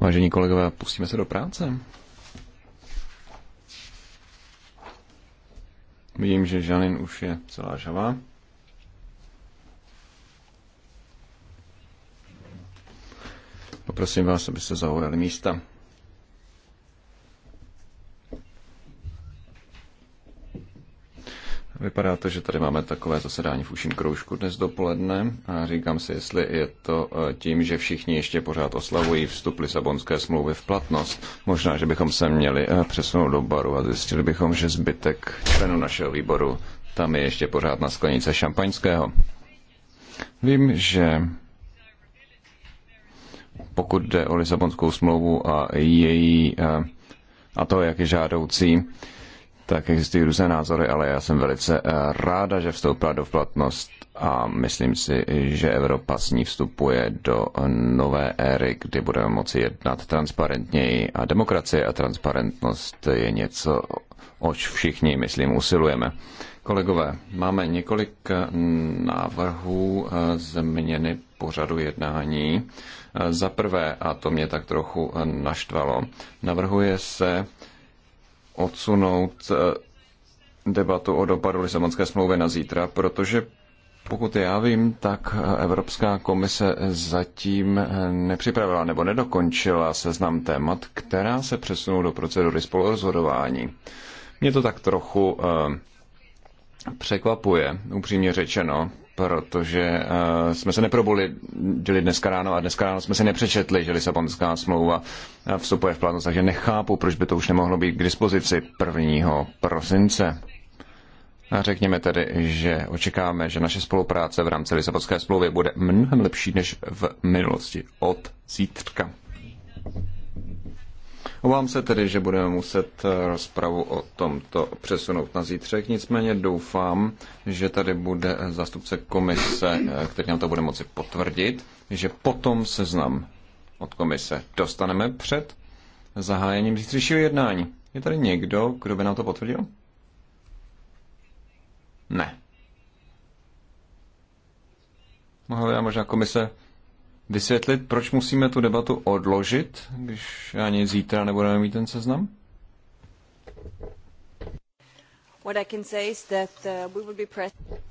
Vážení kolegové, pustíme se do práce. Vidím, že Žanin už je celá žavá. Poprosím vás, abyste zaujali místa. protože tady máme takové zasedání v uším kroužku dnes dopoledne a říkám si, jestli je to e, tím, že všichni ještě pořád oslavují vstup Lisabonské smlouvy v platnost. Možná, že bychom se měli e, přesunout do baru a zjistili bychom, že zbytek členů našeho výboru tam je ještě pořád na sklenice šampaňského. Vím, že pokud jde o Lisabonskou smlouvu a její e, a to, jak je žádoucí, tak existují různé názory, ale já jsem velice eh, ráda, že vstoupila do platnost a myslím si, že Evropa s ní vstupuje do eh, nové éry, kdy budeme moci jednat transparentněji a demokracie a transparentnost je něco, oč všichni, myslím, usilujeme. Kolegové, máme několik eh, návrhů změny pořadu jednání. Za prvé, a to mě tak trochu naštvalo, navrhuje se odsunout eh, debatu o dopadu Lisabonské smlouvy na zítra, protože pokud já vím, tak eh, Evropská komise zatím eh, nepřipravila nebo nedokončila seznam témat, která se přesunou do procedury spolurozhodování. Mě to tak trochu překvapuje, upřímně řečeno, protože eh, jsme se neprobudili dneska ráno a dneska ráno jsme si nepřečetli, že Lisabonská smlouva eh, vstupuje v platnost, takže nechápu, proč by to už nemohlo být k dispozici 1. prosince. A řekněme tedy, že očekáváme, že naše spolupráce v rámci Lisabonské smlouvy bude mnohem lepší než v minulosti od zítřka. Obávám se tedy, že budeme muset eh, rozpravu o tomto přesunout na zítřek, nicméně doufám, že tady bude eh, zástupce komise, eh, který nám to bude moci potvrdit, že potom seznam od komise dostaneme před zahájením zítřejšího jednání. Je tady někdo, kdo by nám to potvrdil? Ne. Mohla by možná komise vysvětlit, proč musíme tu debatu odložit, když ani zítra nebudeme mít ten seznam? Uh,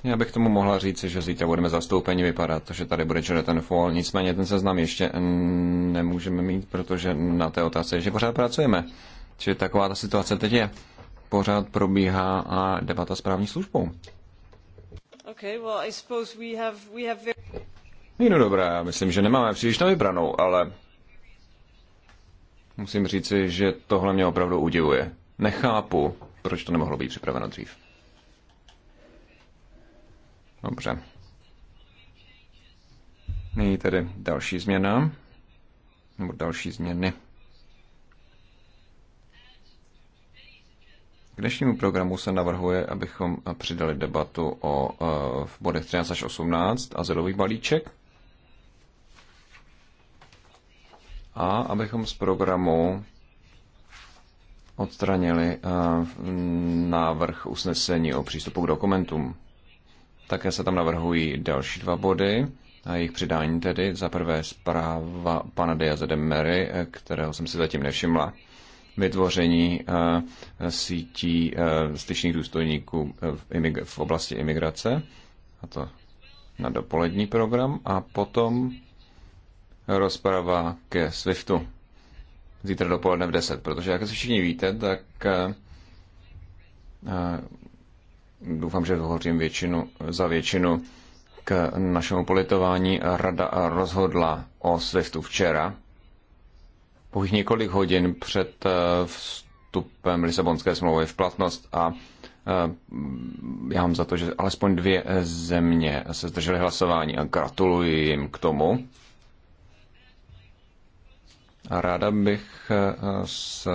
Já bych tomu mohla říct, že zítra budeme zastoupeni, vypadat, že tady bude ten Fall, nicméně ten seznam ještě nemůžeme mít, protože na té otázce ještě pořád pracujeme. Čili taková ta situace teď je. Pořád probíhá a debata s právní službou. Okay, well, I suppose we have, we have... Jinou dobrá, já myslím, že nemáme příliš na vybranou, ale musím říci, že tohle mě opravdu udivuje. Nechápu, proč to nemohlo být připraveno dřív. Dobře. Nyní tedy další změna, nebo další změny. K dnešnímu programu se navrhuje, abychom přidali debatu o eh, v bodech 13 až 18 zelový balíček. a abychom z programu odstranili eh, návrh usnesení o přístupu k dokumentům. Také se tam navrhují další dva body a jejich přidání tedy. Za prvé zpráva pana Diaze de Mary, eh, kterého jsem si zatím nevšimla, vytvoření eh, sítí styčných důstojníků v oblasti imigrace, a to na dopolední program, a potom rozprava ke SWIFTu zítra dopoledne v 10, protože jak se všichni víte, tak eh, eh, doufám, že hovořím většinu, za většinu k našemu politování. Rada rozhodla o SWIFTu včera, pouhých několik hodin před eh, vstupem Lisabonské smlouvy v platnost a já mám za to, že alespoň dvě země se zdržely hlasování a gratuluji jim k tomu. A ráda bych eh, s eh,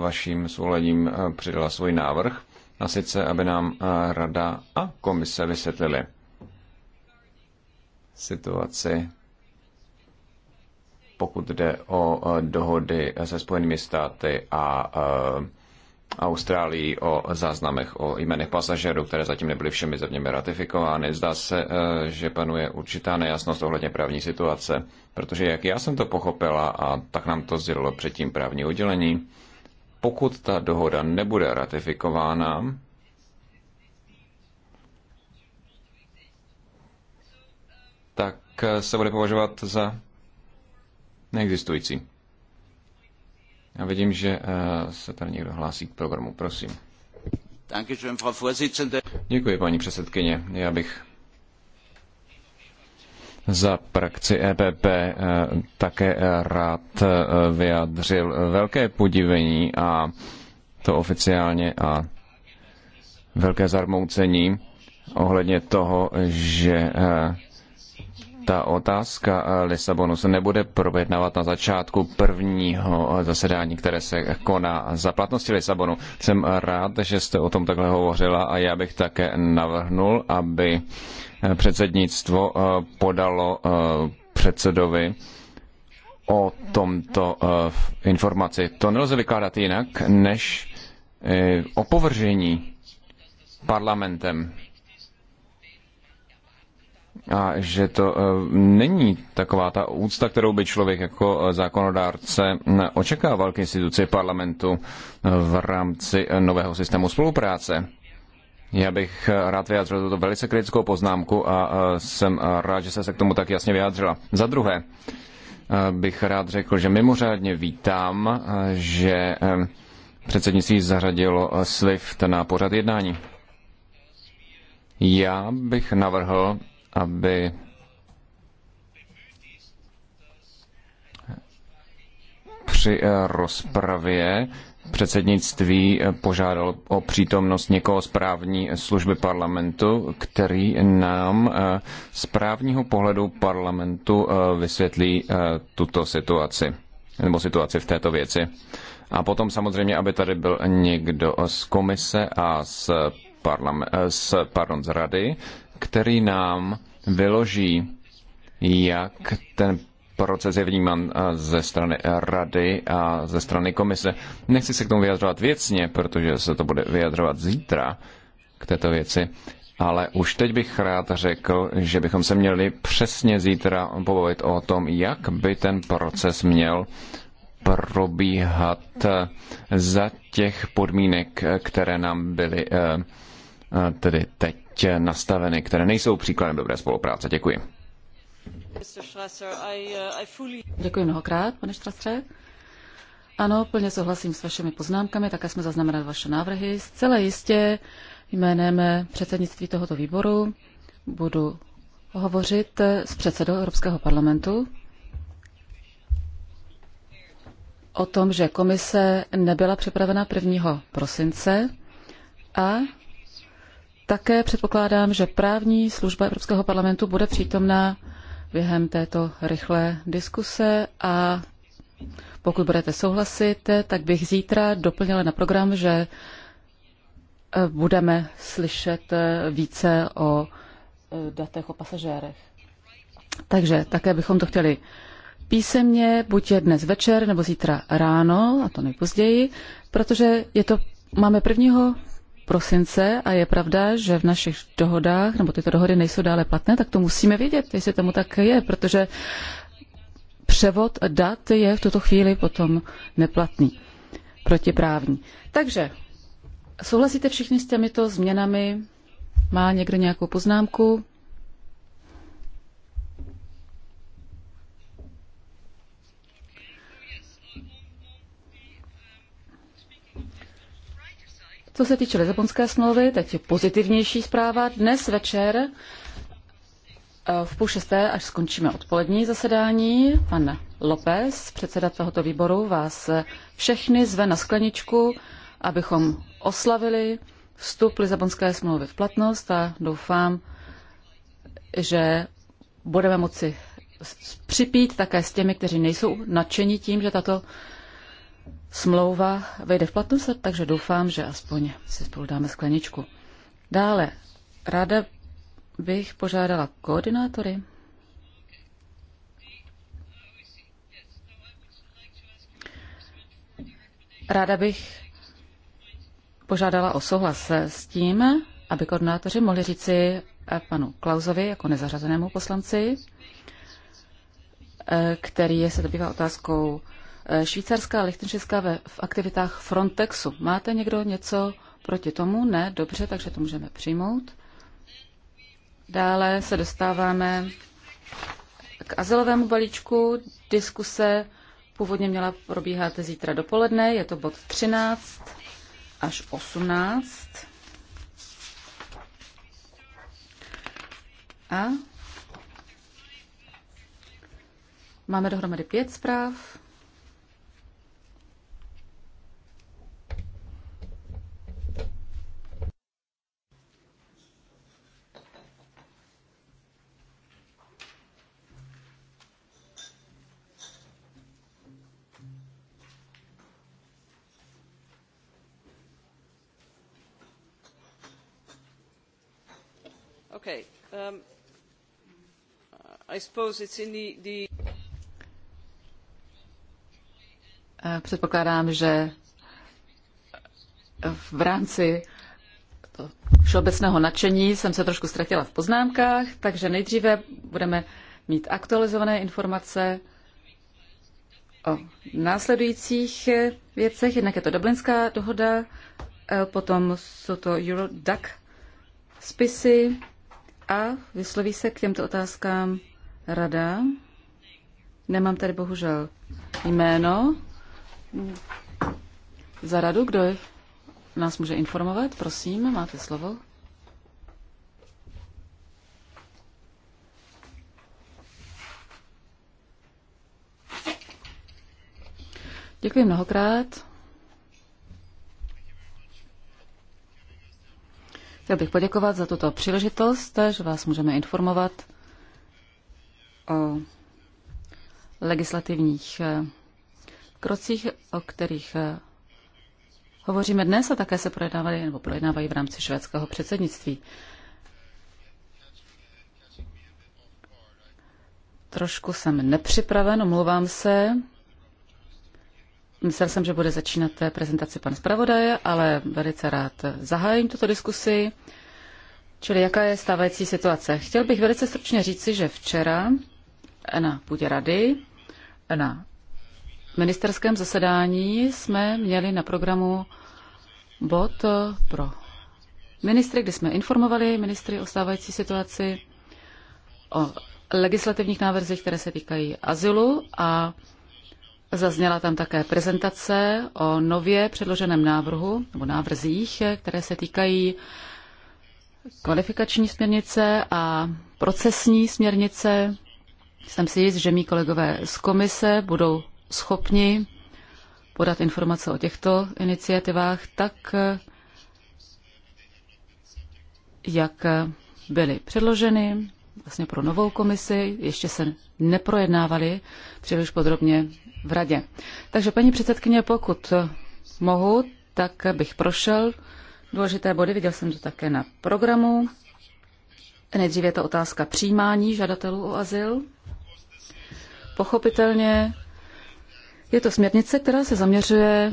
vaším svolením eh, přidala svůj návrh, a sice, aby nám rada a komise vysvětlili situaci, pokud jde o dohody se Spojenými státy a Austrálii o záznamech o jménech pasažerů, které zatím nebyly všemi zeměmi ratifikovány. Zdá se, eh, že panuje určitá nejasnost ohledně právní situace, protože jak já jsem to pochopila a tak nám to sdělilo předtím právní oddělení, pokud ta dohoda nebude ratifikována, tak se bude považovat za neexistující. Já vidím, že eh, se tady někdo hlásí k programu. Prosím. Děkuji, paní předsedkyně. Já bych za praxi EPP eh, také eh, rád vyjádřil velké podivení a to oficiálně a velké zarmoucení ohledně toho, že ta otázka eh, Lisabonu se nebude projednávat na začátku prvního eh, zasedání, které se koná za platnosti Lisabonu. Jsem rád, že jste o tom takhle hovořila a já bych také navrhnul, aby eh, předsednictvo podalo předsedovi o tomto informaci. To nelze vykládat jinak, než opovržení parlamentem a že to e, není taková ta úcta, kterou by člověk jako e, zákonodárce očekával k instituci parlamentu e, v rámci nového systému spolupráce. Já bych rád vyjádřil tuto velice kritickou poznámku a jsem rád, že jste se k tomu tak jasně vyjádřila. Za druhé bych rád řekl, že mimořádně vítám, že předsednictví zařadilo SWIFT na pořad jednání. Já bych navrhl, aby při eh, rozpravě předsednictví eh, požádal o přítomnost někoho z právní služby parlamentu, který nám eh, z právního pohledu parlamentu vysvětlí tuto situaci nebo situaci v této věci. A potom samozřejmě, aby tady byl někdo z komise a z, parlament, z, pardon, z rady, který nám vyloží, jak ten proces je vnímán eh, ze strany rady a ze strany komise. Nechci se k tomu vyjadřovat věcně, protože se to bude vyjadřovat zítra k této věci, ale už teď bych rád řekl, že bychom se měli přesně zítra pobavit o tom, jak by ten proces měl probíhat za těch podmínek, eh, které nám byly eh, tedy teď nastaveny, které nejsou příkladem dobré spolupráce. Děkuji. Děkuji mnohokrát, pane Štrasře. Ano, plně souhlasím s vašimi poznámkami, také jsme zaznamenali vaše návrhy. Zcela jistě jménem předsednictví tohoto výboru budu hovořit s předsedou Evropského parlamentu o tom, že komise nebyla připravena 1. prosince a také předpokládám, že právní služba Evropského parlamentu bude přítomná během této rychlé diskuse a pokud budete souhlasit, tak bych zítra doplnila na program, že eh, budeme slyšet eh, více o eh, datech o pasažérech. Takže také bychom to chtěli písemně, buď je dnes večer nebo zítra ráno, a to nejpozději, protože je to, máme 1 prosince a je pravda, že v našich dohodách, nebo tyto dohody nejsou dále platné, tak to musíme vědět, jestli tomu tak je, protože převod dat je v tuto chvíli potom neplatný, protiprávní. Takže souhlasíte všichni s těmito změnami? Má někdo nějakou poznámku? Co se týče Lizabonské smlouvy, teď je pozitivnější zpráva. Dnes večer eh, v půl šesté, až skončíme odpolední zasedání, pan López, předseda tohoto výboru, vás všechny zve na skleničku, abychom oslavili vstup Lizabonské smlouvy v platnost a doufám, že budeme moci připít také s těmi, kteří nejsou nadšení tím, že tato smlouva vejde v platnost, takže doufám, že aspoň si spolu dáme skleničku. Dále, ráda bych požádala koordinátory. Ráda bych požádala o souhlas s tím, aby koordinátoři mohli říci panu Klausovi jako nezařazenému poslanci, eh, který se zabývá otázkou Švýcarská a ve v aktivitách Frontexu. Máte někdo něco proti tomu? Ne, dobře, takže to můžeme přijmout. Dále se dostáváme k azylovému balíčku. Diskuse původně měla probíhat zítra dopoledne, je to bod 13 až 18. A máme dohromady pět zpráv. Um, eh, předpokládám, že v rámci všeobecného nadšení jsem se trošku ztratila v poznámkách, takže nejdříve budeme mít aktualizované informace o následujících věcech. Jednak je to Dublinská dohoda, eh, potom jsou to Eurodac spisy, a vysloví se k těmto otázkám rada. Nemám tady bohužel jméno. Za radu, kdo je, nás může informovat, prosím, máte slovo. Děkuji mnohokrát. Chtěl bych poděkovat za tuto příležitost, že vás můžeme informovat o legislativních eh, krocích, o kterých eh, hovoříme dnes a také se projednávají nebo projednávají v rámci švédského předsednictví. Trošku jsem nepřipraven, omlouvám se. Myslel jsem, že bude začínat prezentaci pan zpravodaje, ale velice rád zahájím tuto diskusi. Čili jaká je stávající situace? Chtěl bych velice stručně říci, že včera na půdě rady, na ministerském zasedání jsme měli na programu bod pro ministry, kdy jsme informovali ministry o stávající situaci, o legislativních návrzích, které se týkají azylu a Zazněla tam také prezentace o nově předloženém návrhu nebo návrzích, které se týkají kvalifikační směrnice a procesní směrnice. Jsem si jist, že mý kolegové z komise budou schopni podat informace o těchto iniciativách tak, jak byly předloženy vlastně pro novou komisi, ještě se neprojednávaly příliš podrobně v radě. Takže paní předsedkyně, pokud mohu, tak bych prošel důležité body, viděl jsem to také na programu. Nejdříve je to otázka přijímání žadatelů o azyl. Pochopitelně je to směrnice, která se zaměřuje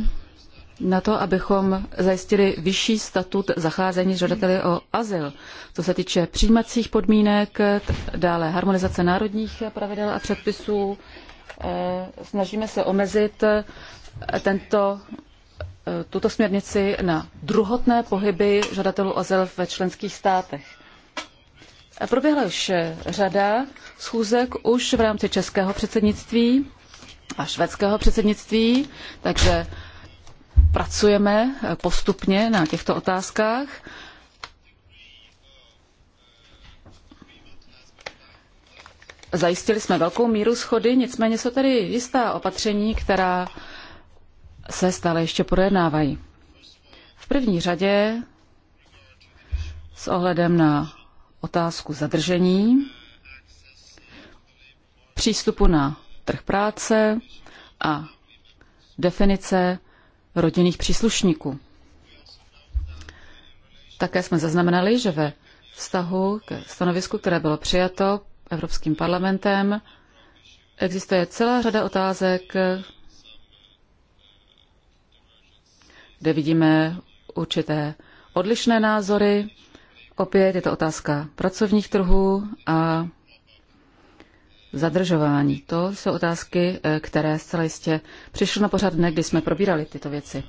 na to, abychom zajistili vyšší statut zacházení žadateli o azyl, co se týče přijímacích podmínek, dále harmonizace národních pravidel a předpisů, Eh, snažíme se omezit eh, tento, eh, tuto směrnici na druhotné pohyby žadatelů azyl ve členských státech. Proběhla už řada schůzek už v rámci českého předsednictví a švédského předsednictví, takže pracujeme postupně na těchto otázkách. Zajistili jsme velkou míru schody, nicméně jsou tady jistá opatření, která se stále ještě projednávají. V první řadě s ohledem na otázku zadržení, přístupu na trh práce a definice rodinných příslušníků. Také jsme zaznamenali, že ve vztahu ke stanovisku, které bylo přijato Evropským parlamentem. Existuje celá řada otázek, kde vidíme určité odlišné názory. Opět je to otázka pracovních trhů a zadržování. To jsou otázky, které zcela jistě přišly na pořad dne, kdy jsme probírali tyto věci.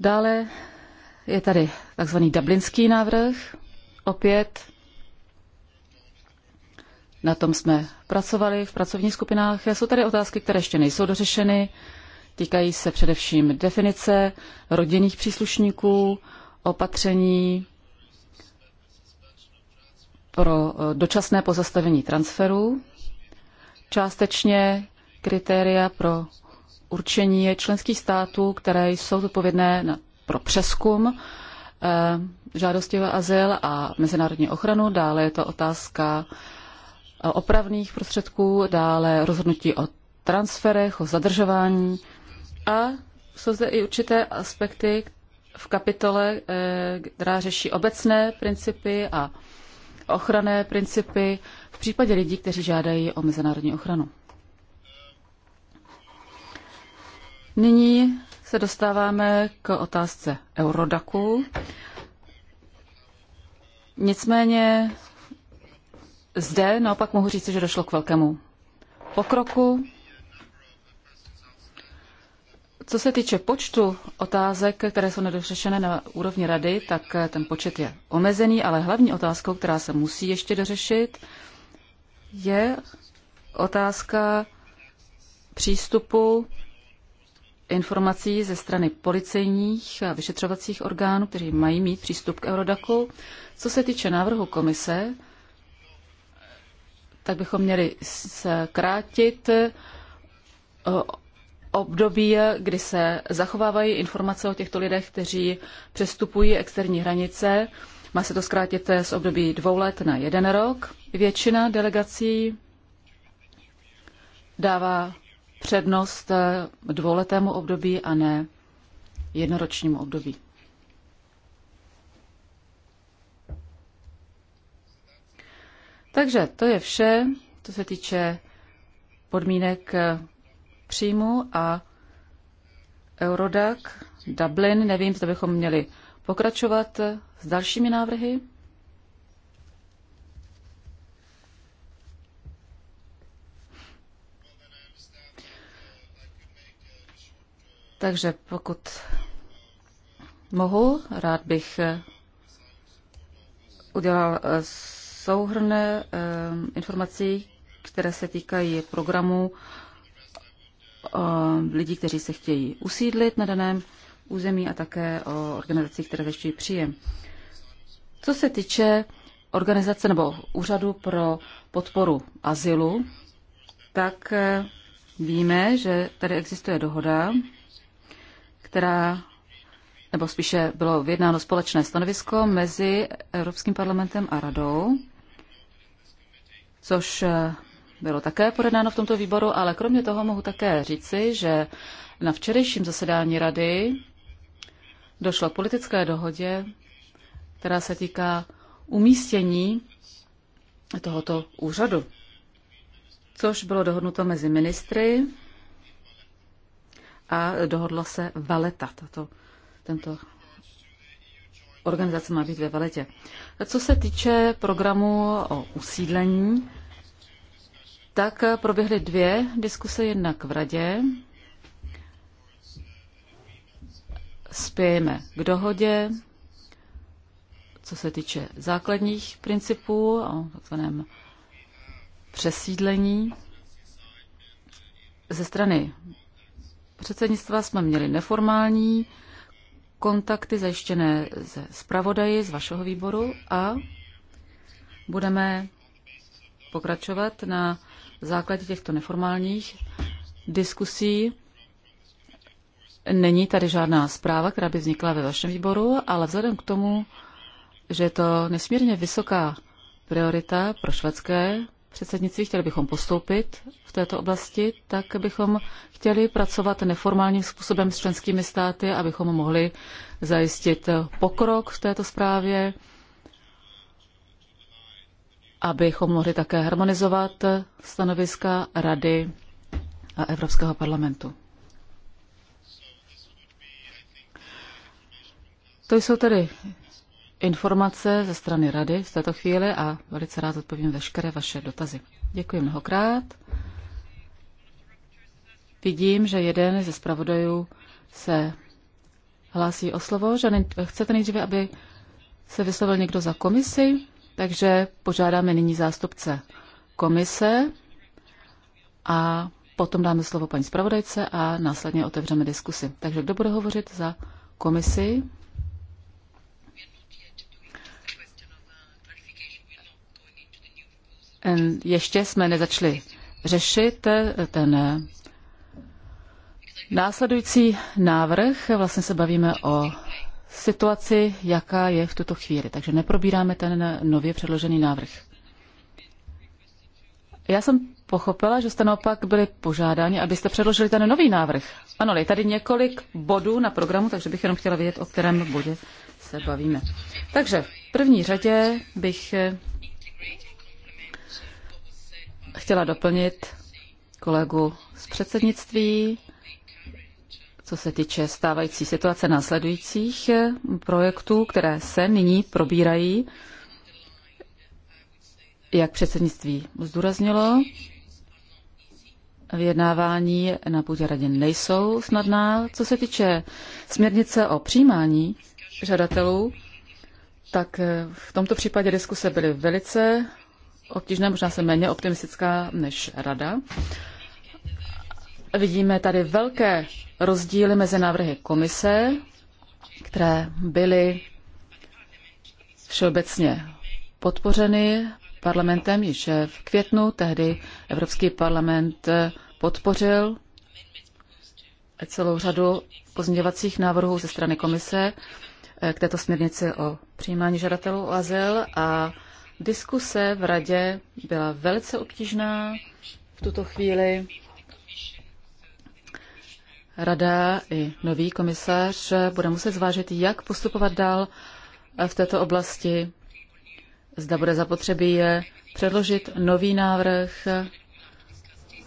Dále je tady takzvaný dublinský návrh. Opět na tom jsme pracovali v pracovních skupinách. Jsou tady otázky, které ještě nejsou dořešeny. Týkají se především definice rodinných příslušníků, opatření pro eh, dočasné pozastavení transferů, částečně kritéria pro určení členských států, které jsou zodpovědné pro přeskum eh, žádosti o azyl a mezinárodní ochranu. Dále je to otázka opravných prostředků, dále rozhodnutí o transferech, o zadržování a jsou zde i určité aspekty v kapitole, eh, která řeší obecné principy a ochranné principy v případě lidí, kteří žádají o mezinárodní ochranu. Nyní se dostáváme k otázce Eurodaku. Nicméně zde naopak mohu říct, že došlo k velkému pokroku. Co se týče počtu otázek, které jsou nedořešené na úrovni rady, tak ten počet je omezený, ale hlavní otázkou, která se musí ještě dořešit, je otázka přístupu informací ze strany policejních a vyšetřovacích orgánů, kteří mají mít přístup k Eurodaku. Co se týče návrhu komise, tak bychom měli zkrátit eh, období, kdy se zachovávají informace o těchto lidech, kteří přestupují externí hranice. Má se to zkrátit eh, z období dvou let na jeden rok. Většina delegací dává přednost eh, dvouletému období a ne jednoročnímu období. Takže to je vše, co se týče podmínek eh, příjmu a Eurodac, Dublin. Nevím, zda bychom měli pokračovat eh, s dalšími návrhy. Takže pokud mohu, rád bych eh, udělal souhrn ehm, informací, které se týkají programu ehm, lidí, kteří se chtějí usídlit na daném území a také o organizacích, které zajišťují příjem. Co se týče organizace nebo úřadu pro podporu azylu, tak eh, víme, že tady existuje dohoda, která, nebo spíše bylo vyjednáno společné stanovisko mezi Evropským parlamentem a radou což eh, bylo také podáno v tomto výboru, ale kromě toho mohu také říci, že na včerejším zasedání rady došlo k politické dohodě, která se týká umístění tohoto úřadu, což bylo dohodnuto mezi ministry a dohodla se Valeta, tato, tento organizace má být ve Valetě. Co se týče programu o usídlení, tak proběhly dvě diskuse, jednak v radě. Spějeme k dohodě, co se týče základních principů o takzvaném přesídlení. Ze strany předsednictva jsme měli neformální kontakty zajištěné ze zpravodaji z vašeho výboru a budeme pokračovat na základě těchto neformálních diskusí. Není tady žádná zpráva, která by vznikla ve vašem výboru, ale vzhledem k tomu, že je to nesmírně vysoká priorita pro švédské předsednictví, chtěli bychom postoupit v této oblasti, tak bychom chtěli pracovat neformálním způsobem s členskými státy, abychom mohli zajistit pokrok v této zprávě, abychom mohli také harmonizovat stanoviska Rady a Evropského parlamentu. To jsou tedy informace ze strany Rady v této chvíli a velice rád odpovím veškeré vaše dotazy. Děkuji mnohokrát. Vidím, že jeden ze zpravodajů se hlásí o slovo, že ne, chcete nejdříve, aby se vyslovil někdo za komisi, takže požádáme nyní zástupce komise a potom dáme slovo paní zpravodajce a následně otevřeme diskusi. Takže kdo bude hovořit za komisi? ještě jsme nezačali řešit eh, ten eh, následující návrh. Vlastně se bavíme o situaci, jaká je v tuto chvíli. Takže neprobíráme ten nově předložený návrh. Já jsem pochopila, že jste naopak byli požádáni, abyste předložili ten nový návrh. Ano, je tady několik bodů na programu, takže bych jenom chtěla vědět, o kterém bodě se bavíme. Takže v první řadě bych eh, chtěla doplnit kolegu z předsednictví, co se týče stávající situace následujících projektů, které se nyní probírají. Jak předsednictví zdůraznilo, vyjednávání na půdě radě nejsou snadná. Co se týče směrnice o přijímání žadatelů, tak v tomto případě diskuse byly velice obtížné, možná jsem méně optimistická než rada. Vidíme tady velké rozdíly mezi návrhy komise, které byly všeobecně podpořeny parlamentem již v květnu. Tehdy Evropský parlament podpořil celou řadu pozměňovacích návrhů ze strany komise k této směrnici o přijímání žadatelů o azyl a Diskuse v radě byla velice obtížná v tuto chvíli. Rada i nový komisař bude muset zvážit, jak postupovat dál v této oblasti. Zda bude zapotřebí je předložit nový návrh.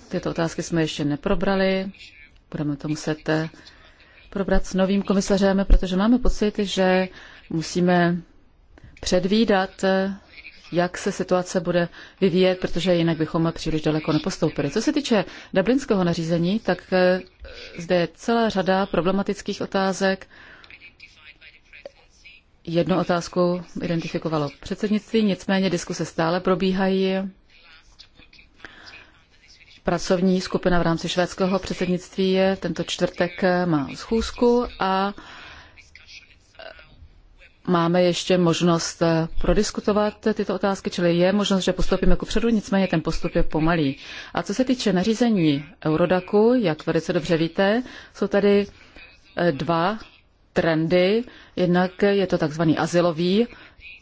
Tyto otázky jsme ještě neprobrali. Budeme to muset eh, probrat s novým komisařem, protože máme pocit, že musíme předvídat eh, jak se situace bude vyvíjet, protože jinak bychom příliš daleko nepostoupili. Co se týče dublinského nařízení, tak eh, zde je celá řada problematických otázek. Jednu otázku identifikovalo předsednictví, nicméně diskuse stále probíhají. Pracovní skupina v rámci švédského předsednictví je tento čtvrtek eh, má schůzku a máme ještě možnost eh, prodiskutovat tyto otázky, čili je možnost, že postoupíme ku předu, nicméně ten postup je pomalý. A co se týče nařízení Eurodaku, jak velice dobře víte, jsou tady eh, dva trendy. Jednak je to takzvaný asilový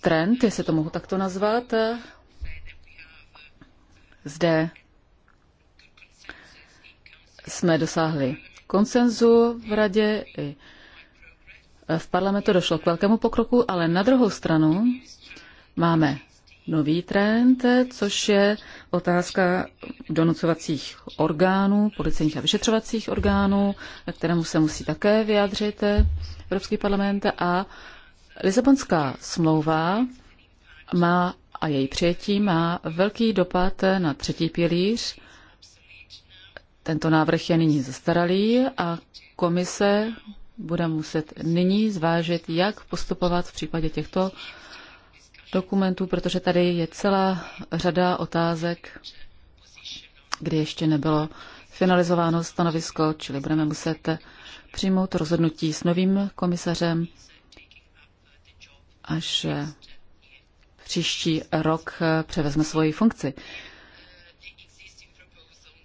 trend, jestli to mohu takto nazvat. Zde jsme dosáhli konsenzu v radě i v parlamentu došlo k velkému pokroku, ale na druhou stranu máme nový trend, což je otázka donucovacích orgánů, policejních a vyšetřovacích orgánů, kterému se musí také vyjádřit Evropský parlament a Lisabonská smlouva má a její přijetí má velký dopad na třetí pilíř. Tento návrh je nyní zastaralý a komise bude muset nyní zvážit, jak postupovat v případě těchto dokumentů, protože tady je celá řada otázek, kdy ještě nebylo finalizováno stanovisko, čili budeme muset přijmout rozhodnutí s novým komisařem, až eh, příští rok eh, převezme svoji funkci.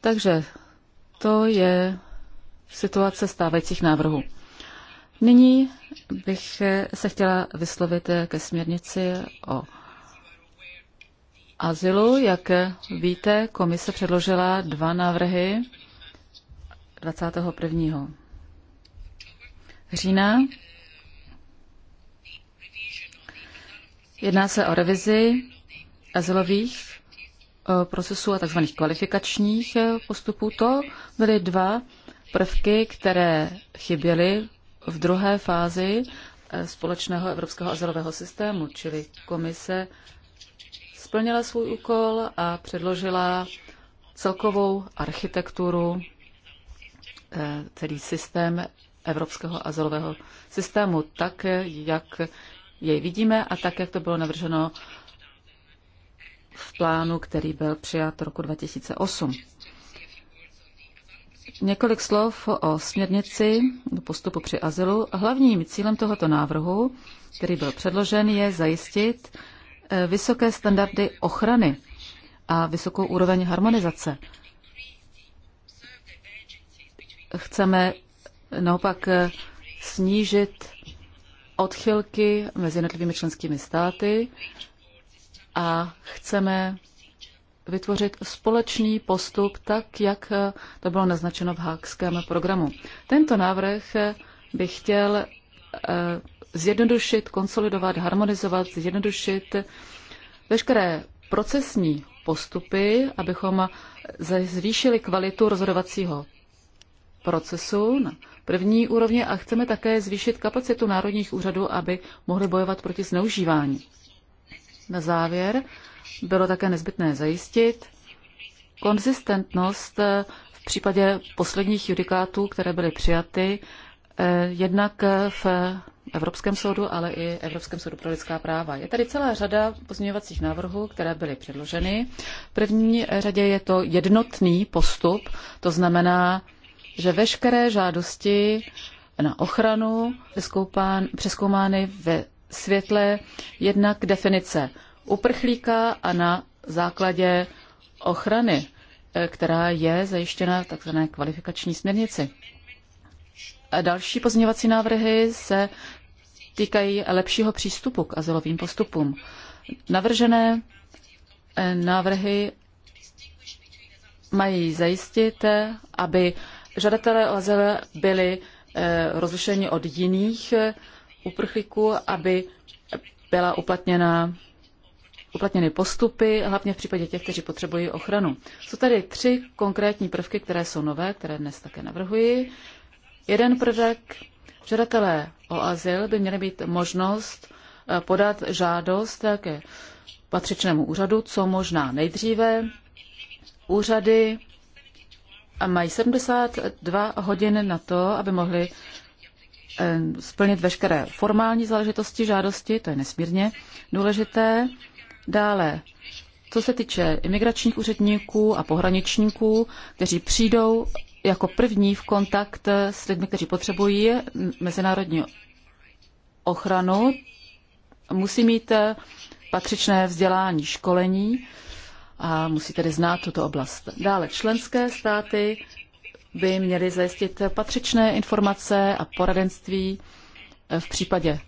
Takže to je situace stávajících návrhů. Nyní bych se chtěla vyslovit ke směrnici o azylu. Jak víte, komise předložila dva návrhy 21. října. Jedná se o revizi azylových eh, procesů a tzv. kvalifikačních eh, postupů. To byly dva prvky, které chyběly v druhé fázi eh, společného evropského azylového systému, čili komise splnila svůj úkol a předložila celkovou architekturu, eh, tedy systém evropského azylového systému, tak, jak jej vidíme a tak, jak to bylo navrženo v plánu, který byl přijat roku 2008. Několik slov o směrnici postupu při azylu. Hlavním cílem tohoto návrhu, který byl předložen, je zajistit eh, vysoké standardy ochrany a vysokou úroveň harmonizace. Chceme naopak eh, snížit odchylky mezi jednotlivými členskými státy a chceme vytvořit společný postup, tak jak eh, to bylo naznačeno v hákském programu. Tento návrh eh, by chtěl eh, zjednodušit, konsolidovat, harmonizovat, zjednodušit veškeré procesní postupy, abychom zvýšili kvalitu rozhodovacího procesu na první úrovni a chceme také zvýšit kapacitu národních úřadů, aby mohli bojovat proti zneužívání. Na závěr bylo také nezbytné zajistit konzistentnost eh, v případě posledních judikátů, které byly přijaty, eh, jednak eh, v Evropském soudu, ale i Evropském soudu pro lidská práva. Je tady celá řada pozměňovacích návrhů, které byly předloženy. V první řadě je to jednotný postup, to znamená, že veškeré žádosti na ochranu přeskoumány ve světle jednak definice uprchlíka a na základě ochrany, eh, která je zajištěna takzvané tzv. kvalifikační směrnici. A další pozměňovací návrhy se týkají lepšího přístupu k azylovým postupům. Navržené eh, návrhy mají zajistit, eh, aby žadatelé o azyl byli rozlišeni od jiných uprchlíků, aby byla uplatněna uplatněny postupy, hlavně v případě těch, kteří potřebují ochranu. Jsou tady tři konkrétní prvky, které jsou nové, které dnes také navrhuji. Jeden prvek, žadatelé o azyl by měly být možnost eh, podat žádost také patřičnému úřadu, co možná nejdříve. Úřady mají 72 hodin na to, aby mohli eh, splnit veškeré formální záležitosti žádosti, to je nesmírně důležité. Dále, co se týče imigračních úředníků a pohraničníků, kteří přijdou jako první v kontakt s lidmi, kteří potřebují mezinárodní ochranu, musí mít patřičné vzdělání, školení a musí tedy znát tuto oblast. Dále členské státy by měly zajistit patřičné informace a poradenství v případě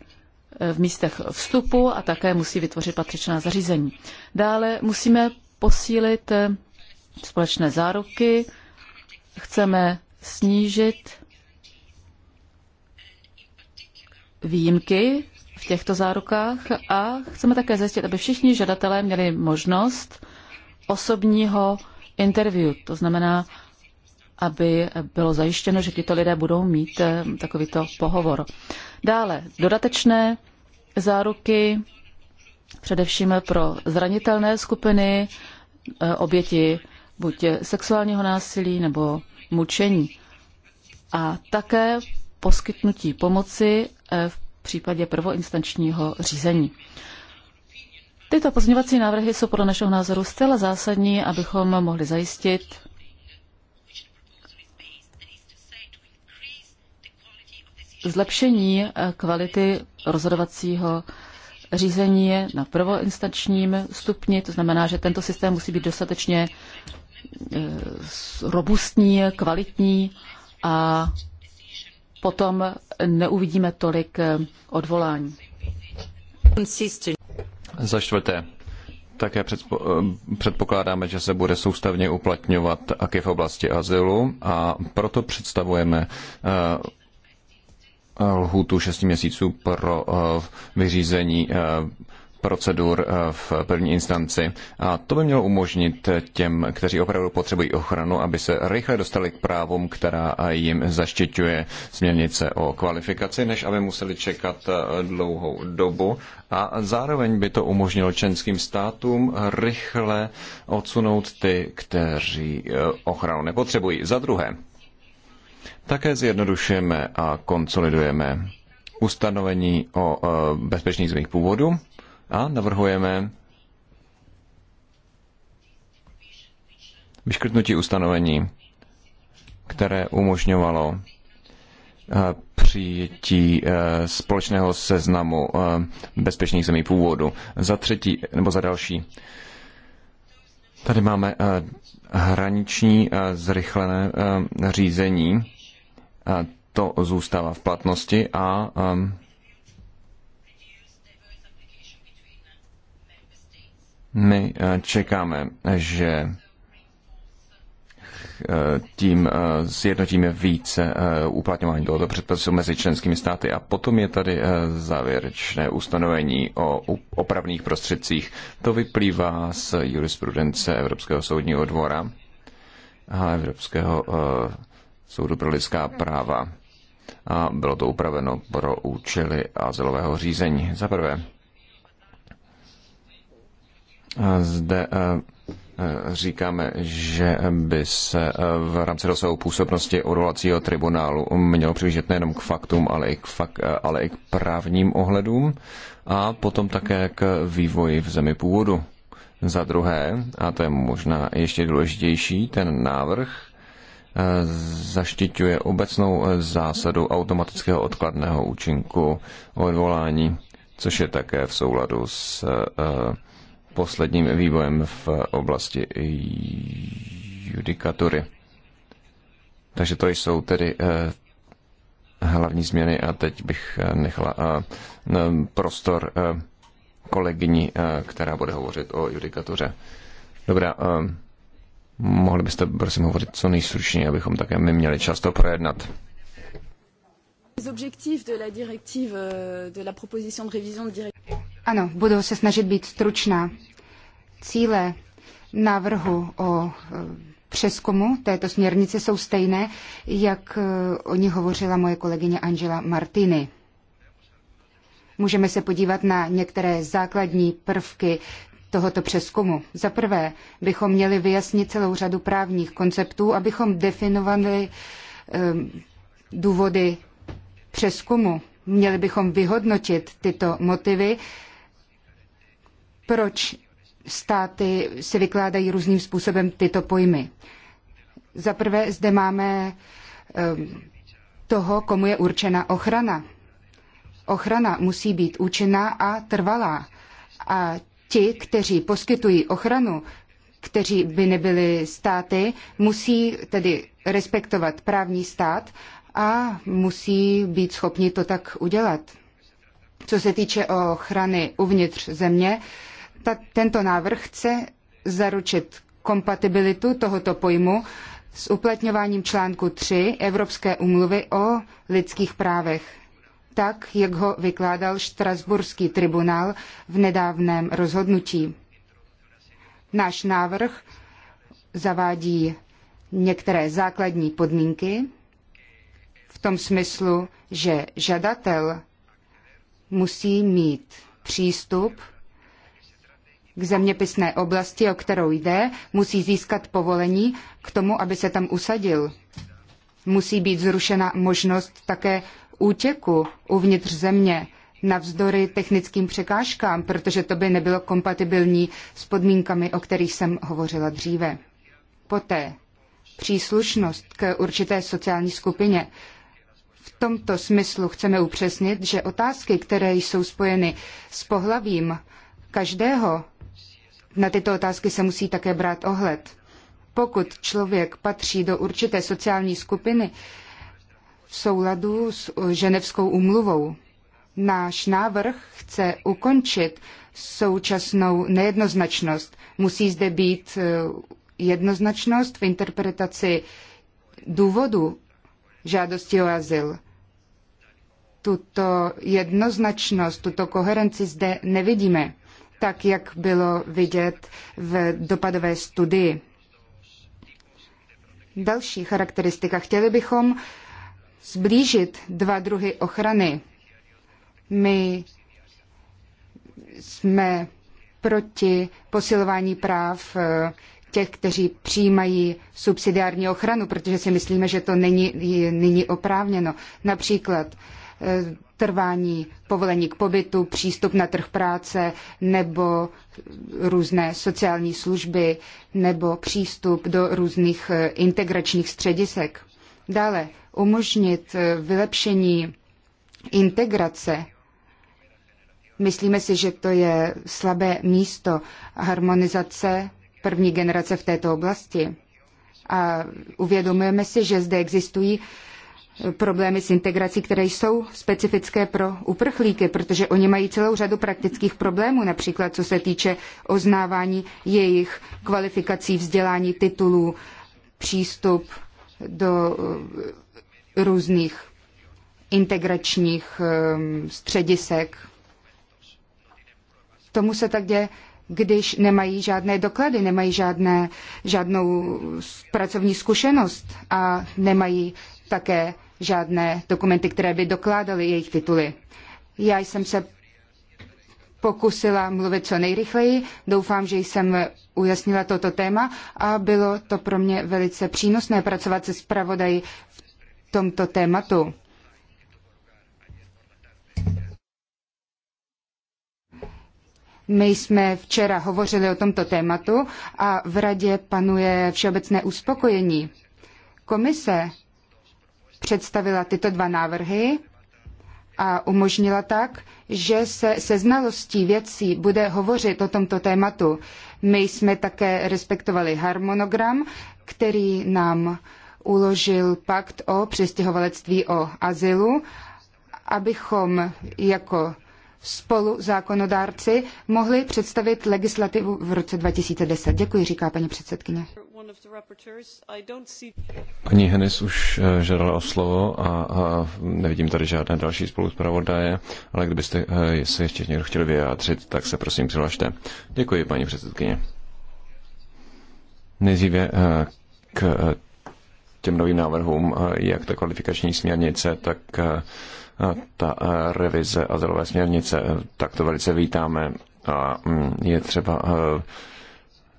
v místech vstupu a také musí vytvořit patřičná zařízení. Dále musíme posílit eh, společné záruky, chceme snížit výjimky v těchto zárukách a chceme také zajistit, aby všichni žadatelé měli možnost osobního interview. To znamená, aby bylo zajištěno, že tito lidé budou mít eh, takovýto pohovor. Dále dodatečné záruky, především pro zranitelné skupiny, eh, oběti buď sexuálního násilí nebo mučení. A také poskytnutí pomoci eh, v případě prvoinstančního řízení. Tyto pozměňovací návrhy jsou podle našeho názoru zcela zásadní, abychom mohli zajistit zlepšení eh, kvality rozhodovacího řízení je na prvoinstančním stupni, to znamená, že tento systém musí být dostatečně eh, robustní, kvalitní a potom neuvidíme tolik eh, odvolání. Za čtvrté, také předpokládáme, že se bude soustavně uplatňovat aky v oblasti azylu a proto představujeme lhůtu 6 měsíců pro eh, vyřízení eh, procedur eh, v první instanci. A to by mělo umožnit těm, kteří opravdu potřebují ochranu, aby se rychle dostali k právům, která jim zaštiťuje směrnice o kvalifikaci, než aby museli čekat dlouhou dobu. A zároveň by to umožnilo členským státům rychle odsunout ty, kteří ochranu nepotřebují. Za druhé, také zjednodušujeme a konsolidujeme ustanovení o e, bezpečných zemích původu a navrhujeme vyškrtnutí ustanovení, které umožňovalo e, přijetí e, společného seznamu bezpečných zemí původu. Za třetí nebo za další. Tady máme hraniční zrychlené řízení to zůstává v platnosti a um, my uh, čekáme, že uh, tím uh, sjednotíme více uplatňování tohoto předpisu mezi členskými státy. A potom je tady závěrečné ustanovení o opravných prostředcích. To vyplývá z jurisprudence Evropského soudního dvora a Evropského soudu pro lidská práva a bylo to upraveno pro účely azylového řízení. Za prvé, zde říkáme, že by se v rámci rozsahu působnosti odvolacího tribunálu mělo přihlížet nejenom k faktům, ale i k, fakt, ale i k právním ohledům a potom také k vývoji v zemi původu. Za druhé, a to je možná ještě důležitější, ten návrh zaštiťuje obecnou zásadu automatického odkladného účinku odvolání, což je také v souladu s eh, posledním vývojem v oblasti judikatury. Takže to jsou tedy eh, hlavní změny a teď bych eh, nechala prostor kolegyni, která bude hovořit o judikatuře. Dobrá, Mohli byste prosím hovořit co nejstručněji, abychom také my měli čas to projednat. Euh, ano, budu se snažit být stručná. Cíle návrhu o e, přeskumu této směrnice jsou stejné, jak e, o ní hovořila moje kolegyně Angela Martini. Můžeme se podívat na některé základní prvky tohoto přeskumu. Za prvé bychom měli vyjasnit celou řadu právních konceptů, abychom definovali um, důvody přeskumu. Měli bychom vyhodnotit tyto motivy, proč státy si vykládají různým způsobem tyto pojmy. Za prvé zde máme um, toho, komu je určena ochrana. Ochrana musí být účinná a trvalá. A ti, kteří poskytují ochranu, kteří by nebyli státy, musí tedy respektovat právní stát a musí být schopni to tak udělat. Co se týče ochrany uvnitř země, ta, tento návrh chce zaručit kompatibilitu tohoto pojmu s uplatňováním článku 3 Evropské umluvy o lidských právech tak, jak ho vykládal Štrasburský tribunál v nedávném rozhodnutí. Náš návrh zavádí některé základní podmínky v tom smyslu, že žadatel musí mít přístup k zeměpisné oblasti, o kterou jde, musí získat povolení k tomu, aby se tam usadil. Musí být zrušena možnost také útěku uvnitř země navzdory technickým překážkám, protože to by nebylo kompatibilní s podmínkami, o kterých jsem hovořila dříve. Poté příslušnost k určité sociální skupině. V tomto smyslu chceme upřesnit, že otázky, které jsou spojeny s pohlavím každého, na tyto otázky se musí také brát ohled. Pokud člověk patří do určité sociální skupiny, v souladu s eh, ženevskou úmluvou. Náš návrh chce ukončit současnou nejednoznačnost. Musí zde být eh, jednoznačnost v interpretaci důvodu žádosti o azyl. Tuto jednoznačnost, tuto koherenci zde nevidíme, tak jak bylo vidět v dopadové studii. Další charakteristika. Chtěli bychom zblížit dva druhy ochrany. My jsme proti posilování práv eh, těch, kteří přijímají subsidiární ochranu, protože si myslíme, že to není není oprávněno. Například eh, trvání povolení k pobytu, přístup na trh práce nebo různé sociální služby nebo přístup do různých eh, integračních středisek. Dále umožnit eh, vylepšení integrace. Myslíme si, že to je slabé místo harmonizace první generace v této oblasti. A uvědomujeme si, že zde existují eh, problémy s integrací, které jsou specifické pro uprchlíky, protože oni mají celou řadu praktických problémů, například co se týče oznávání jejich kvalifikací, vzdělání, titulů, přístup do eh, různých integračních eh, středisek. Tomu se tak děje, když nemají žádné doklady, nemají žádné, žádnou pracovní zkušenost a nemají také žádné dokumenty, které by dokládaly jejich tituly. Já jsem se pokusila mluvit co nejrychleji. Doufám, že jsem ujasnila toto téma a bylo to pro mě velice přínosné pracovat se zpravodaji v tomto tématu. My jsme včera hovořili o tomto tématu a v radě panuje všeobecné uspokojení. Komise představila tyto dva návrhy a umožnila tak, že se se znalostí věcí bude hovořit o tomto tématu. My jsme také respektovali harmonogram, který nám uložil pakt o přestěhovalectví o azylu, abychom jako spolu zákonodárci mohli představit legislativu v roce 2010. Děkuji, říká paní předsedkyně. Paní Hennis už eh, žádala o slovo a, a nevidím tady žádné další spoluzpravodaje, ale kdybyste eh, se ještě někdo chtěl vyjádřit, tak se prosím přihlašte. Děkuji, paní předsedkyně. Nejdříve eh, k těm novým návrhům, jak ta kvalifikační směrnice, tak ta eh, revize azylové směrnice. Eh, tak to velice vítáme a mm, je třeba eh,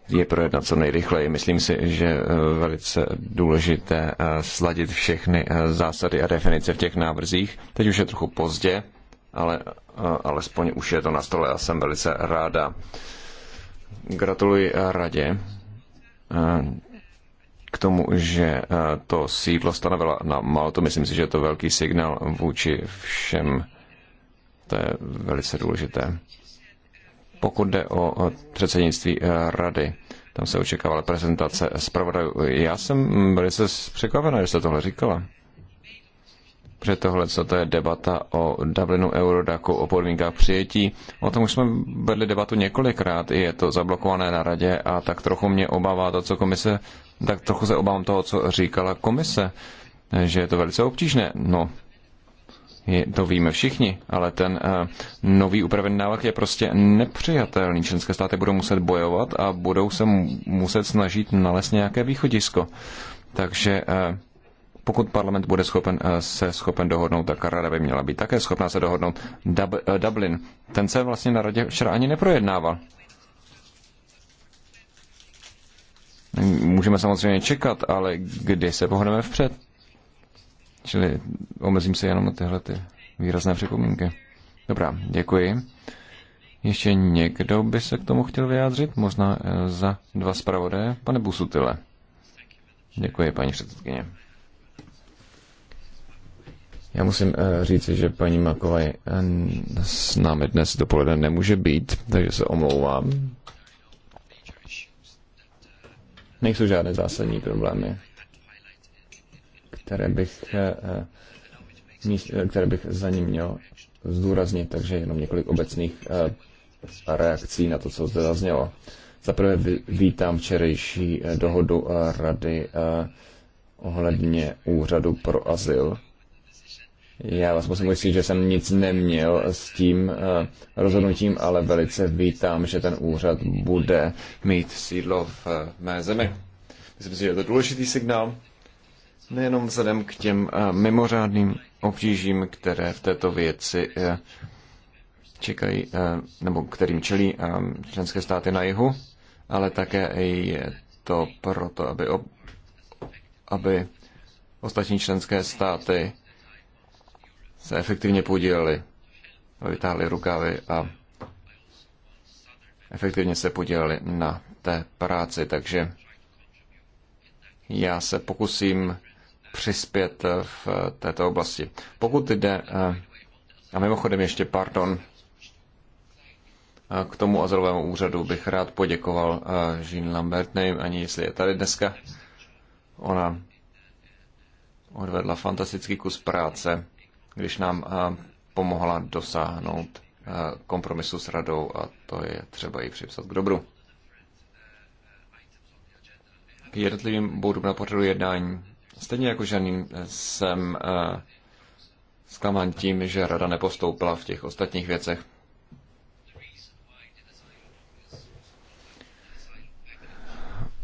je projednat co nejrychleji. Myslím si, že velice důležité sladit všechny zásady a definice v těch návrzích. Teď už je trochu pozdě, ale alespoň už je to na stole a jsem velice ráda. Gratuluji radě k tomu, že eh, to sídlo stanovila na Maltu. Myslím si, že je to velký signál vůči všem. To je velice důležité. Pokud jde o předsednictví eh, rady, tam se očekávala prezentace zpravodajů. Já jsem velice překvapená, že jste tohle říkala. Protože tohle, co to je debata o Dublinu Eurodaku, o podmínkách přijetí, o tom už jsme vedli debatu několikrát, je to zablokované na radě a tak trochu mě obává to, co komise tak trochu se obávám toho, co říkala komise, že je to velice obtížné. No, je, to víme všichni, ale ten uh, nový upravený návrh je prostě nepřijatelný. Členské státy budou muset bojovat a budou se muset snažit nalézt nějaké východisko. Takže uh, pokud parlament bude schopen, uh, se schopen dohodnout, tak rada by měla být také schopná se dohodnout. Dub, uh, Dublin, ten se vlastně na radě včera ani neprojednával. Můžeme samozřejmě čekat, ale kdy se pohneme vpřed? Čili omezím se jenom na tyhle ty výrazné připomínky. Dobrá, děkuji. Ještě někdo by se k tomu chtěl vyjádřit? Možná eh, za dva zpravodé? Pane Busutile. Děkuji, paní předsedkyně. Já musím říct, eh, říci, že paní Makovaj eh, s námi dnes dopoledne nemůže být, takže se omlouvám. Nejsou žádné zásadní problémy, které bych, eh, eh, eh, které bych za ním měl zdůraznit, takže jenom několik obecných reakcí na to, co zde zaznělo. Zaprvé vítám včerejší dohodu Rady ohledně úřadu pro azyl já vás musím ujistit, že jsem nic neměl s tím eh, rozhodnutím, ale velice vítám, že ten úřad bude mít sídlo v eh, mé zemi. Myslím si, že je to důležitý signál, nejenom vzhledem k těm eh, mimořádným obtížím, které v této věci čekají, nebo kterým čelí členské státy na jihu, ale také je to proto, aby, ob, aby ostatní členské státy se efektivně podíleli, vytáhli rukávy a efektivně se podíleli na té práci. Takže já se pokusím přispět v této oblasti. Pokud jde, eh, a mimochodem ještě pardon, eh, k tomu azylovému úřadu bych rád poděkoval eh, Jean Lambert, nevím ani jestli je tady dneska. Ona odvedla fantastický kus práce když nám eh, pomohla dosáhnout eh, kompromisu s radou a to je třeba i připsat k dobru. K jednotlivým bodům na pořadu jednání. Stejně jako žádným eh, jsem zklamán tím, že rada nepostoupila v těch ostatních věcech.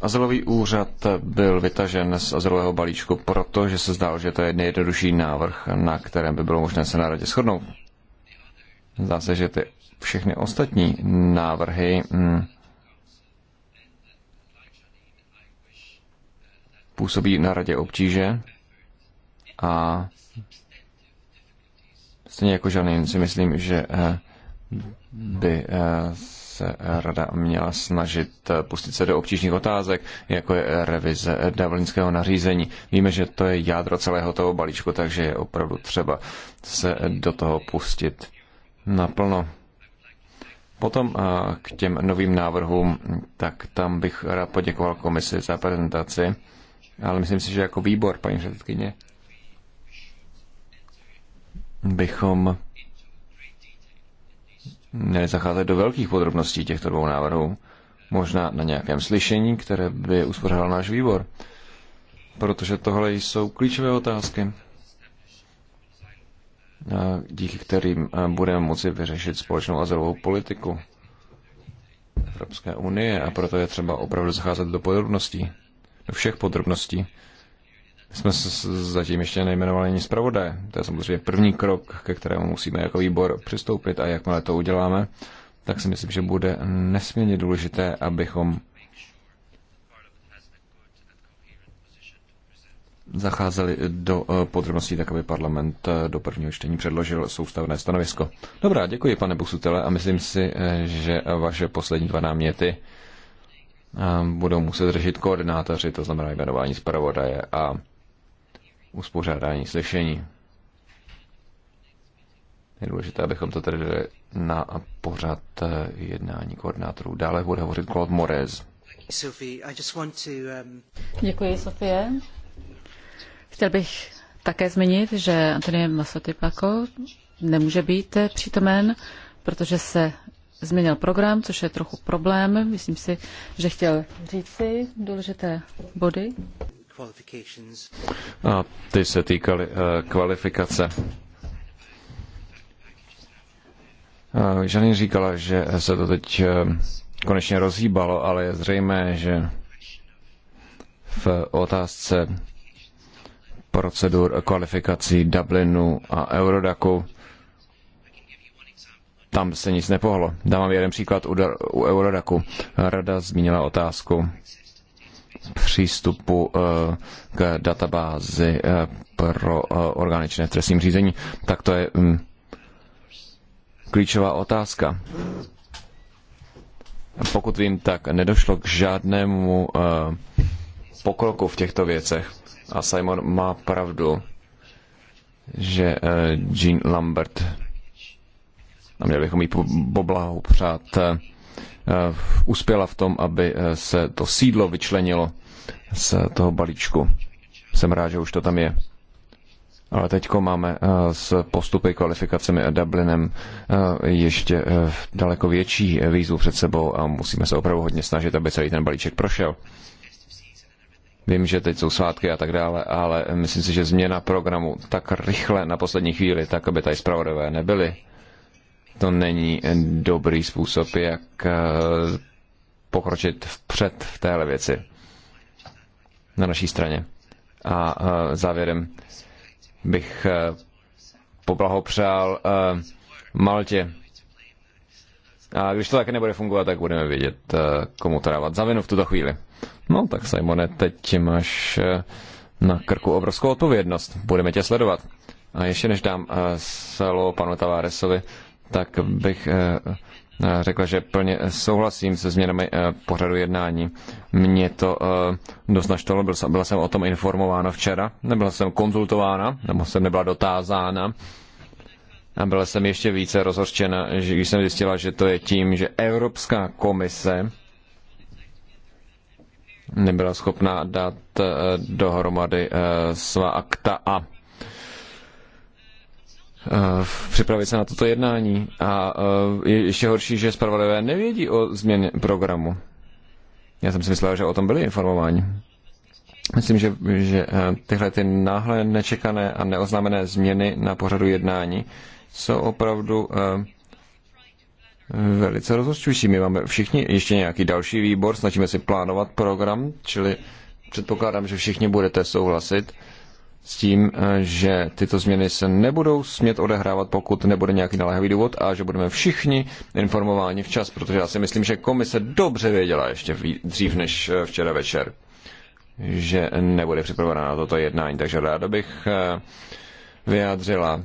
Azylový úřad byl vytažen z azylového balíčku, protože se zdál, že to je nejjednodušší návrh, na kterém by bylo možné se na radě shodnout. Zdá se, že ty všechny ostatní návrhy hmm, působí na radě obtíže a stejně jako Žanin si myslím, že eh, by eh, se rada měla snažit eh, pustit se do obtížných otázek, jako je revize eh, davlinského nařízení. Víme, že to je jádro celého toho balíčku, takže je opravdu třeba se do toho pustit naplno. Potom eh, k těm novým návrhům, tak tam bych rád poděkoval komisi za prezentaci, ale myslím si, že jako výbor, paní předsedkyně, bychom měli zacházet do velkých podrobností těchto dvou návrhů. Možná na nějakém slyšení, které by uspořádal náš výbor. Protože tohle jsou klíčové otázky, díky kterým budeme moci vyřešit společnou azylovou politiku Evropské unie a proto je třeba opravdu zacházet do podrobností, do všech podrobností jsme se zatím ještě nejmenovali ani zpravodaje. To je samozřejmě první krok, ke kterému musíme jako výbor přistoupit a jakmile to uděláme, tak si myslím, že bude nesmírně důležité, abychom zacházeli do eh, podrobností, tak aby parlament eh, do prvního čtení předložil soustavné stanovisko. Dobrá, děkuji pane Busutele a myslím si, eh, že vaše poslední dva náměty budou muset držet koordinátoři, to znamená jmenování zpravodaje a uspořádání slyšení. Je důležité, abychom to tady dali na pořad eh, jednání koordinátorů. Dále bude hovořit Claude Morez. Um, Děkuji, Sofie. Chtěl bych také zmínit, že Antonie Masotypako nemůže být eh, přítomen, protože se změnil program, což je trochu problém. Myslím si, že chtěl říci důležité body. A ty se týkaly eh, kvalifikace. Žanin říkala, že se to teď eh, konečně rozhýbalo, ale je zřejmé, že v otázce procedur kvalifikací Dublinu a Eurodaku tam se nic nepohlo. Dám vám jeden příklad u, u Eurodaku. Rada zmínila otázku přístupu eh, k databázi eh, pro eh, orgány činné v trestním řízení, tak to je mm, klíčová otázka. Pokud vím, tak nedošlo k žádnému pokroku v těchto věcech. A Simon má pravdu, že Jean Lambert, a měli bychom jí poblahopřát, přát Eh, uspěla v tom, aby eh, se to sídlo vyčlenilo z toho balíčku. Jsem rád, že už to tam je. Ale teďko máme eh, s postupy, kvalifikacemi a Dublinem ještě daleko větší výzvu před sebou a musíme se opravdu hodně snažit, aby celý ten balíček prošel. Vím, že teď jsou svátky a tak dále, ale myslím si, že změna programu tak rychle na poslední chvíli, tak aby tady zpravodové nebyly, to není dobrý způsob, jak eh, pokročit vpřed v téhle věci na naší straně. A eh, závěrem bych eh, poblahopřál Maltě. A když to také nebude fungovat, tak budeme vědět, komu to dávat za vinu v tuto chvíli. No tak Simone, teď máš na krku obrovskou odpovědnost. Budeme tě sledovat. A ještě než dám slovo panu Tavaresovi, tak bych eh, eh, řekl, že plně souhlasím se změnami eh, pořadu jednání. Mě to dost naštalo, byla jsem o tom informována včera, nebyla jsem konzultována, nebo jsem nebyla dotázána. A byla jsem ještě více rozhorčena, že když jsem zjistila, že to je tím, že Evropská komise nebyla schopná dát dohromady svá akta a Eh, připravit se na toto jednání. A eh, je ještě horší, že zpravodajové nevědí o změně programu. Já jsem si myslel, že o tom byli informováni. Myslím, že, že eh, tyhle ty náhle nečekané a neoznámené změny na pořadu jednání jsou opravdu velice rozhořčující. My máme všichni ještě nějaký další výbor, snažíme si plánovat program, čili předpokládám, že všichni budete souhlasit s tím, eh, že tyto změny se nebudou smět odehrávat, pokud nebude nějaký naléhavý důvod a že budeme všichni informováni včas, protože já si myslím, že komise dobře věděla ještě dřív než eh, včera večer, že nebude připravena na toto jednání, takže ráda bych eh, vyjádřila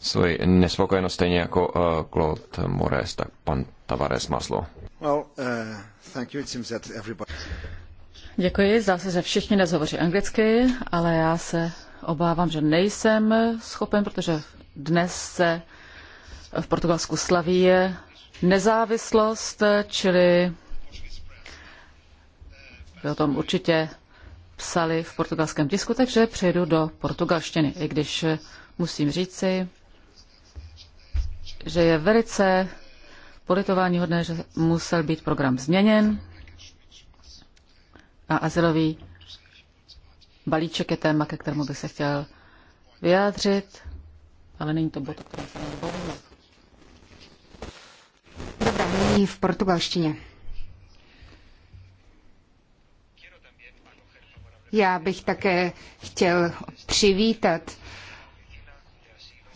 svoji nespokojenost stejně jako Claude Mores, tak pan Tavares Maslo. Well, uh, thank you. It seems that everybody... Děkuji, zase se všichni dnes hovoří anglicky, ale já se obávám, že nejsem schopen, protože dnes se v Portugalsku slaví nezávislost, čili o tom určitě psali v portugalském tisku, takže přejdu do portugalštiny, i když musím říci, že je velice politování hodné, že musel být program změněn a azylový balíček je téma, ke kterému bych se chtěl vyjádřit, ale není to bod, o kterém se bavíme. Dobrá, nyní v portugalštině. Já bych také chtěl přivítat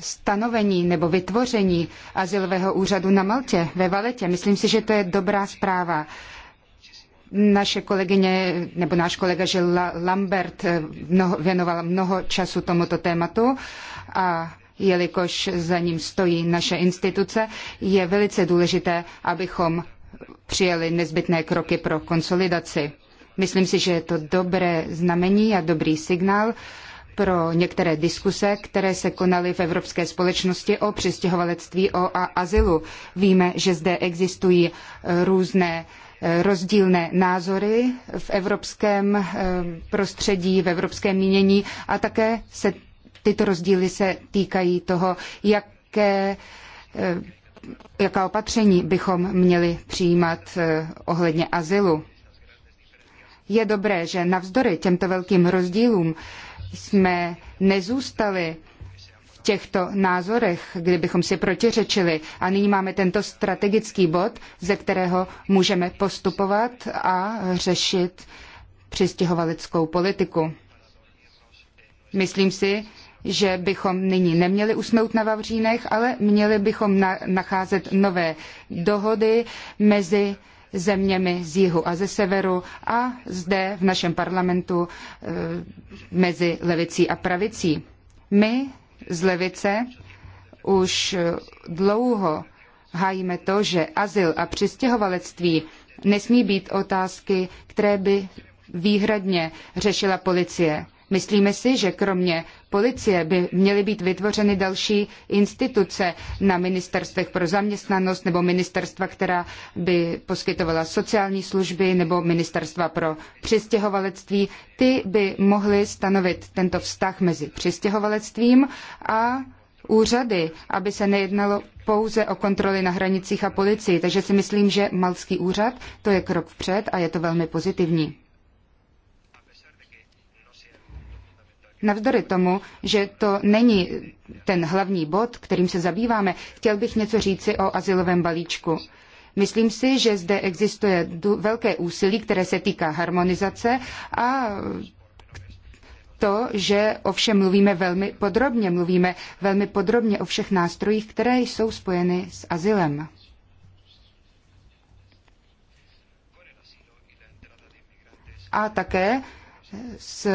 stanovení nebo vytvoření azylového úřadu na Maltě, ve Valetě. Myslím si, že to je dobrá zpráva. Naše kolegyně nebo náš kolega Žil Lambert eh, mnoho, věnoval mnoho času tomuto tématu a jelikož za ním stojí naše instituce, je velice důležité, abychom přijeli nezbytné kroky pro konsolidaci. Myslím si, že je to dobré znamení a dobrý signál pro některé diskuse, které se konaly v Evropské společnosti o přistěhovalectví o a azylu. Víme, že zde existují různé rozdílné názory v evropském eh, prostředí, v evropském mínění a také se tyto rozdíly se týkají toho, jaké eh, jaká opatření bychom měli přijímat eh, ohledně azylu. Je dobré, že navzdory těmto velkým rozdílům jsme nezůstali těchto názorech, kdybychom si protiřečili. A nyní máme tento strategický bod, ze kterého můžeme postupovat a řešit přistěhovaleckou politiku. Myslím si, že bychom nyní neměli usnout na Vavřínech, ale měli bychom na, nacházet nové dohody mezi zeměmi z jihu a ze severu a zde v našem parlamentu e, mezi levicí a pravicí. My z levice už dlouho hájíme to, že azyl a přistěhovalectví nesmí být otázky, které by výhradně řešila policie. Myslíme si, že kromě policie by měly být vytvořeny další instituce na ministerstvech pro zaměstnanost nebo ministerstva, která by poskytovala sociální služby nebo ministerstva pro přistěhovalectví. Ty by mohly stanovit tento vztah mezi přistěhovalectvím a úřady, aby se nejednalo pouze o kontroly na hranicích a policii. Takže si myslím, že Malský úřad to je krok vpřed a je to velmi pozitivní. Navzdory tomu, že to není ten hlavní bod, kterým se zabýváme, chtěl bych něco říci o asilovém balíčku. Myslím si, že zde existuje velké úsilí, které se týká harmonizace a to, že ovšem mluvíme velmi podrobně, mluvíme velmi podrobně o všech nástrojích, které jsou spojeny s azylem. A také s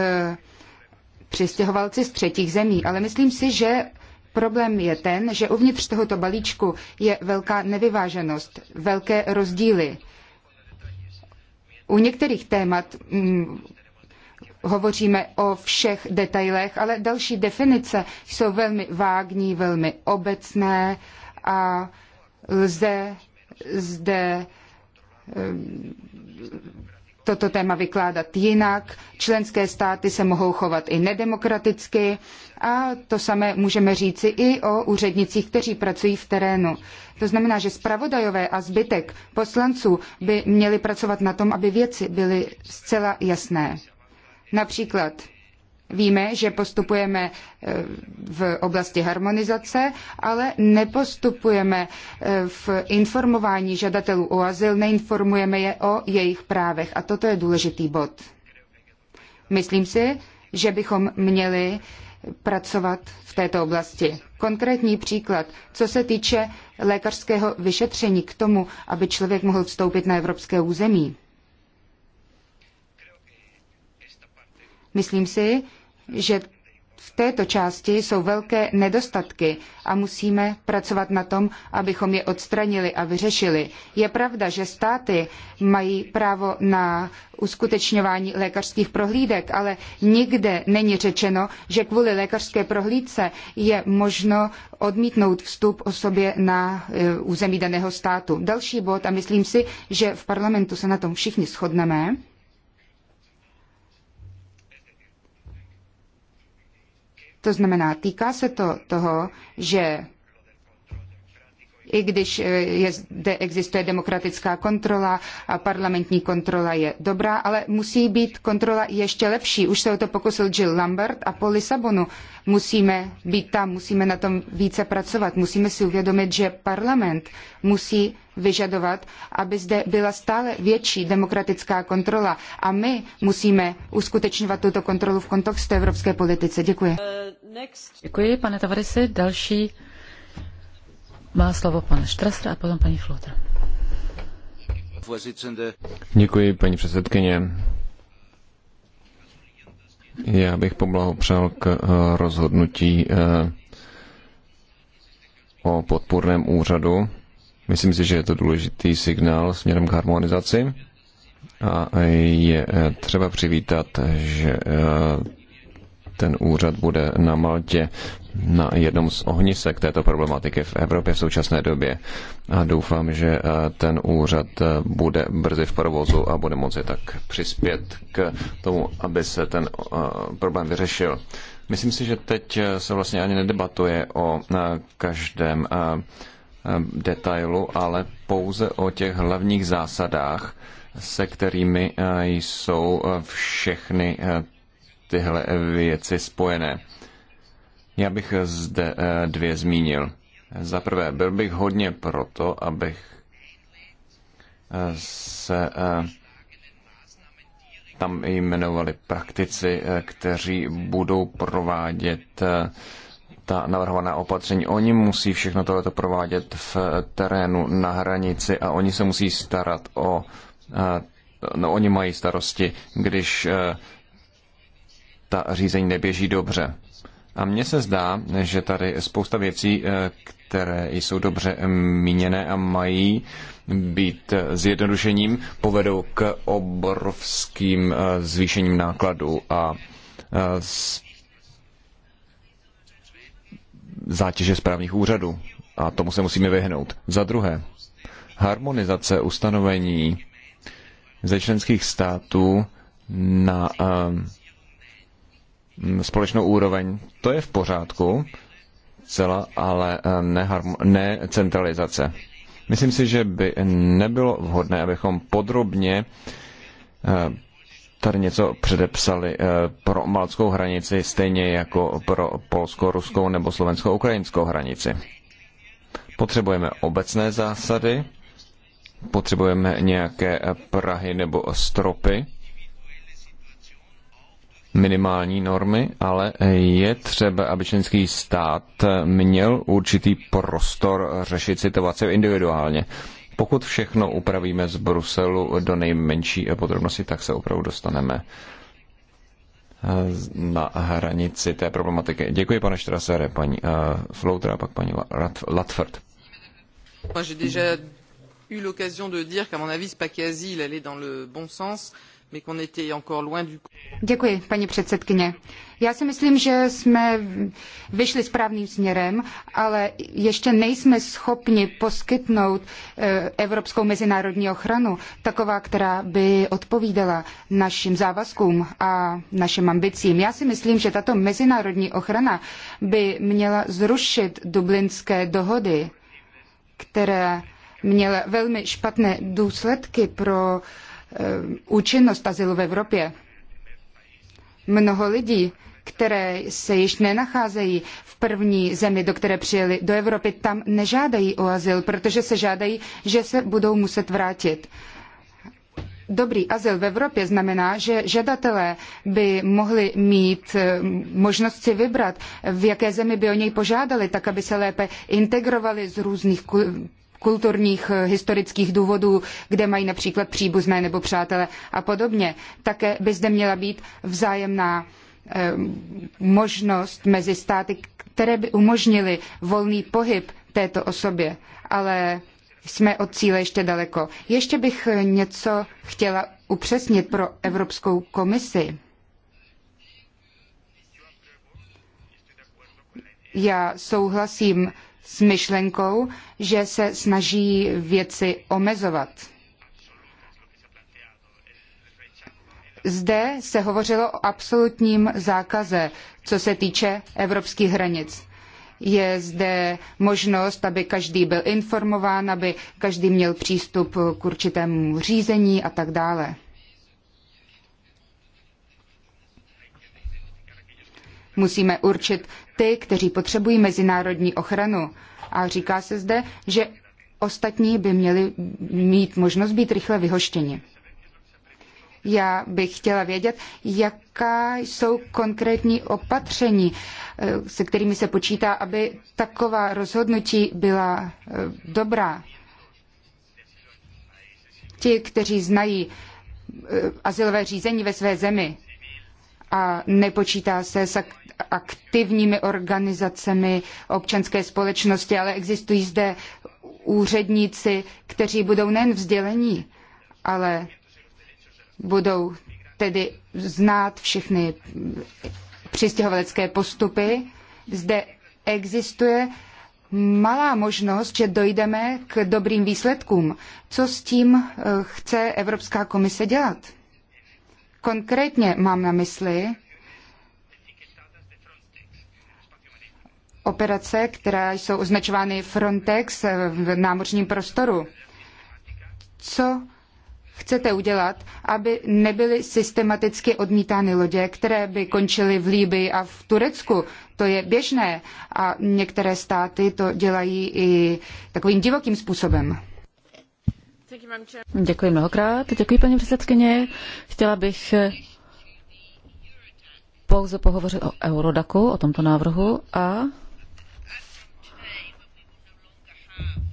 přistěhovalci z třetích zemí, ale myslím si, že Problém je ten, že uvnitř tohoto balíčku je velká nevyváženost, velké rozdíly. U některých témat hm, hovoříme o všech detailech, ale další definice jsou velmi vágní, velmi obecné a lze zde hm, toto téma vykládat jinak, členské státy se mohou chovat i nedemokraticky a to samé můžeme říci i o úřednicích, kteří pracují v terénu. To znamená, že zpravodajové a zbytek poslanců by měli pracovat na tom, aby věci byly zcela jasné. Například Víme, že postupujeme eh, v oblasti harmonizace, ale nepostupujeme eh, v informování žadatelů o azyl, neinformujeme je o jejich právech. A toto je důležitý bod. Myslím si, že bychom měli pracovat v této oblasti. Konkrétní příklad, co se týče lékařského vyšetření k tomu, aby člověk mohl vstoupit na evropské území. Myslím si, že v této části jsou velké nedostatky a musíme pracovat na tom, abychom je odstranili a vyřešili. Je pravda, že státy mají právo na uskutečňování lékařských prohlídek, ale nikde není řečeno, že kvůli lékařské prohlídce je možno odmítnout vstup osobě na e, území daného státu. Další bod, a myslím si, že v parlamentu se na tom všichni shodneme, To znamená, týká se to toho, že i když eh, je, zde existuje demokratická kontrola a parlamentní kontrola je dobrá, ale musí být kontrola ještě lepší. Už se o to pokusil Jill Lambert a po Lisabonu musíme být tam, musíme na tom více pracovat, musíme si uvědomit, že parlament musí vyžadovat, aby zde byla stále větší demokratická kontrola a my musíme uskutečňovat tuto kontrolu v kontextu evropské politice. Děkuji. Eh, Děkuji, pane Tavarisi. Další má slovo pan Štrasr a potom paní Flotr. Děkuji, paní předsedkyně. Já bych poblahopřál k eh, rozhodnutí eh, o podpůrném úřadu. Myslím si, že je to důležitý signál směrem k harmonizaci a je eh, třeba přivítat, že ten úřad bude na Maltě na jednom z ohnisek této problematiky v Evropě v současné době. A doufám, že eh, ten úřad eh, bude brzy v provozu a bude moci tak přispět k tomu, aby se ten eh, problém vyřešil. Myslím si, že teď se vlastně ani nedebatuje o každém detailu, ale pouze o těch hlavních zásadách, se kterými jsou všechny tyhle věci spojené. Já bych zde eh, dvě zmínil. Za prvé, byl bych hodně proto, abych eh, se eh, tam jmenovali praktici, kteří budou provádět ta navrhovaná opatření. Oni musí všechno tohleto provádět v terénu na hranici a oni se musí starat o. No, oni mají starosti, když ta řízení neběží dobře. A mně se zdá, že tady spousta věcí, eh, které jsou dobře míněné a mají být zjednodušením, povedou k obrovským eh, zvýšením nákladů a eh, zátěže správních úřadů. A tomu se musíme vyhnout. Za druhé, harmonizace ustanovení ze členských států na Mm, společnou úroveň. To je v pořádku, celá, ale eh, ne centralizace. Myslím si, že by nebylo vhodné, abychom podrobně eh, tady něco předepsali eh, pro malckou hranici, stejně jako pro polsko-ruskou nebo slovensko-ukrajinskou hranici. Potřebujeme obecné zásady, potřebujeme nějaké prahy nebo stropy, minimální normy, ale je třeba, aby členský stát měl určitý prostor řešit situaci individuálně. Pokud všechno upravíme z Bruselu do nejmenší podrobnosti, tak se opravdu dostaneme eh, na hranici té problematiky. Děkuji, pane Štrasere, paní uh, Floutra a pak paní Latford. Moi, j'ai déjà eu l'occasion de dire qu'à mon avis, ce paquet asile est dans le bon sens. Děkuji, paní předsedkyně. Já si myslím, že jsme vyšli správným směrem, ale ještě nejsme schopni poskytnout eh, evropskou mezinárodní ochranu, taková, která by odpovídala našim závazkům a našim ambicím. Já si myslím, že tato mezinárodní ochrana by měla zrušit dublinské dohody, které měly velmi špatné důsledky pro uh, Eh, účinnost azylu v Evropě. Mnoho lidí, které se již nenacházejí v první zemi, do které přijeli do Evropy, tam nežádají o azyl, protože se žádají, že se budou muset vrátit. Dobrý azyl v Evropě znamená, že žadatelé by mohli mít eh, možnost si vybrat, v jaké zemi by o něj požádali, tak aby se lépe integrovali z různých kulturních, eh, historických důvodů, kde mají například příbuzné nebo přátelé a podobně. Také by zde měla být vzájemná eh, možnost mezi státy, které by umožnily volný pohyb této osobě, ale jsme od cíle ještě daleko. Ještě bych eh, něco chtěla upřesnit pro Evropskou komisi. Já souhlasím s myšlenkou, že se snaží věci omezovat. Zde se hovořilo o absolutním zákaze, co se týče evropských hranic. Je zde možnost, aby každý byl informován, aby každý měl přístup k určitému řízení a tak dále. Musíme určit ty, kteří potřebují mezinárodní ochranu. A říká se zde, že ostatní by měli mít možnost být rychle vyhoštěni. Já bych chtěla vědět, jaká jsou konkrétní opatření, eh, se kterými se počítá, aby taková rozhodnutí byla eh, dobrá. Ti, kteří znají eh, azylové řízení ve své zemi, a nepočítá se s aktivními organizacemi občanské společnosti, ale existují zde úředníci, kteří budou nejen vzdělení, ale budou tedy znát všechny přistěhovalecké postupy. Zde existuje malá možnost, že dojdeme k dobrým výsledkům. Co s tím eh, chce Evropská komise dělat? Konkrétně mám na mysli operace, které jsou označovány Frontex v námořním prostoru. Co chcete udělat, aby nebyly systematicky odmítány lodě, které by končily v Líbii a v Turecku. To je běžné a některé státy to dělají i takovým divokým způsobem. Děkuji mnohokrát. Děkuji, paní předsedkyně. Chtěla bych eh, pouze pohovořit o Eurodaku, o tomto návrhu a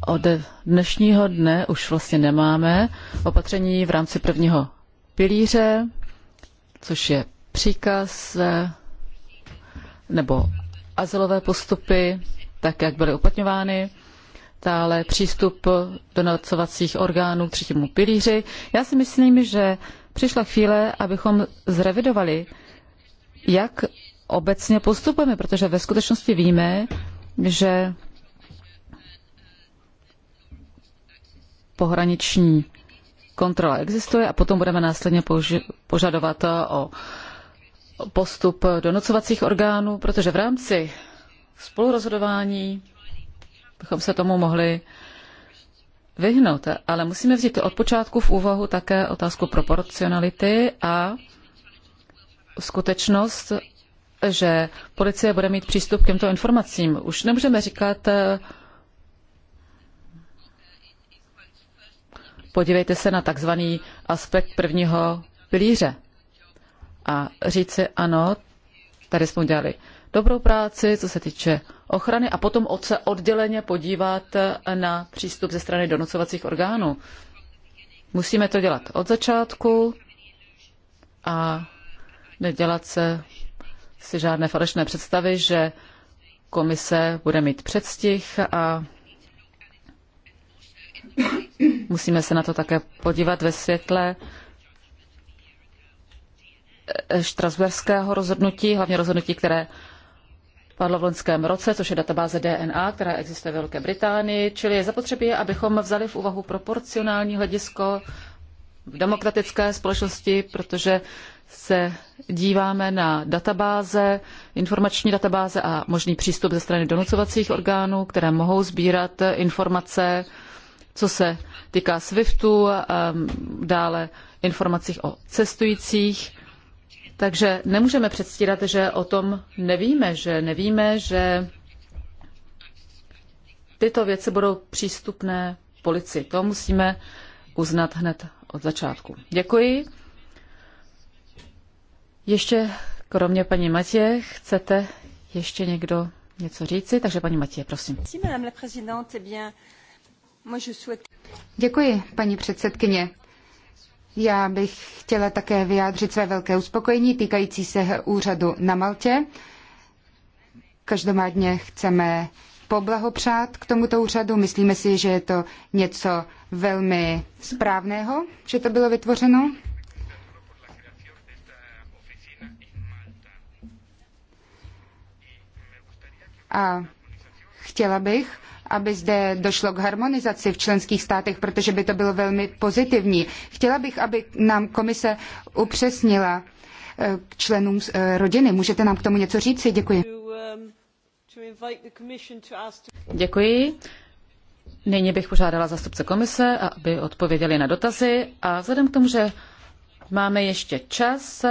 od dnešního dne už vlastně nemáme opatření v rámci prvního pilíře, což je příkaz eh, nebo azylové postupy, tak jak byly uplatňovány. Stále přístup donacovacích orgánů k třetímu pilíři. Já si myslím, že přišla chvíle, abychom zrevidovali, jak obecně postupujeme, protože ve skutečnosti víme, že pohraniční kontrola existuje a potom budeme následně požadovat o postup donocovacích orgánů, protože v rámci spolurozhodování bychom se tomu mohli vyhnout. Ale musíme vzít od počátku v úvahu také otázku proporcionality a skutečnost, že policie bude mít přístup k těmto informacím. Už nemůžeme říkat, podívejte se na takzvaný aspekt prvního pilíře a říci ano, tady jsme udělali dobrou práci, co se týče ochrany a potom se odděleně podívat na přístup ze strany donocovacích orgánů. Musíme to dělat od začátku a nedělat se si žádné falešné představy, že komise bude mít předstih a musíme se na to také podívat ve světle eh, štrasburského rozhodnutí, hlavně rozhodnutí, které padlo v loňském roce, což je databáze DNA, která existuje ve Velké Británii, čili je zapotřebí, abychom vzali v úvahu proporcionální hledisko v demokratické společnosti, protože se díváme na databáze, informační databáze a možný přístup ze strany donucovacích orgánů, které mohou sbírat informace, co se týká SWIFTu, dále informacích o cestujících. Takže nemůžeme předstírat, že o tom nevíme, že nevíme, že tyto věci budou přístupné policii. To musíme uznat hned od začátku. Děkuji. Ještě kromě paní Matě, chcete ještě někdo něco říci? Takže paní Matě, prosím. Eh Děkuji, paní předsedkyně. Já bych chtěla také vyjádřit své velké uspokojení týkající se úřadu na Maltě. Každopádně chceme poblahopřát k tomuto úřadu. Myslíme si, že je to něco velmi správného, že to bylo vytvořeno. A chtěla bych, aby zde došlo k harmonizaci v členských státech, protože by to bylo velmi pozitivní. Chtěla bych, aby nám komise upřesnila eh, k členům eh, rodiny. Můžete nám k tomu něco říci? Děkuji. Um, Děkuji. Nyní bych požádala zastupce komise, aby odpověděli na dotazy a vzhledem k tomu, že máme ještě čas,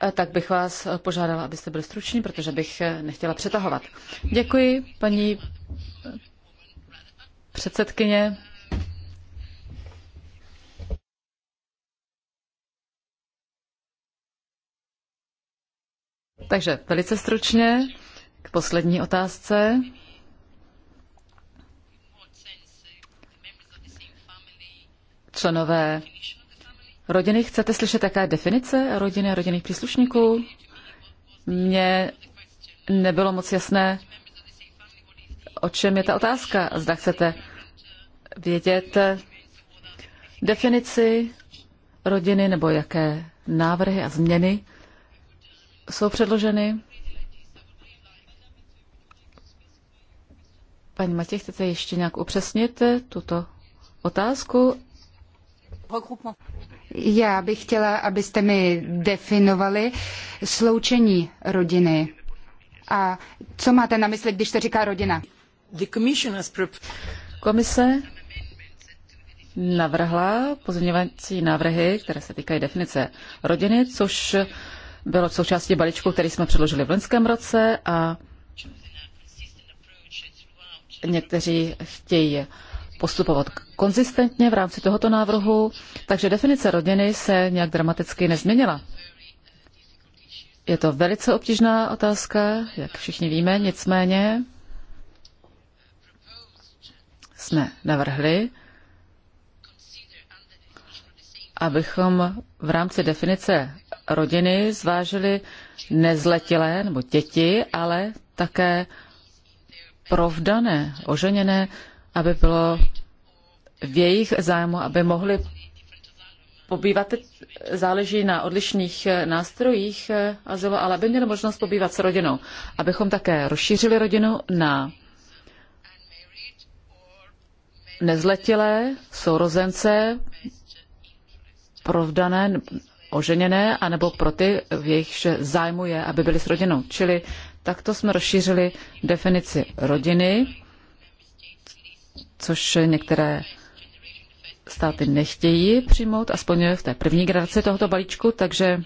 Eh, tak bych vás eh, požádala, abyste byli struční, protože bych eh, nechtěla přetahovat. Děkuji, paní předsedkyně. Takže velice stručně k poslední otázce. Členové rodiny. Chcete slyšet, také definice rodiny a rodinných příslušníků? Mně nebylo moc jasné, o čem je ta otázka. Zda chcete vědět definici rodiny nebo jaké návrhy a změny jsou předloženy. Paní Matěj, chcete ještě nějak upřesnit tuto otázku? Já bych chtěla, abyste mi definovali sloučení rodiny. A co máte na mysli, když se říká rodina? Komise navrhla pozměňovací návrhy, které se týkají definice rodiny, což bylo součástí balíčku, který jsme předložili v loňském roce a někteří chtějí postupovat konzistentně v rámci tohoto návrhu, takže definice rodiny se nějak dramaticky nezměnila. Je to velice obtížná otázka, jak všichni víme, nicméně jsme navrhli, abychom v rámci definice rodiny zvážili nezletilé nebo děti, ale také provdané, oženěné aby bylo v jejich zájmu, aby mohli pobývat, záleží na odlišných eh, nástrojích eh, azylu, ale aby měli možnost pobývat s rodinou. Abychom také rozšířili rodinu na nezletilé, sourozence, provdané, oženěné, anebo pro ty, v jejichž zájmu je, aby byli s rodinou. Čili takto jsme rozšířili definici rodiny což některé státy nechtějí přijmout, aspoň v té první generaci tohoto balíčku, takže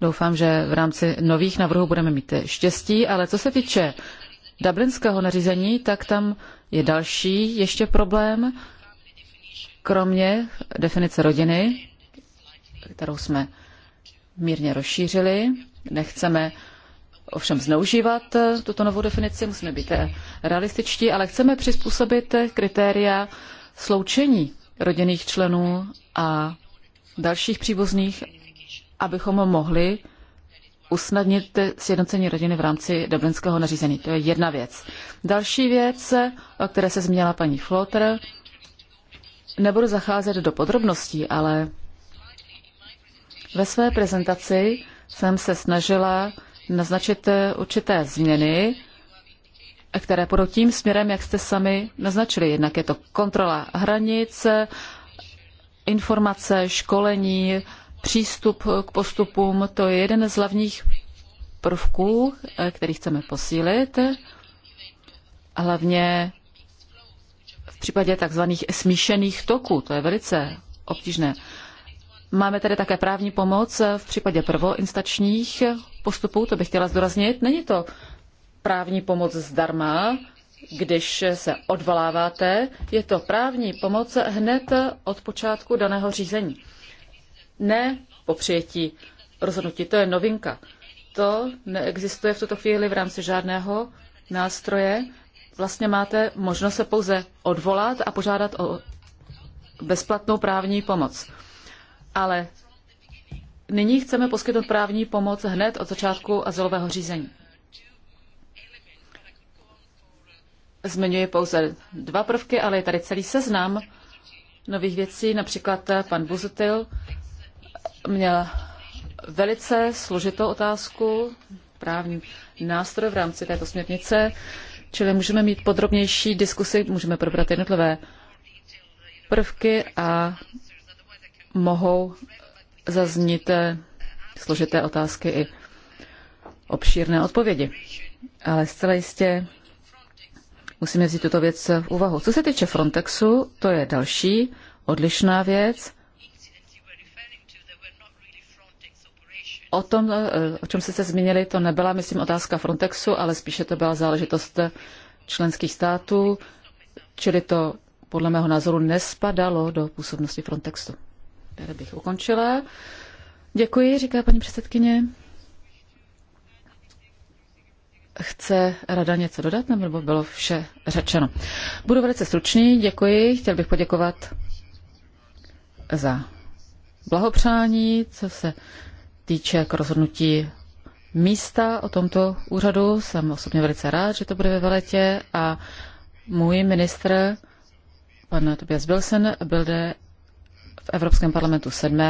doufám, že v rámci nových navrhů budeme mít štěstí, ale co se týče dublinského nařízení, tak tam je další ještě problém, kromě definice rodiny, kterou jsme mírně rozšířili. Nechceme ovšem zneužívat eh, tuto novou definici, musíme být eh, realističtí, ale chceme přizpůsobit eh, kritéria sloučení rodinných členů a dalších příbuzných, abychom mohli usnadnit sjednocení rodiny v rámci dublinského nařízení. To je jedna věc. Další věc, o které se změnila paní Flotter, nebudu zacházet do podrobností, ale ve své prezentaci jsem se snažila naznačit eh, určité změny, které půjdou tím směrem, jak jste sami naznačili. Jednak je to kontrola hranic, informace, školení, přístup k postupům. To je jeden z hlavních prvků, eh, který chceme posílit. Hlavně v případě takzvaných smíšených toků. To je velice obtížné. Máme tady také právní pomoc v případě prvoinstačních postupů, to bych chtěla zdůraznit. Není to právní pomoc zdarma, když se odvoláváte, je to právní pomoc hned od počátku daného řízení. Ne po přijetí rozhodnutí, to je novinka. To neexistuje v tuto chvíli v rámci žádného nástroje. Vlastně máte možnost se pouze odvolat a požádat o bezplatnou právní pomoc ale nyní chceme poskytnout právní pomoc hned od začátku azylového řízení. Zmiňuji pouze dva prvky, ale je tady celý seznam nových věcí. Například pan Buzutil měl velice složitou otázku, právní nástroj v rámci této směrnice, čili můžeme mít podrobnější diskusy, můžeme probrat jednotlivé prvky a mohou zaznít eh, složité otázky i obšírné odpovědi. Ale zcela jistě musíme vzít tuto věc v úvahu. Co se týče Frontexu, to je další odlišná věc. O tom, eh, o čem jste se zmínili, to nebyla, myslím, otázka Frontexu, ale spíše to byla záležitost členských států, čili to podle mého názoru nespadalo do působnosti Frontexu bych ukončila. Děkuji, říká paní předsedkyně. Chce rada něco dodat, nebo bylo vše řečeno? Budu velice stručný, děkuji. Chtěl bych poděkovat za blahopřání, co se týče k jako rozhodnutí místa o tomto úřadu. Jsem osobně velice rád, že to bude ve Veletě a můj ministr, pan Tobias Bilsen, byl, de, v Evropském parlamentu 7.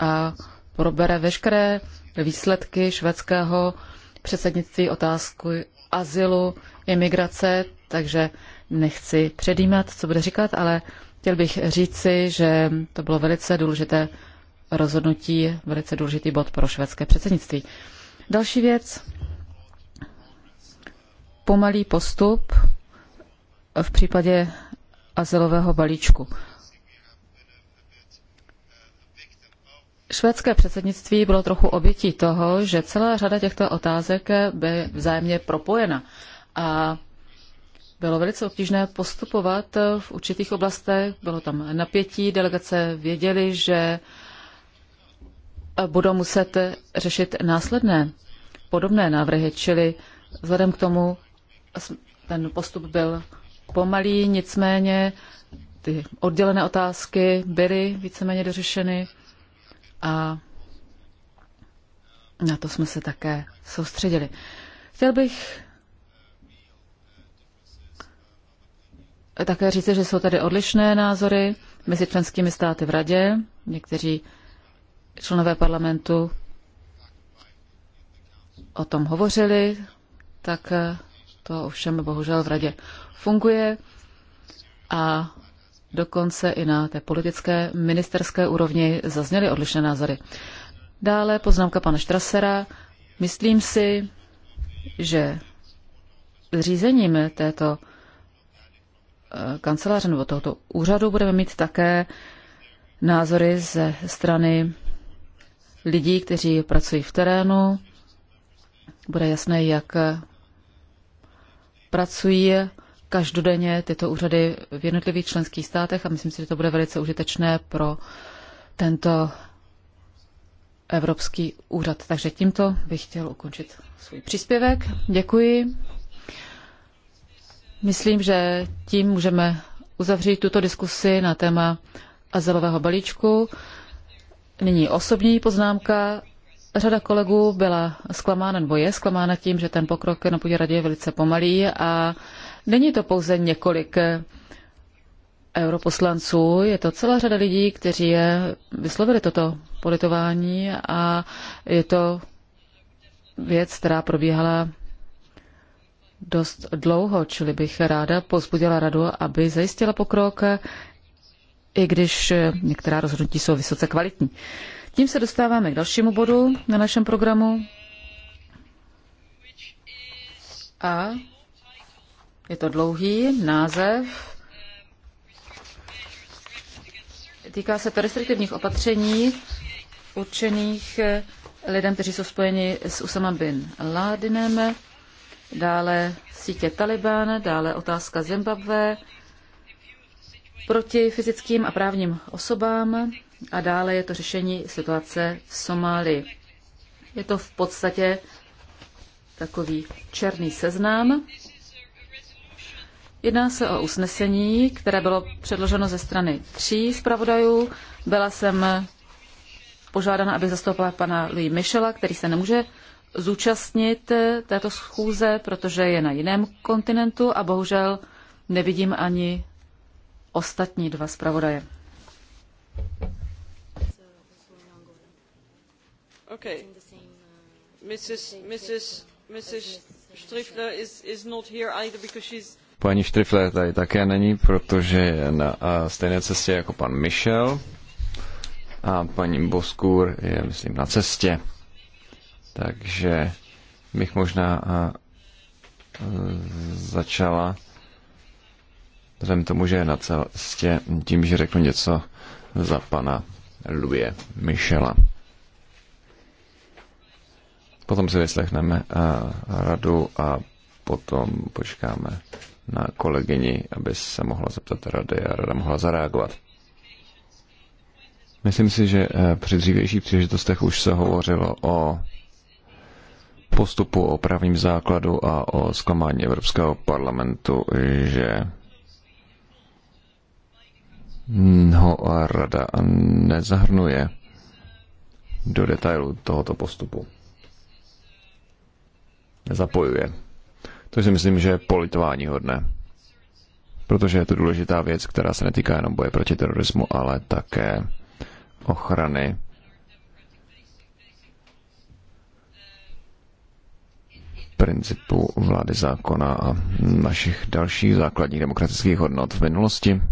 a probere veškeré výsledky švédského předsednictví otázku azylu, imigrace, takže nechci předjímat, co bude říkat, ale chtěl bych říci, že to bylo velice důležité rozhodnutí, velice důležitý bod pro švédské předsednictví. Další věc, pomalý postup v případě azylového balíčku. Švédské předsednictví bylo trochu obětí toho, že celá řada těchto otázek by vzájemně propojena. A bylo velice obtížné postupovat v určitých oblastech, bylo tam napětí, delegace věděli, že budou muset řešit následné podobné návrhy, čili vzhledem k tomu ten postup byl pomalý, nicméně ty oddělené otázky byly víceméně dořešeny a na to jsme se také soustředili. Chtěl bych také říct, že jsou tady odlišné názory mezi členskými státy v radě. Někteří členové parlamentu o tom hovořili, tak to ovšem bohužel v radě funguje a dokonce i na té politické ministerské úrovni zazněly odlišné názory. Dále poznámka pana Štrasera. Myslím si, že zřízením této eh, kanceláře nebo tohoto úřadu budeme mít také názory ze strany lidí, kteří pracují v terénu. Bude jasné, jak pracují každodenně tyto úřady v jednotlivých členských státech a myslím si, že to bude velice užitečné pro tento Evropský úřad. Takže tímto bych chtěl ukončit svůj příspěvek. Děkuji. Myslím, že tím můžeme uzavřít tuto diskusi na téma azylového balíčku. Nyní osobní poznámka. Řada kolegů byla zklamána nebo je zklamána tím, že ten pokrok na půdě radě je velice pomalý a Není to pouze několik eh, europoslanců, je to celá řada lidí, kteří je vyslovili toto politování a je to věc, která probíhala dost dlouho, čili bych ráda pozbudila radu, aby zajistila pokrok, i když eh, některá rozhodnutí jsou vysoce kvalitní. Tím se dostáváme k dalšímu bodu na našem programu. A je to dlouhý název. Týká se to restriktivních opatření určených lidem, kteří jsou spojeni s Usama bin Ládinem, dále sítě Taliban, dále otázka Zimbabwe, proti fyzickým a právním osobám a dále je to řešení situace v Somálii. Je to v podstatě takový černý seznam. Jedná se o usnesení, které bylo předloženo ze strany tří zpravodajů. Byla jsem požádána, abych zastoupila pana Louis Michela, který se nemůže zúčastnit eh, této schůze, protože je na jiném kontinentu a bohužel nevidím ani ostatní dva zpravodaje. Okay. Mrs. Mrs. Mrs. Strifler is, is not here either because she's Paní Štrifle tady také není, protože je na stejné cestě jako pan Michel a paní Boskur je, myslím, na cestě. Takže bych možná začala vzhledem tomu, že je na cestě tím, že řeknu něco za pana Louis Michela. Potom si vyslechneme radu a potom počkáme na kolegyni, aby se mohla zeptat rady a rada mohla zareagovat. Myslím si, že eh, při dřívějších příležitostech už se hovořilo o postupu o právním základu a o zklamání Evropského parlamentu, že ho rada nezahrnuje do detailu tohoto postupu. Nezapojuje. To si myslím, že je politování hodné. Protože je to důležitá věc, která se netýká jenom boje proti terorismu, ale také ochrany principu vlády zákona a našich dalších základních demokratických hodnot v minulosti.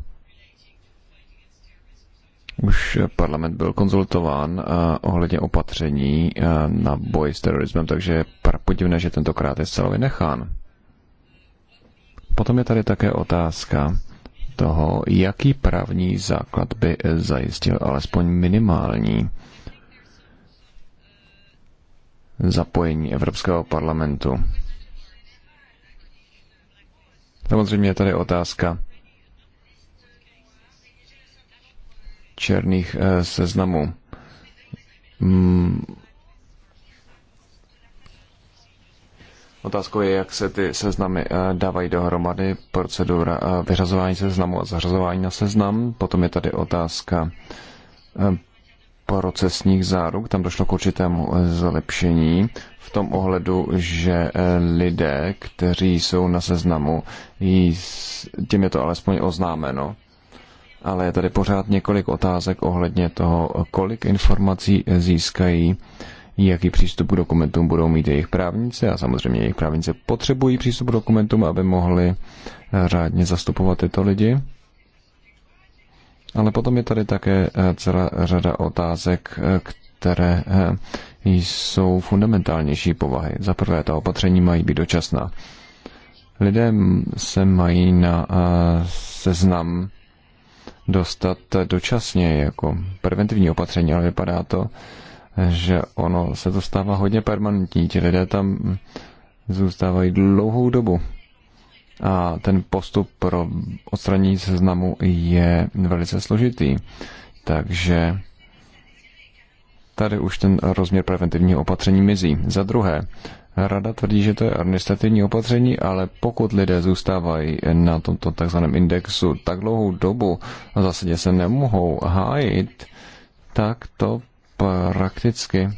Už parlament byl konzultován eh, ohledně opatření eh, na boj s terorismem, takže je podivné, že tentokrát je zcela vynechán. Potom je tady také otázka toho, jaký právní základ by eh, zajistil alespoň minimální zapojení Evropského parlamentu. Samozřejmě je tady otázka černých eh, seznamů. Otázkou je, jak se ty seznamy eh, dávají dohromady, procedura eh, vyřazování seznamu a zařazování na seznam. Potom je tady otázka eh, procesních záruk. Tam došlo k určitému zlepšení v tom ohledu, že lidé, kteří jsou na seznamu, tím je to alespoň oznámeno, ale je tady pořád několik otázek ohledně toho, kolik informací získají jaký přístup k dokumentům budou mít jejich právníci a samozřejmě jejich právníci potřebují přístup k dokumentům, aby mohli eh, řádně zastupovat tyto lidi. Ale potom je tady také eh, celá řada otázek, eh, které jsou fundamentálnější povahy. Za prvé, ta opatření mají být dočasná. Lidé se mají na seznam dostat dočasně jako preventivní opatření, ale vypadá to, že ono se to stává hodně permanentní, ti lidé tam zůstávají dlouhou dobu. A ten postup pro odstranění seznamu je velice složitý. Takže tady už ten rozměr preventivního opatření mizí. Za druhé, Rada tvrdí, že to je administrativní opatření, ale pokud lidé zůstávají na tomto takzvaném indexu tak dlouhou dobu a zase zásadě se nemohou hájit, tak to prakticky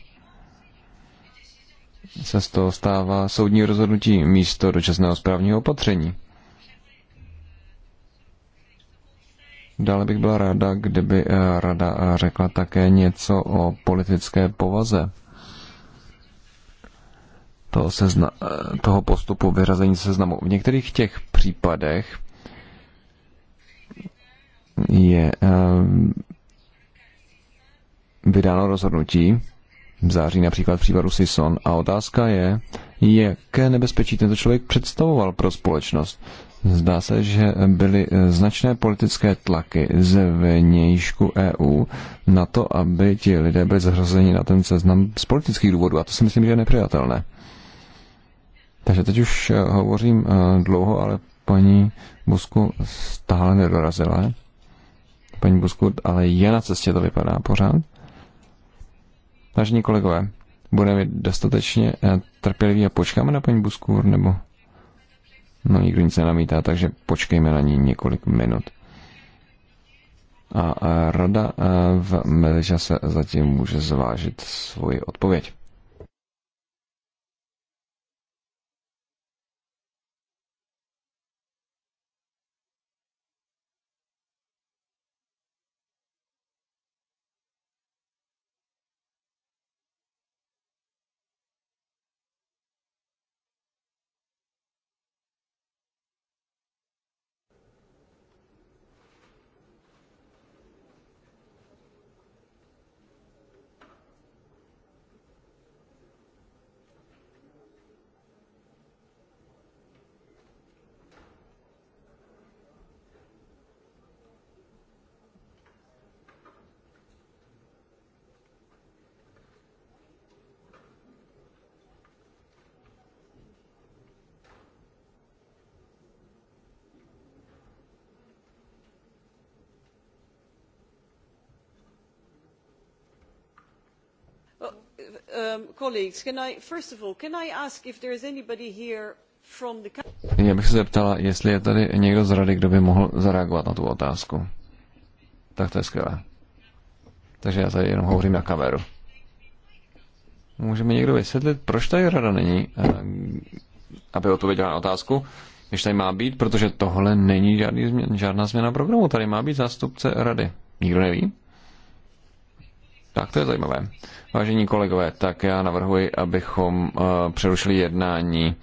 se z toho stává soudní rozhodnutí místo dočasného správního opatření. Dále bych byla ráda, kdyby eh, rada eh, řekla také něco o politické povaze toho, sezna- eh, toho postupu vyřazení seznamu. V některých těch případech je vydáno rozhodnutí, v září například v případu Sison, a otázka je, jaké nebezpečí tento člověk představoval pro společnost. Zdá se, že byly značné politické tlaky z vnějšku EU na to, aby ti lidé byli zařazeni na ten seznam z politických důvodů. A to si myslím, že je nepřijatelné. Takže teď už eh, hovořím eh, dlouho, ale paní Busku stále nedorazila. Paní Busku, ale je na cestě, to vypadá pořád. Vážení kolegové, budeme dostatečně eh, trpěliví a počkáme na paní Buskur, nebo... No nikdo nic nenamítá, takže počkejme na ní několik minut. A eh, rada eh, v mezičase zatím může zvážit svoji odpověď. Um, colleagues, can I, first of all, can I ask if there is anybody here from the... Já bych se zeptala, jestli je tady někdo z rady, kdo by mohl zareagovat na tu otázku. Tak to je skvělé. Takže já tady jenom hovořím na kameru. Můžeme někdo vysvětlit, proč tady rada není, eh, aby odpověděla na otázku, když tady má být, protože tohle není žádný změn, žádná změna programu, tady má být zástupce rady. Nikdo neví? Tak to je zajímavé. Vážení kolegové, tak já navrhuji, abychom eh, přerušili jednání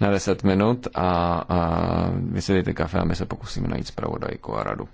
na 10 minut a, a eh, vysvětlíte kafe a my se pokusíme najít zpravodajku a radu.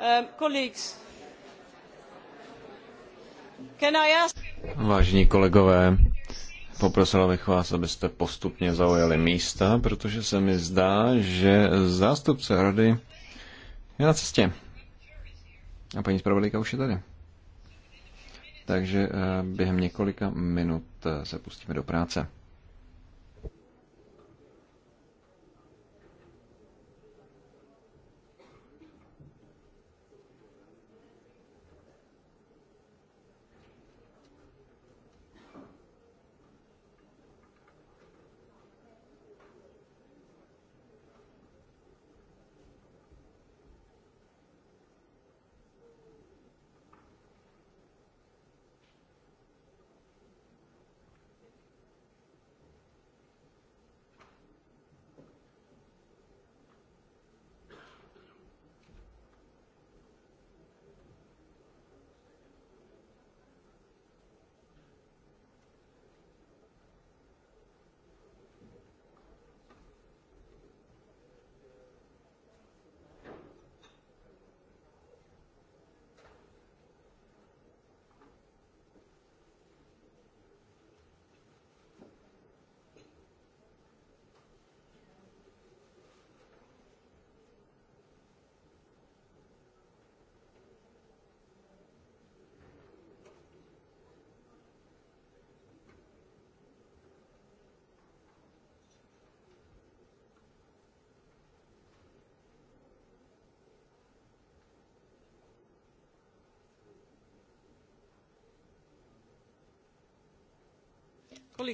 Um, Vážení kolegové, Poprosil bych vás, abyste postupně zaujali místa, protože se mi zdá, že zástupce rady je na cestě. A paní zpravodajka už je tady. Takže eh, během několika minut eh, se pustíme do práce.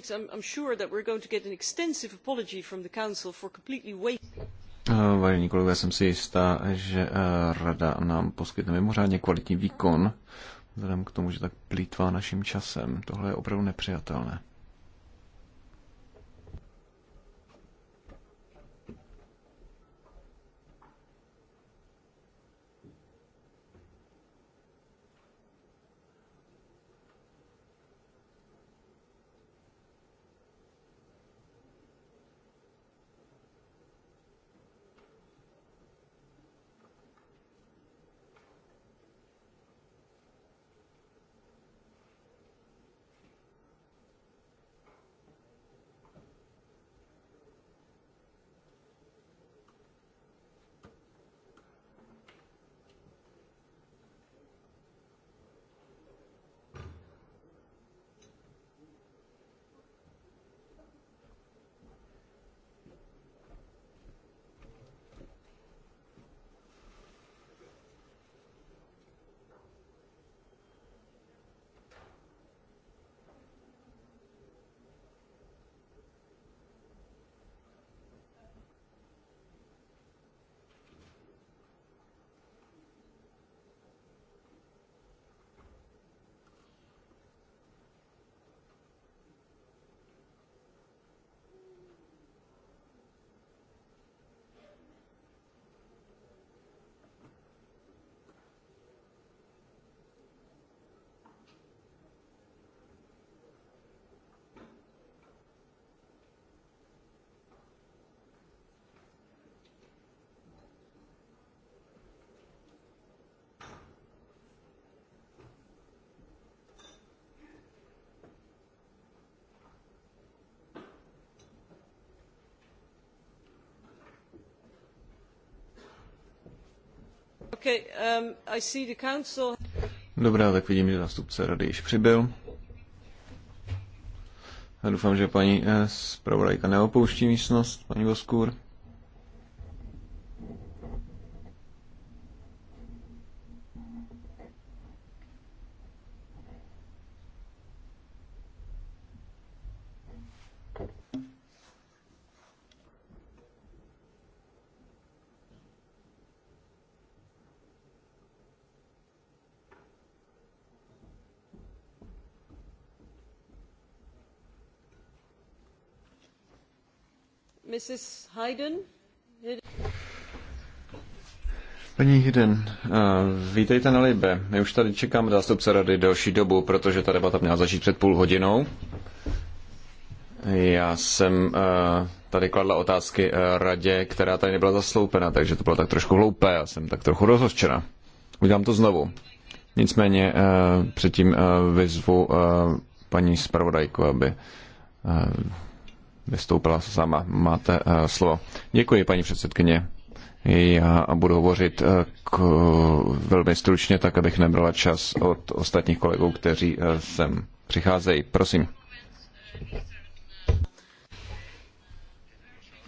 colleagues, i am sure that are going to get an extensive apology from the Council for completely wasting. Eh, vážení kolegové, jsem si jistá, že eh, Rada nám poskytne mimořádně kvalitní výkon, vzhledem k tomu, že tak plítvá naším časem. Tohle je opravdu nepřijatelné. Um, Dobrá, tak vidím, že zástupce rady již přibyl. Já doufám, že paní eh, zpravodajka neopouští místnost, paní Voskůr. Paní Hyden, eh, vítejte na Libe. My už tady čekáme zástupce rady delší dobu, protože ta debata měla začít před půl hodinou. Já jsem eh, tady kladla otázky eh, radě, která tady nebyla zasloupena, takže to bylo tak trošku hloupé. Já jsem tak trochu rozhořčena. Udělám to znovu. Nicméně předtím vyzvu paní zpravodajku, aby vystoupila sama. Máte eh, slovo. Děkuji, paní předsedkyně. Já budu hovořit eh, k, velmi stručně, tak abych nebrala čas od ostatních kolegů, kteří eh, sem přicházejí. Prosím.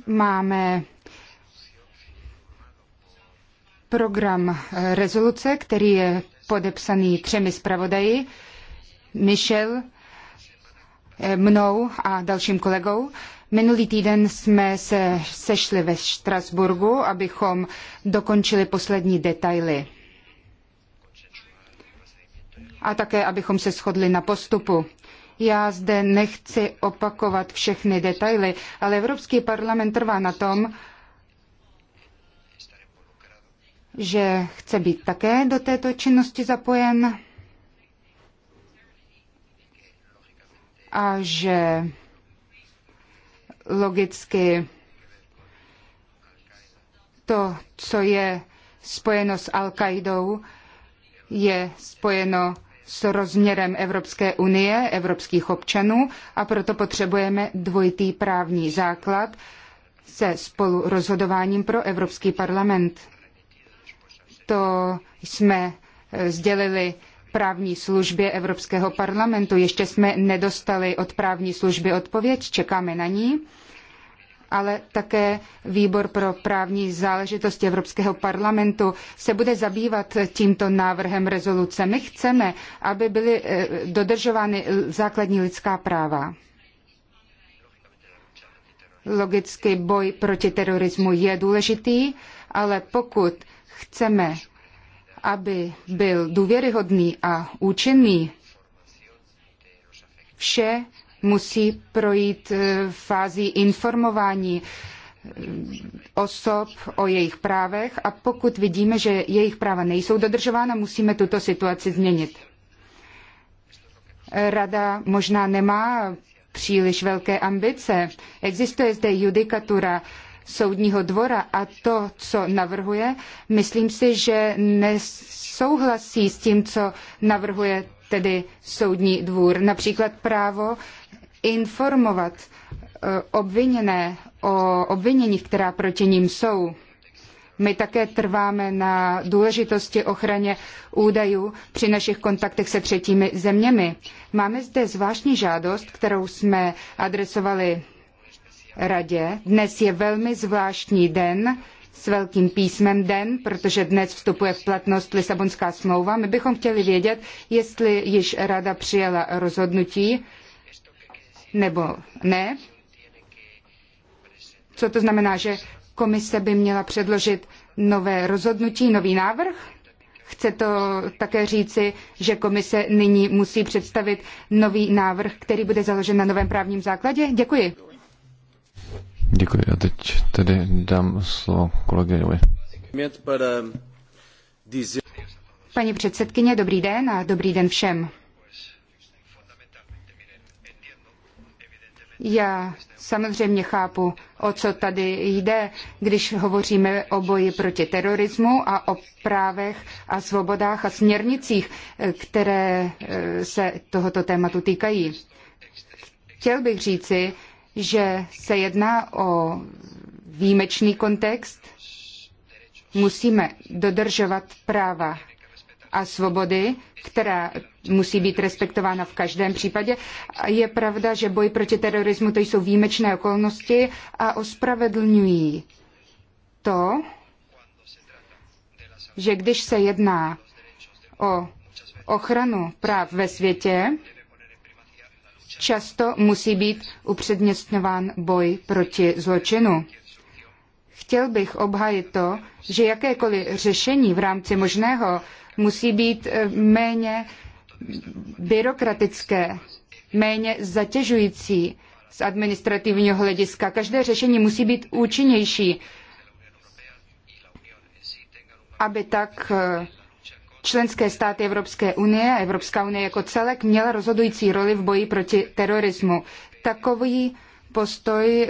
Máme program rezoluce, který je podepsaný třemi zpravodaji. Michel Eh, mnou a dalším kolegou. Minulý týden jsme se sešli ve Štrasburgu, abychom dokončili poslední detaily. A také, abychom se shodli na postupu. Já zde nechci opakovat všechny detaily, ale Evropský parlament trvá na tom, že chce být také do této činnosti zapojen. a že logicky to, co je spojeno s Al-Kaidou, je spojeno s rozměrem Evropské unie, evropských občanů a proto potřebujeme dvojitý právní základ se spolu rozhodováním pro Evropský parlament. To jsme sdělili právní službě Evropského parlamentu. Ještě jsme nedostali od právní služby odpověď, čekáme na ní ale také výbor pro právní záležitosti Evropského parlamentu se bude zabývat tímto návrhem rezoluce. My chceme, aby byly eh, dodržovány základní lidská práva. Logicky boj proti terorismu je důležitý, ale pokud chceme aby byl důvěryhodný a účinný, vše musí projít eh, fází informování eh, osob o jejich právech a pokud vidíme, že jejich práva nejsou dodržována, musíme tuto situaci změnit. Rada možná nemá příliš velké ambice. Existuje zde judikatura soudního dvora a to, co navrhuje, myslím si, že nesouhlasí s tím, co navrhuje tedy soudní dvůr. Například právo informovat eh, obviněné o obviněních, která proti ním jsou. My také trváme na důležitosti ochraně údajů při našich kontaktech se třetími zeměmi. Máme zde zvláštní žádost, kterou jsme adresovali radě. Dnes je velmi zvláštní den s velkým písmem den, protože dnes vstupuje v platnost Lisabonská smlouva. My bychom chtěli vědět, jestli již rada přijala rozhodnutí nebo ne. Co to znamená, že komise by měla předložit nové rozhodnutí, nový návrh? Chce to také říci, že komise nyní musí představit nový návrh, který bude založen na novém právním základě? Děkuji. Děkuji. A teď tedy dám slovo kolegovi. Paní předsedkyně, dobrý den a dobrý den všem. Já samozřejmě chápu, o co tady jde, když hovoříme o boji proti terorismu a o právech a svobodách a směrnicích, které eh, se tohoto tématu týkají. Chtěl bych říci, že se jedná o výjimečný kontext, musíme dodržovat práva a svobody, která musí být respektována v každém případě. Je pravda, že boj proti terorismu to jsou výjimečné okolnosti a ospravedlňují to, že když se jedná o ochranu práv ve světě, často musí být upřednostňován boj proti zločinu. Chtěl bych obhajit to, že jakékoliv řešení v rámci možného musí být eh, méně byrokratické, méně zatěžující z administrativního hlediska. Každé řešení musí být účinnější, aby tak eh, Členské státy Evropské unie a Evropská unie jako celek měla rozhodující roli v boji proti terorismu. Takový postoj eh,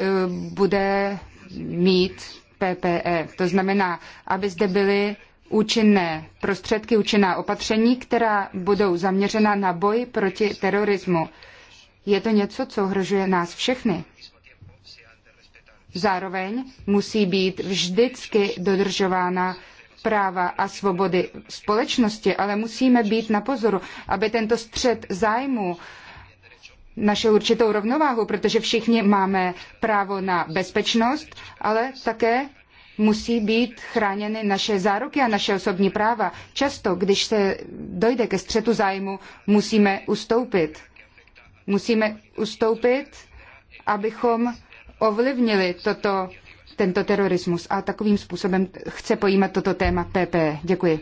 bude mít PPE. To znamená, aby zde byly účinné prostředky, účinná opatření, která budou zaměřena na boj proti terorismu. Je to něco, co ohrožuje nás všechny. Zároveň musí být vždycky dodržována práva a svobody společnosti, ale musíme být na pozoru, aby tento střed zájmu našel určitou rovnováhu, protože všichni máme právo na bezpečnost, ale také musí být chráněny naše záruky a naše osobní práva. Často, když se dojde ke střetu zájmu, musíme ustoupit. Musíme ustoupit, abychom ovlivnili toto tento terorismus a takovým způsobem chce pojímat toto téma PP. Děkuji.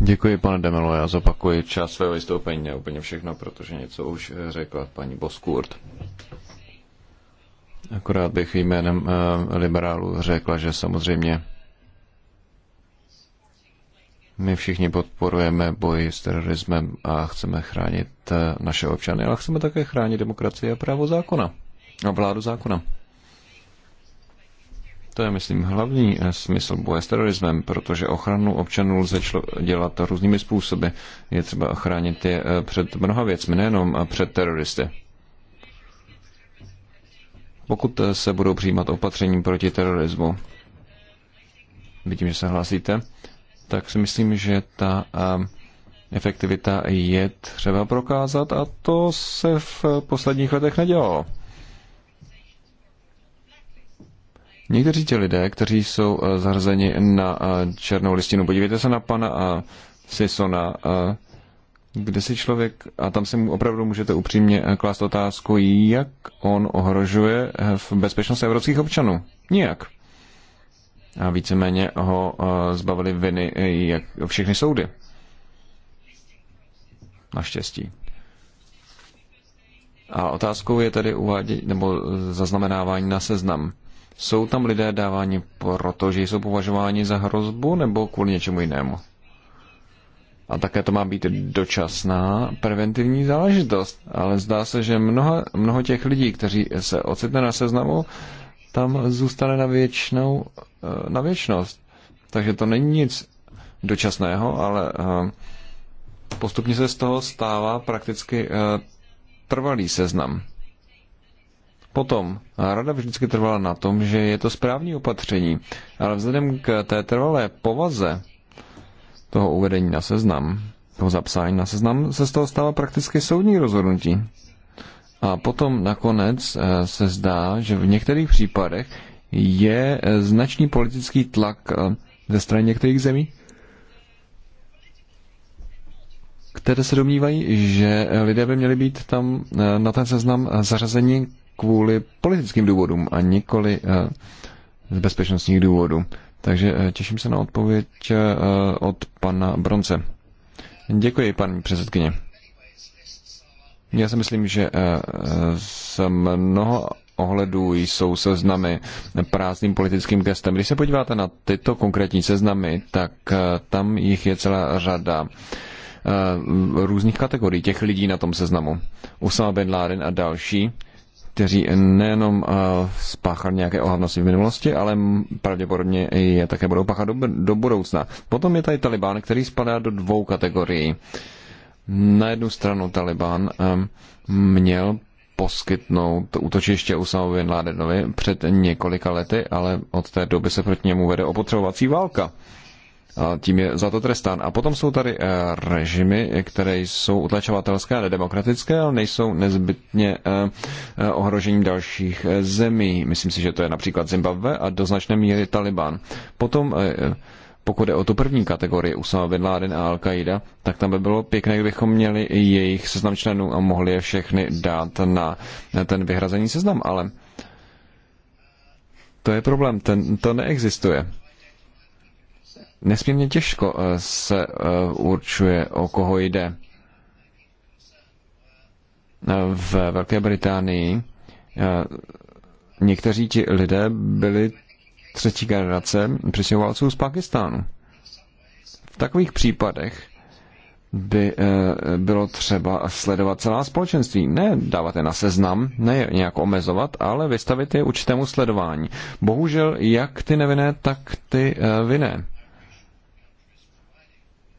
Děkuji, pane Demelo. Já zopakuji čas svého vystoupení, ne úplně všechno, protože něco už řekla paní Boskurt. Akorát bych jménem eh, liberálů řekla, že samozřejmě my všichni podporujeme boj s terorismem a chceme chránit eh, naše občany, ale chceme také chránit demokracii a právo zákona a vládu zákona. To je, myslím, hlavní eh, smysl boje s terorismem, protože ochranu občanů lze člo- dělat různými způsoby. Je třeba ochránit je eh, před mnoha věcmi, nejenom eh, před teroristy. Pokud se budou přijímat opatření proti terorismu, vidím, že se hlásíte, tak si myslím, že ta efektivita je třeba prokázat a to se v posledních letech nedělalo. Někteří ti lidé, kteří jsou eh, zahrzeni na eh, černou listinu, podívejte se na pana eh, Sisona, kde si člověk, a tam se mu opravdu můžete upřímně klást otázku, jak on ohrožuje v bezpečnost evropských občanů. Nijak. A víceméně ho zbavili viny jak všechny soudy. Naštěstí. A otázkou je tedy uvádět nebo zaznamenávání na seznam. Jsou tam lidé dáváni proto, že jsou považováni za hrozbu nebo kvůli něčemu jinému? A také to má být dočasná preventivní záležitost. Ale zdá se, že mnoho, mnoho těch lidí, kteří se ocitne na seznamu, tam zůstane na, věčnou, eh, na věčnost. Takže to není nic dočasného, ale eh, postupně se z toho stává prakticky eh, trvalý seznam. Potom, rada vždycky trvala na tom, že je to správní opatření, ale vzhledem k té trvalé povaze toho uvedení na seznam, toho zapsání na seznam, se z toho stává prakticky soudní rozhodnutí. A potom nakonec eh, se zdá, že v některých případech je eh, značný politický tlak eh, ze strany některých zemí, které se domnívají, že lidé by měli být tam na ten seznam zařazeni kvůli politickým důvodům a nikoli eh, z bezpečnostních důvodů. Takže eh, těším se na odpověď eh, od pana Bronce. Děkuji, paní předsedkyně. Já si myslím, že z mnoho ohledů jsou seznamy prázdným politickým gestem. Když se podíváte na tyto konkrétní seznamy, tak tam jich je celá řada různých kategorií těch lidí na tom seznamu. Usama Bin Laden a další kteří nejenom eh, spáchali nějaké ohavnosti v minulosti, ale pravděpodobně je také budou páchat do, do budoucna. Potom je tady Taliban, který spadá do dvou kategorií. Na jednu stranu Taliban eh, měl poskytnout útočiště Usamovi Bin Ládenovi před několika lety, ale od té doby se proti němu vede opotřebovací válka a tím je za to trestán. A potom jsou tady eh, režimy, které jsou utlačovatelské a nedemokratické, ale nejsou nezbytně eh, eh, ohrožením dalších zemí. Myslím si, že to je například Zimbabwe a do značné míry Taliban. Potom pokud je o tu první kategorii Usama Bin Laden a Al-Qaida, tak tam by bylo pěkné, kdybychom měli jejich seznam členů a mohli je všechny dát na ten vyhrazený seznam, ale to je problém, ten, to neexistuje. Nesmírně těžko eh, se eh, určuje, o koho jde. V Velké Británii eh, někteří ti lidé byli třetí generace přesěhovalců z Pakistánu. V takových případech by bylo třeba sledovat celá společenství. Ne dávat je na seznam, ne je nějak omezovat, ale vystavit je určitému sledování. Bohužel jak ty nevinné, tak ty vinné.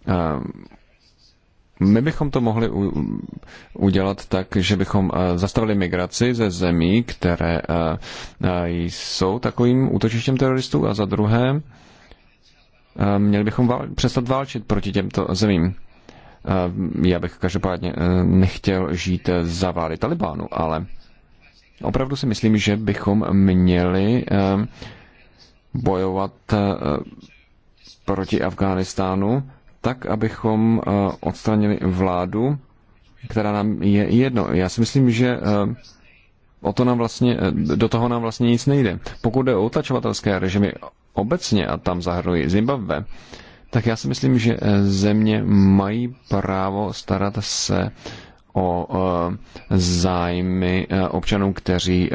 Ehm, my bychom to mohli udělat tak, že bychom eh, zastavili migraci ze zemí, které eh, eh, jsou takovým útočištěm teroristů a za druhé měli bychom vál, přestat válčit proti těmto zemím. Ehm, já bych každopádně nechtěl žít za vlády Talibánu, ale opravdu si myslím, že bychom měli ehm, bojovat proti Afghánistánu tak, abychom eh, odstranili vládu, která nám je jedno. Já si myslím, že eh, o to nám vlastně, eh, do toho nám vlastně nic nejde. Pokud jde o utlačovatelské režimy obecně, a tam zahrnují Zimbabwe, tak já si myslím, že země mají právo starat se o zájmy občanů, kteří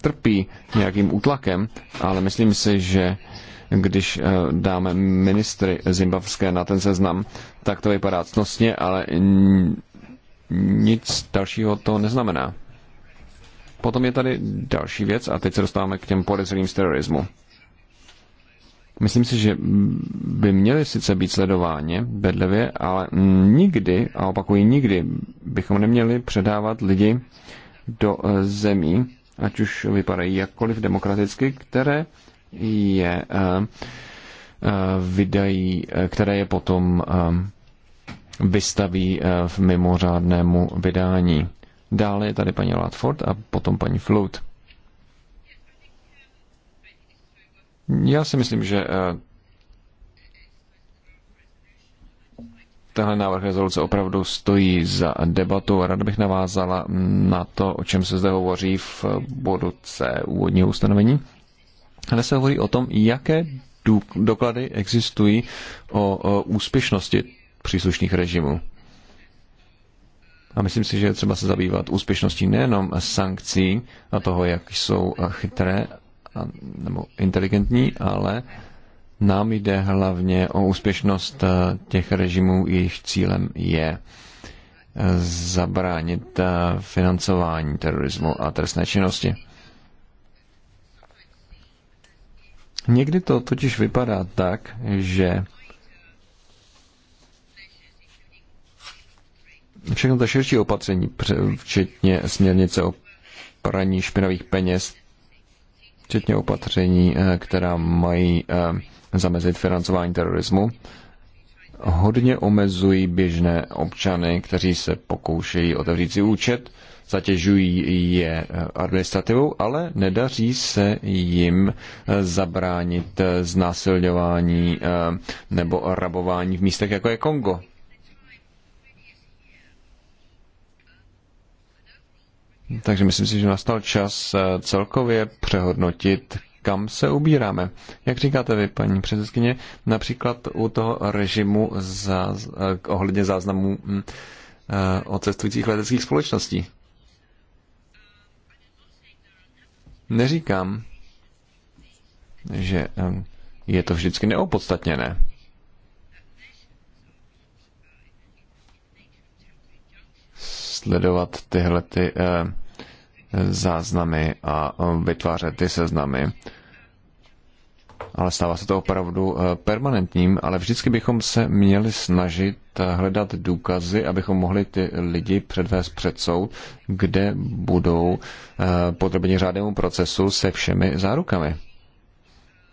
trpí nějakým útlakem, ale myslím si, že když eh, dáme ministry zimbabské na ten seznam, tak to vypadá cnostně, ale nic dalšího to neznamená. Potom je tady další věc a teď se dostáváme k těm podezřelým z terorismu. Myslím si, že by měli sice být sledováni bedlivě, ale nikdy, a opakuji nikdy, bychom neměli předávat lidi do eh, zemí, ať už vypadají jakkoliv demokraticky, které je eh, eh, vydají, eh, které je potom vystaví v mimořádnému vydání. Dále je tady paní Latford a potom paní Flood. Já si myslím, že tenhle návrh rezoluce opravdu stojí za debatu. Rád bych navázala na to, o čem se zde hovoří v bodu C úvodního ustanovení kde se hovoří o tom, jaké doklady existují o, o úspěšnosti příslušných režimů. A myslím si, že je třeba se zabývat úspěšností nejenom sankcí a toho, jak jsou chytré a, nebo inteligentní, ale nám jde hlavně o úspěšnost eh, těch režimů, jejich cílem je eh, zabránit eh, financování terorismu a trestné činnosti. Někdy to totiž vypadá tak, že všechno ta širší opatření, včetně směrnice o praní špinavých peněz, včetně opatření, eh, která mají eh, zamezit financování terorismu, hodně omezují běžné občany, kteří se pokoušejí otevřít si účet zatěžují je eh, administrativou, ale nedaří se jim eh, zabránit eh, znásilňování nebo rabování v místech, jako je Kongo. Takže myslím si, že nastal čas celkově přehodnotit, kam se ubíráme. Jak říkáte vy, paní předsedkyně, například u toho režimu za, ohledně záznamů mm, o cestujících leteckých společností. Neříkám, že je to vždycky neopodstatněné. Sledovat tyhle ty eh, záznamy a eh, vytvářet ty seznamy. Ale stává se to opravdu eh, permanentním, ale vždycky bychom se měli snažit hledat důkazy, abychom mohli ty lidi předvést před soud, kde budou eh, podrobně řádnému procesu se všemi zárukami.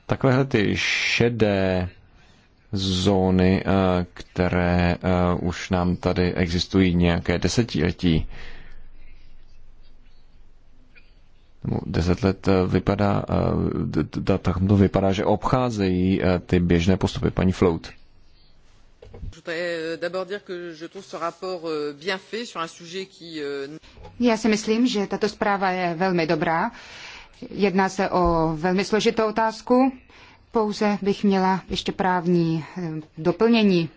Takovéhle ty šedé zóny, eh, které eh, už nám tady existují nějaké desetiletí, deset let vypadá, tak to vypadá, že obcházejí ty běžné postupy. Paní Flout. Já si myslím, že tato zpráva je velmi dobrá. Jedná se o velmi složitou otázku. Pouze bych měla ještě právní eh, doplnění.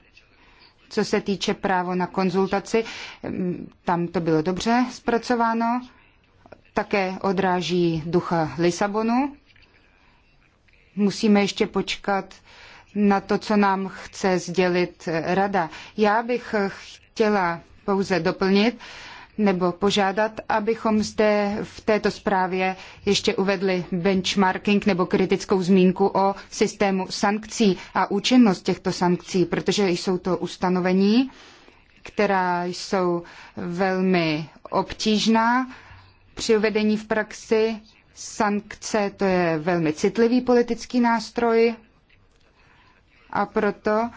Co se týče právo na konzultaci, mm, tam to bylo dobře zpracováno. Také odráží ducha Lisabonu. Musíme ještě počkat na to, co nám chce sdělit eh, rada. Já bych eh, chtěla pouze doplnit nebo požádat, abychom zde v této zprávě ještě uvedli benchmarking nebo kritickou zmínku o systému sankcí a účinnost těchto sankcí, protože jsou to ustanovení, která jsou velmi obtížná při uvedení v praxi. Sankce to je velmi citlivý politický nástroj, a proto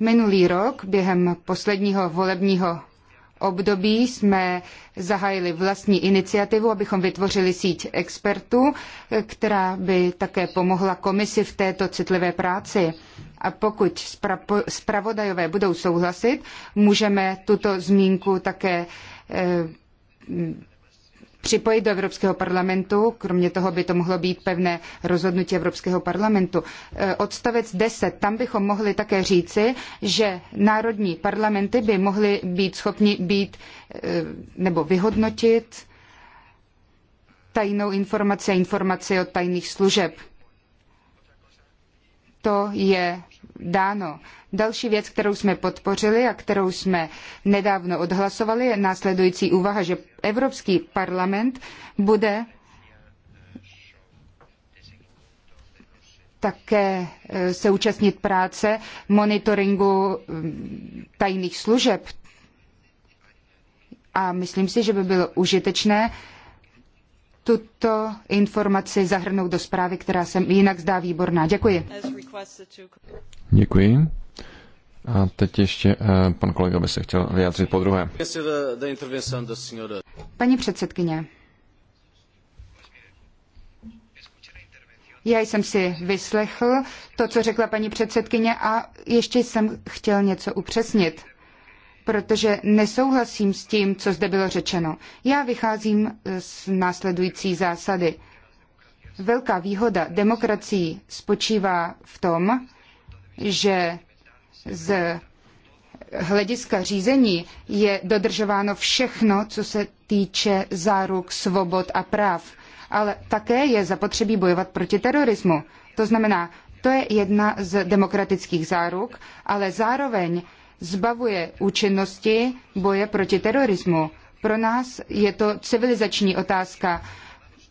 minulý rok během posledního volebního období jsme zahájili vlastní iniciativu, abychom vytvořili síť expertů, která by také pomohla komisi v této citlivé práci. A pokud zpravodajové budou souhlasit, můžeme tuto zmínku také eh, připojit do Evropského parlamentu. Kromě toho by to mohlo být pevné rozhodnutí Evropského parlamentu. E, odstavec 10, tam bychom mohli také říci, že národní parlamenty by mohly být schopni být e, nebo vyhodnotit tajnou informaci a informaci od tajných služeb. To je dáno. Další věc, kterou jsme podpořili a kterou jsme nedávno odhlasovali, je následující úvaha, že Evropský parlament bude také e, se účastnit práce monitoringu mm, tajných služeb. A myslím si, že by bylo užitečné tuto informaci zahrnout do zprávy, která se jinak zdá výborná. Děkuji. Děkuji. A teď ještě eh, pan kolega by se chtěl vyjádřit po druhé. Paní předsedkyně, já jsem si vyslechl to, co řekla paní předsedkyně a ještě jsem chtěl něco upřesnit protože nesouhlasím s tím, co zde bylo řečeno. Já vycházím eh, z následující zásady. Velká výhoda demokracií spočívá v tom, že z hlediska řízení je dodržováno všechno, co se týče záruk, svobod a práv. Ale také je zapotřebí bojovat proti terorismu. To znamená, to je jedna z demokratických záruk, ale zároveň zbavuje účinnosti boje proti terorismu. Pro nás je to civilizační otázka.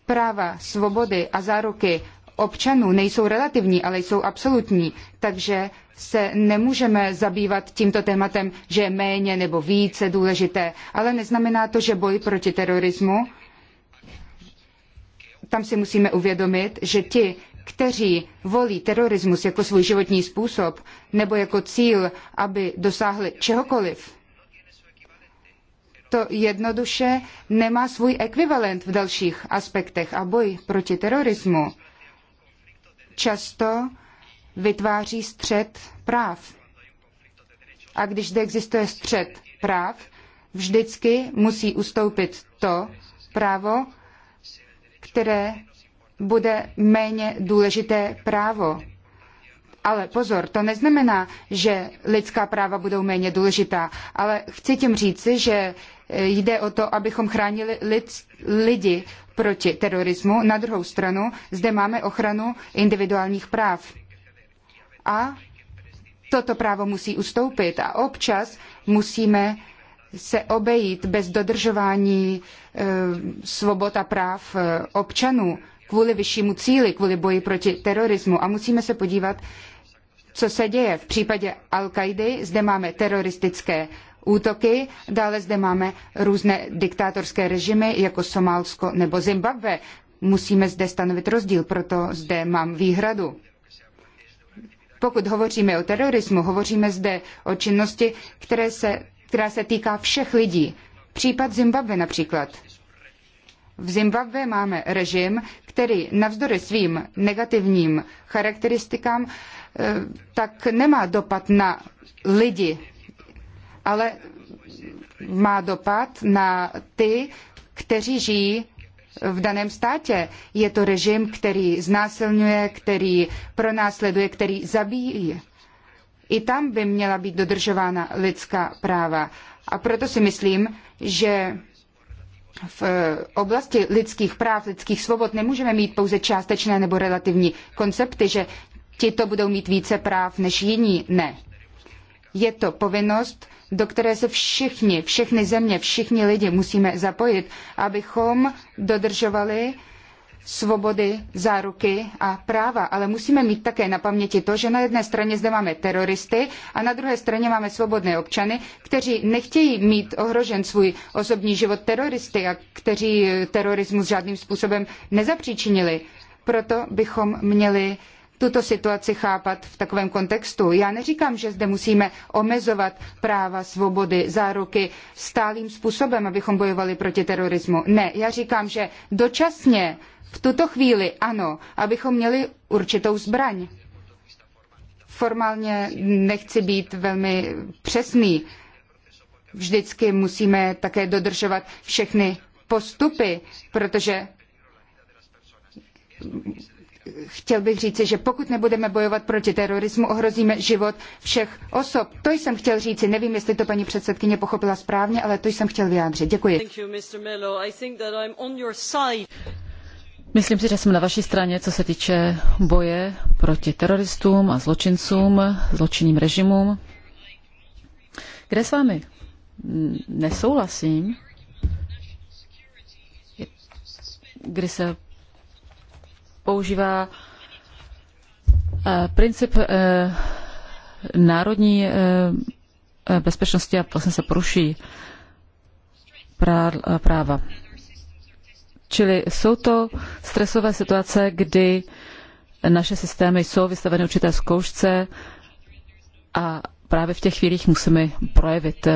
Práva, svobody a záruky občanů nejsou relativní, ale jsou absolutní, takže se nemůžeme zabývat tímto tématem, že je méně nebo více důležité, ale neznamená to, že boj proti terorismu tam si musíme uvědomit, že ti, kteří volí terorismus jako svůj životní způsob nebo jako cíl, aby dosáhli čehokoliv, to jednoduše nemá svůj ekvivalent v dalších aspektech a boj proti terorismu často vytváří střed práv. A když zde existuje střed práv, vždycky musí ustoupit to právo, které bude méně důležité právo. Ale pozor, to neznamená, že lidská práva budou méně důležitá, ale chci tím říci, že e, jde o to, abychom chránili lid, lidi proti terorismu. Na druhou stranu zde máme ochranu individuálních práv. A toto právo musí ustoupit a občas musíme se obejít bez dodržování e, svobod a práv e, občanů kvůli vyššímu cíli, kvůli boji proti terorismu. A musíme se podívat, co se děje. V případě Al-Kaidy zde máme teroristické útoky, dále zde máme různé diktátorské režimy jako Somálsko nebo Zimbabwe. Musíme zde stanovit rozdíl, proto zde mám výhradu. Pokud hovoříme o terorismu, hovoříme zde o činnosti, které se, která se týká všech lidí. Případ Zimbabwe například. V Zimbabwe máme režim, který navzdory svým negativním charakteristikám eh, tak nemá dopad na lidi, ale má dopad na ty, kteří žijí v daném státě. Je to režim, který znásilňuje, který pronásleduje, který zabíjí. I tam by měla být dodržována lidská práva. A proto si myslím, že v oblasti lidských práv, lidských svobod nemůžeme mít pouze částečné nebo relativní koncepty, že tito budou mít více práv než jiní. Ne. Je to povinnost, do které se všichni, všechny země, všichni lidi musíme zapojit, abychom dodržovali svobody, záruky a práva, ale musíme mít také na paměti to, že na jedné straně zde máme teroristy a na druhé straně máme svobodné občany, kteří nechtějí mít ohrožen svůj osobní život teroristy a kteří terorismus žádným způsobem nezapříčinili. Proto bychom měli tuto situaci chápat v takovém kontextu. Já neříkám, že zde musíme omezovat práva, svobody, záruky stálým způsobem, abychom bojovali proti terorismu. Ne, já říkám, že dočasně, v tuto chvíli ano, abychom měli určitou zbraň. Formálně nechci být velmi přesný. Vždycky musíme také dodržovat všechny postupy, protože chtěl bych říci, že pokud nebudeme bojovat proti terorismu, ohrozíme život všech osob. To jsem chtěl říci. Nevím, jestli to paní předsedkyně pochopila správně, ale to jsem chtěl vyjádřit. Děkuji. Myslím si, že jsem na vaší straně, co se týče boje proti teroristům a zločincům, zločinným režimům. Kde s vámi? Nesouhlasím. Kdy se používá eh, princip eh, národní eh, bezpečnosti a vlastně se poruší práva. Čili jsou to stresové situace, kdy naše systémy jsou vystaveny určité zkoušce a právě v těch chvílích musíme projevit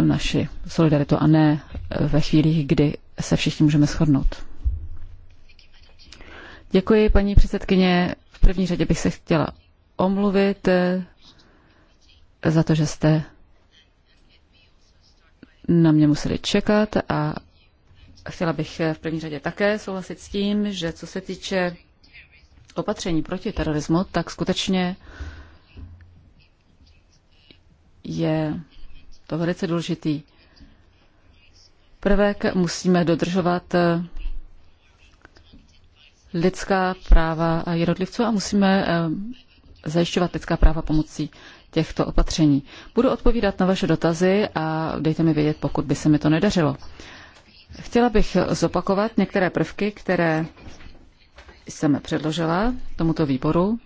naši solidaritu a ne ve chvílích, kdy se všichni můžeme shodnout. Děkuji, paní předsedkyně. V první řadě bych se chtěla omluvit eh, za to, že jste na mě museli čekat a chtěla bych eh, v první řadě také souhlasit s tím, že co se týče opatření proti terorismu, tak skutečně je to velice důležitý prvek. Musíme dodržovat eh, lidská práva jednotlivců a musíme eh, zajišťovat lidská práva pomocí těchto opatření. Budu odpovídat na vaše dotazy a dejte mi vědět, pokud by se mi to nedařilo. Chtěla bych zopakovat některé prvky, které jsem předložila tomuto výboru,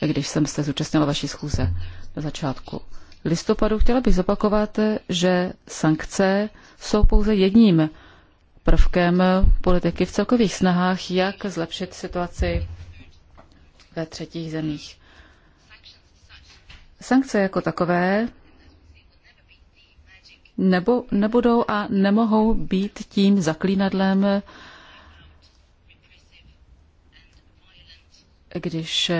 když jsem se zúčastnila vaší schůze na začátku listopadu. Chtěla bych zopakovat, že sankce jsou pouze jedním prvkem politiky v celkových snahách, jak zlepšit situaci ve třetích zemích. Sankce jako takové nebo, nebudou a nemohou být tím zaklínadlem, když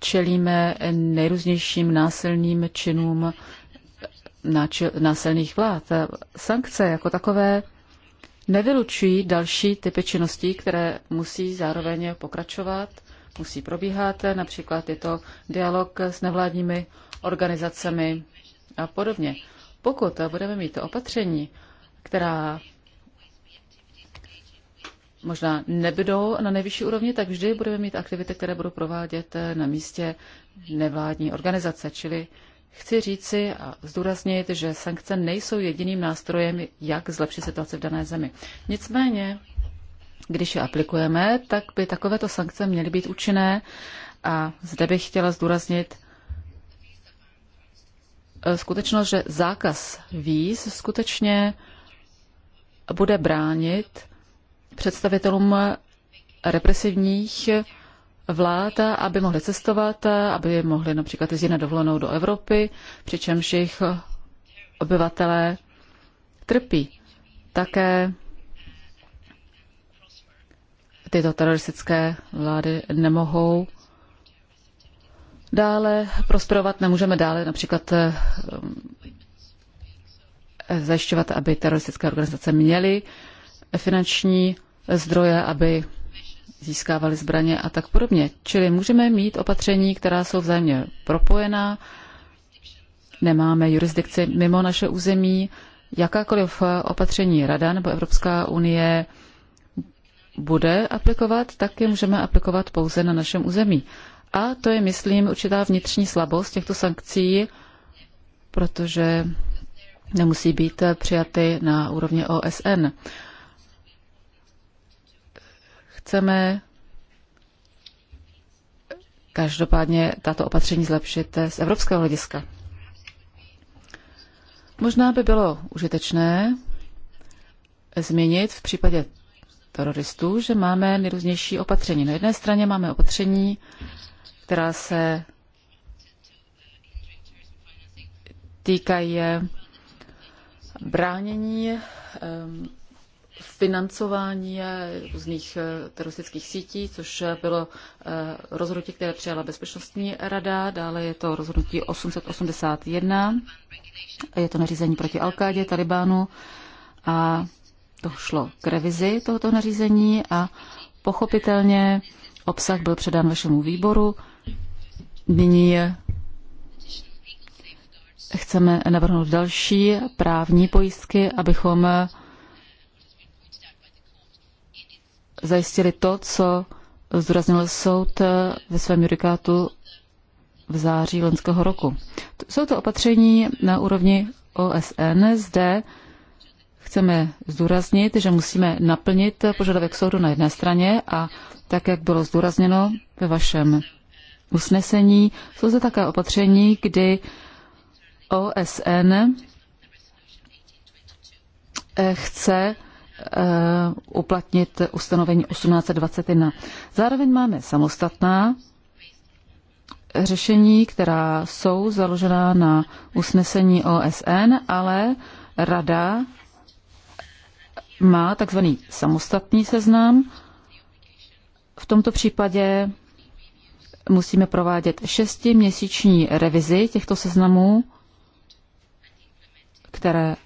čelíme nejrůznějším násilným činům násilných vlád. Sankce jako takové nevylučují další typy činností, které musí zároveň pokračovat, musí probíhat. Například je to dialog s nevládními organizacemi a podobně. Pokud budeme mít opatření, která možná nebudou na nejvyšší úrovni, tak vždy budeme mít aktivity, které budou provádět na místě nevládní organizace, čili Chci říci a zdůraznit, že sankce nejsou jediným nástrojem, jak zlepšit situaci v dané zemi. Nicméně, když je aplikujeme, tak by takovéto sankce měly být účinné a zde bych chtěla zdůraznit e, skutečnost, že zákaz víz skutečně bude bránit představitelům represivních vlád, aby mohli cestovat, aby mohli například jezdit na dovolenou do Evropy, přičemž jejich obyvatelé trpí. Také tyto teroristické vlády nemohou dále prosperovat, nemůžeme dále například eh, zajišťovat, aby teroristické organizace měly finanční zdroje, aby získávali zbraně a tak podobně. Čili můžeme mít opatření, která jsou vzájemně propojená, nemáme jurisdikci mimo naše území, jakákoliv opatření Rada nebo Evropská unie bude aplikovat, tak je můžeme aplikovat pouze na našem území. A to je, myslím, určitá vnitřní slabost těchto sankcí, protože nemusí být přijaty na úrovni OSN chceme každopádně tato opatření zlepšit z evropského hlediska. Možná by bylo užitečné změnit v případě teroristů, že máme nejrůznější opatření. Na jedné straně máme opatření, která se týkají bránění ehm, financování různých eh, teroristických sítí, což eh, bylo eh, rozhodnutí, které přijala Bezpečnostní rada. Dále je to rozhodnutí 881. Je to nařízení proti Alkádě, Talibánu. A to šlo k revizi tohoto nařízení a pochopitelně obsah byl předán vašemu výboru. Nyní chceme navrhnout další právní pojistky, abychom zajistili to, co zdůraznil soud eh, ve svém judikátu v září loňského roku. Jsou to opatření na úrovni OSN. Zde chceme zdůraznit, že musíme naplnit požadavek soudu na jedné straně a tak, jak bylo zdůrazněno ve vašem usnesení, jsou zde také opatření, kdy OSN eh, chce Eh, uplatnit ustanovení 1821. Zároveň máme samostatná řešení, která jsou založená na usnesení OSN, ale rada má takzvaný samostatný seznam. V tomto případě musíme provádět šestiměsíční revizi těchto seznamů, které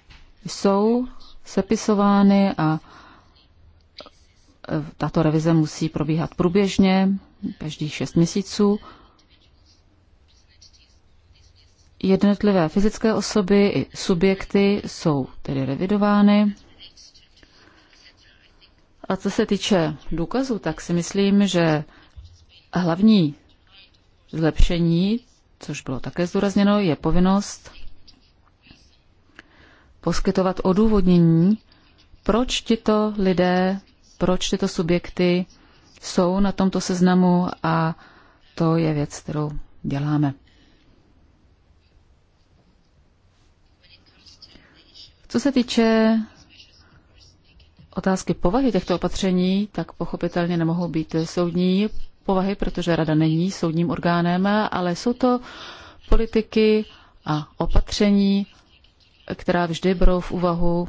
jsou sepisovány a e, tato revize musí probíhat průběžně, každých šest měsíců. Jednotlivé fyzické osoby i subjekty jsou tedy revidovány. A co se týče důkazů, tak si myslím, že hlavní zlepšení, což bylo také zdůrazněno, je povinnost poskytovat odůvodnění, proč tyto lidé, proč tyto subjekty jsou na tomto seznamu a to je věc, kterou děláme. Co se týče otázky povahy těchto opatření, tak pochopitelně nemohou být soudní povahy, protože rada není soudním orgánem, ale jsou to politiky a opatření která vždy berou v úvahu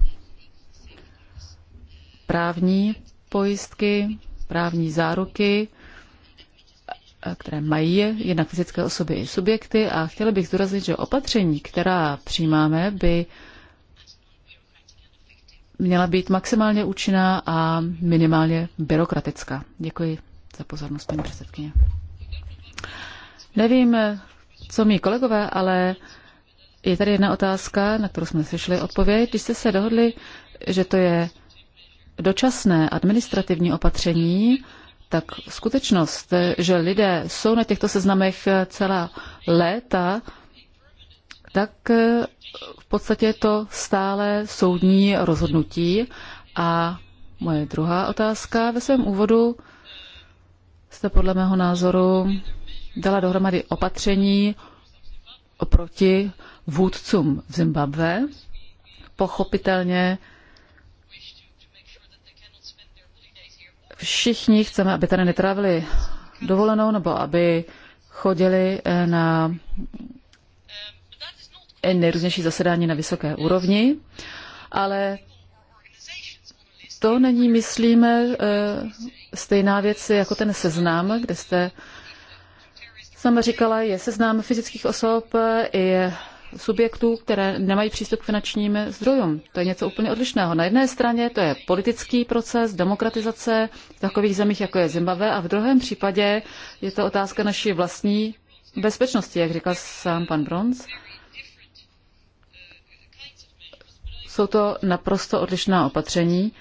právní pojistky, právní záruky, které mají jednak fyzické osoby i subjekty a chtěla bych zdůraznit, že opatření, která přijímáme, by měla být maximálně účinná a minimálně byrokratická. Děkuji za pozornost, paní předsedkyně. Nevím, co mý kolegové, ale je tady jedna otázka, na kterou jsme slyšeli odpověď. Když jste se dohodli, že to je dočasné administrativní opatření, tak skutečnost, že lidé jsou na těchto seznamech celá léta, tak v podstatě je to stále soudní rozhodnutí. A moje druhá otázka. Ve svém úvodu jste podle mého názoru dala dohromady opatření proti vůdcům v Zimbabwe. Pochopitelně všichni chceme, aby tady netrávili dovolenou nebo aby chodili eh, na nejrůznější zasedání na vysoké úrovni, ale to není, myslíme, eh, stejná věc jako ten seznam, kde jste sama říkala, je seznám fyzických osob e, i subjektů, které nemají přístup k finančním zdrojům. To je něco úplně odlišného. Na jedné straně to je politický proces, demokratizace v takových zemích, jako je Zimbabwe, a v druhém případě je to otázka naší vlastní bezpečnosti, jak říkal sám pan Bronz. Jsou to naprosto odlišná opatření.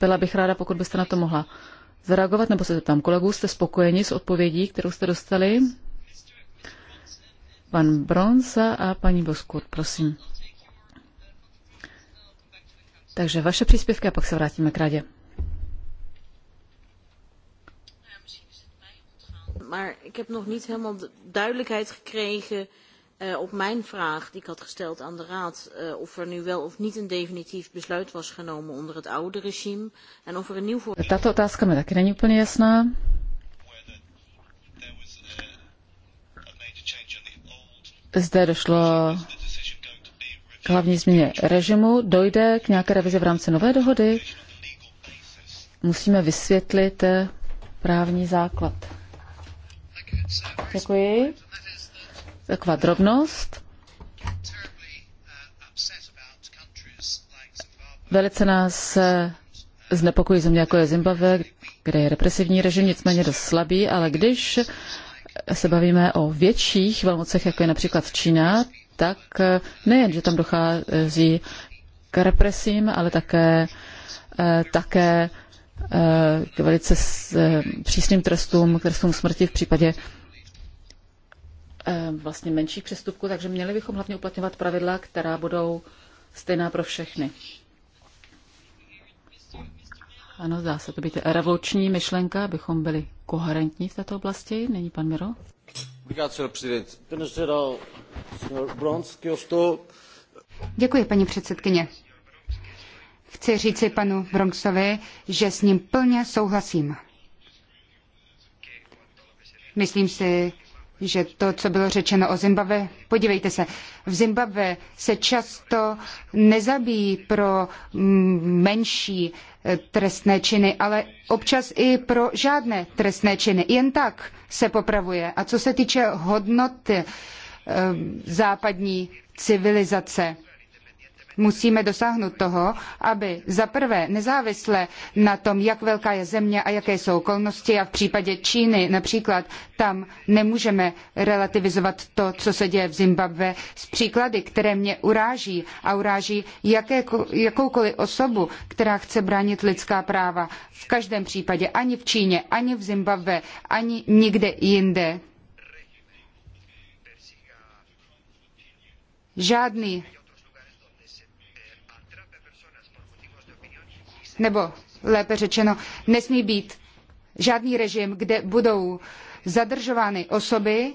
Byla bych ráda, pokud byste na to mohla zareagovat, nebo se zeptám kolegů, jste spokojeni s odpovědí, kterou jste dostali? Pan Bronza a paní Boskut, prosím. Takže vaše příspěvky a pak se vrátíme k radě. Maar ik heb nog niet helemaal duidelijkheid gekregen Uh, op mijn vraag die ik had gesteld aan de Raad uh, of er nu wel of niet een definitief besluit was genomen onder het oude regime en of er een nieuw voorstel... Tato otázka mi taky není úplně jasná. Zde došlo k hlavní změně režimu. Dojde k nějaké revizi v rámci nové dohody? Musíme vysvětlit eh, právní základ. Děkuji taková drobnost. Velice nás eh, znepokojí země, jako je Zimbabwe, kde je represivní režim, nicméně dost slabý, ale když se bavíme o větších velmocech, jako je například Čína, tak eh, nejen, že tam dochází k represím, ale také, eh, také k velice přísným trestům, k trestům smrti v případě Eh, vlastně menších přestupků, takže měli bychom hlavně uplatňovat pravidla, která budou stejná pro všechny. Ano, zdá se to být revoluční myšlenka, abychom byli koherentní v této oblasti. Není pan Miro? Děkuji, paní předsedkyně. Chci říci panu Bronxovi, že s ním plně souhlasím. Myslím si, že to, co bylo řečeno o Zimbabwe, podívejte se, v Zimbabwe se často nezabíjí pro mm, menší e, trestné činy, ale občas i pro žádné trestné činy. Jen tak se popravuje. A co se týče hodnoty e, západní civilizace, musíme dosáhnout toho, aby za prvé nezávisle na tom, jak velká je země a jaké jsou okolnosti, a v případě Číny například tam nemůžeme relativizovat to, co se děje v Zimbabwe, s příklady, které mě uráží a uráží jaké, jakoukoliv osobu, která chce bránit lidská práva. V každém případě ani v Číně, ani v Zimbabwe, ani nikde jinde. Žádný nebo lépe řečeno, nesmí být žádný režim, kde budou zadržovány osoby,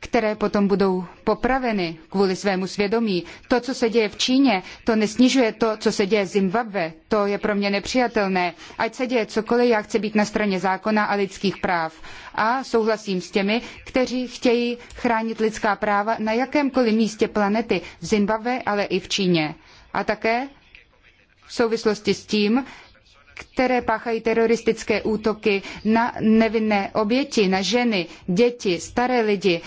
které potom budou popraveny kvůli svému svědomí. To, co se děje v Číně, to nesnižuje to, co se děje v Zimbabwe. To je pro mě nepřijatelné. Ať se děje cokoliv, já chci být na straně zákona a lidských práv. A souhlasím s těmi, kteří chtějí chránit lidská práva na jakémkoliv místě planety, v Zimbabwe, ale i v Číně. A také v souvislosti s tím, které páchají teroristické útoky na nevinné oběti, na ženy, děti, staré lidi,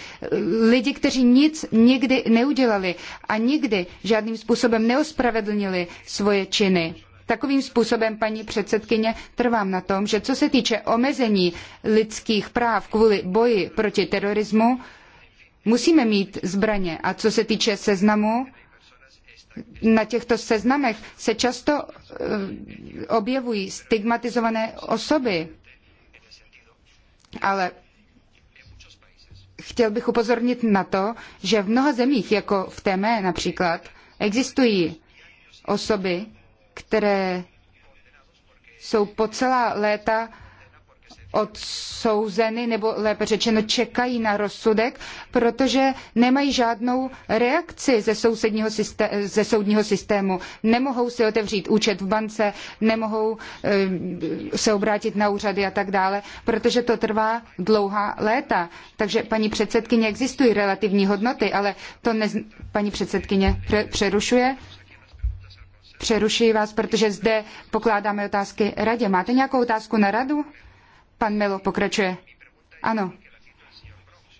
lidi, kteří nic nikdy neudělali a nikdy žádným způsobem neospravedlnili svoje činy. Takovým způsobem, paní předsedkyně, trvám na tom, že co se týče omezení lidských práv kvůli boji proti terorismu, musíme mít zbraně. A co se týče seznamu, na těchto seznamech se často eh, objevují stigmatizované osoby. Ale chtěl bych upozornit na to, že v mnoha zemích, jako v té mé například, existují osoby, které jsou po celá léta odsouzeny, nebo lépe řečeno čekají na rozsudek, protože nemají žádnou reakci ze, sousedního ze soudního systému. Nemohou si otevřít účet v bance, nemohou eh, se obrátit na úřady a tak dále, protože to trvá dlouhá léta. Takže paní předsedkyně, existují relativní hodnoty, ale to nez... paní předsedkyně přerušuje přerušuji vás, protože zde pokládáme otázky radě. Máte nějakou otázku na radu? Pan Melo pokračuje. Ano.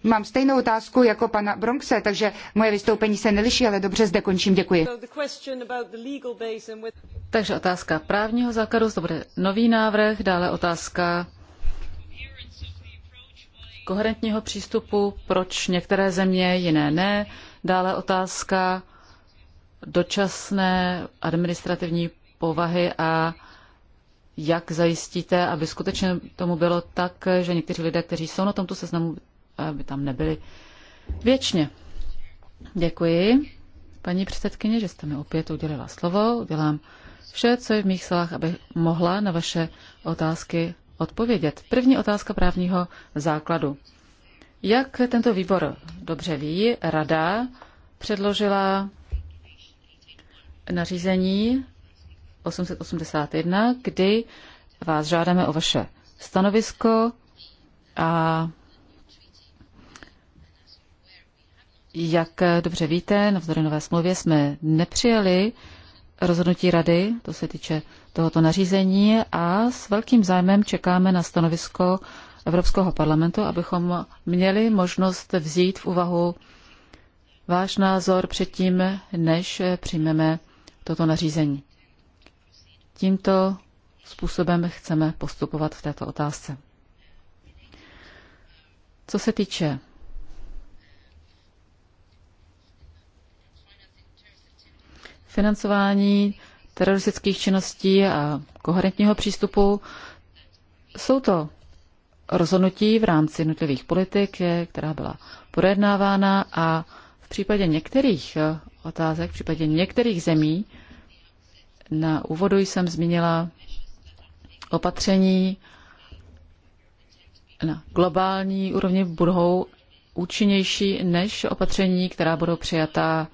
Mám stejnou otázku jako pana Bronxe, takže moje vystoupení se neliší, ale dobře, zde končím. Děkuji. Takže otázka právního základu, to bude nový návrh, dále otázka koherentního přístupu, proč některé země, jiné ne, dále otázka dočasné administrativní povahy a jak zajistíte, aby skutečně tomu bylo tak, že někteří lidé, kteří jsou na tomto seznamu, aby eh, tam nebyli věčně. Děkuji, paní předsedkyně, že jste mi opět udělila slovo. Udělám vše, co je v mých silách, aby mohla na vaše otázky odpovědět. První otázka právního základu. Jak tento výbor dobře ví, rada předložila nařízení 881, kdy vás žádáme o vaše stanovisko a jak dobře víte, na vzory nové smlouvě jsme nepřijali rozhodnutí rady, to se týče tohoto nařízení a s velkým zájmem čekáme na stanovisko Evropského parlamentu, abychom měli možnost vzít v úvahu váš názor předtím, než přijmeme toto nařízení. Tímto způsobem chceme postupovat v této otázce. Co se týče financování teroristických činností a koherentního přístupu, jsou to rozhodnutí v rámci jednotlivých politik, která byla projednávána a v případě některých otázek, v případě některých zemí, na úvodu jsem zmínila opatření na globální úrovni budou účinnější než opatření, která budou přijatá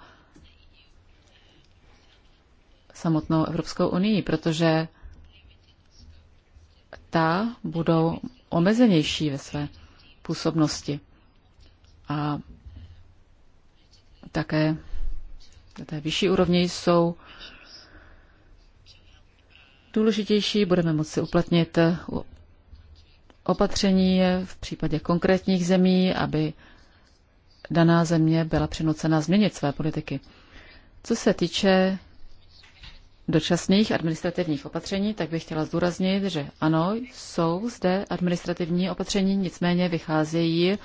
samotnou Evropskou unii, protože ta budou omezenější ve své působnosti. A také na té vyšší úrovni jsou důležitější, budeme moci uplatnit eh, opatření v případě konkrétních zemí, aby daná země byla přinucena změnit své politiky. Co se týče dočasných administrativních opatření, tak bych chtěla zdůraznit, že ano, jsou zde administrativní opatření, nicméně vycházejí eh,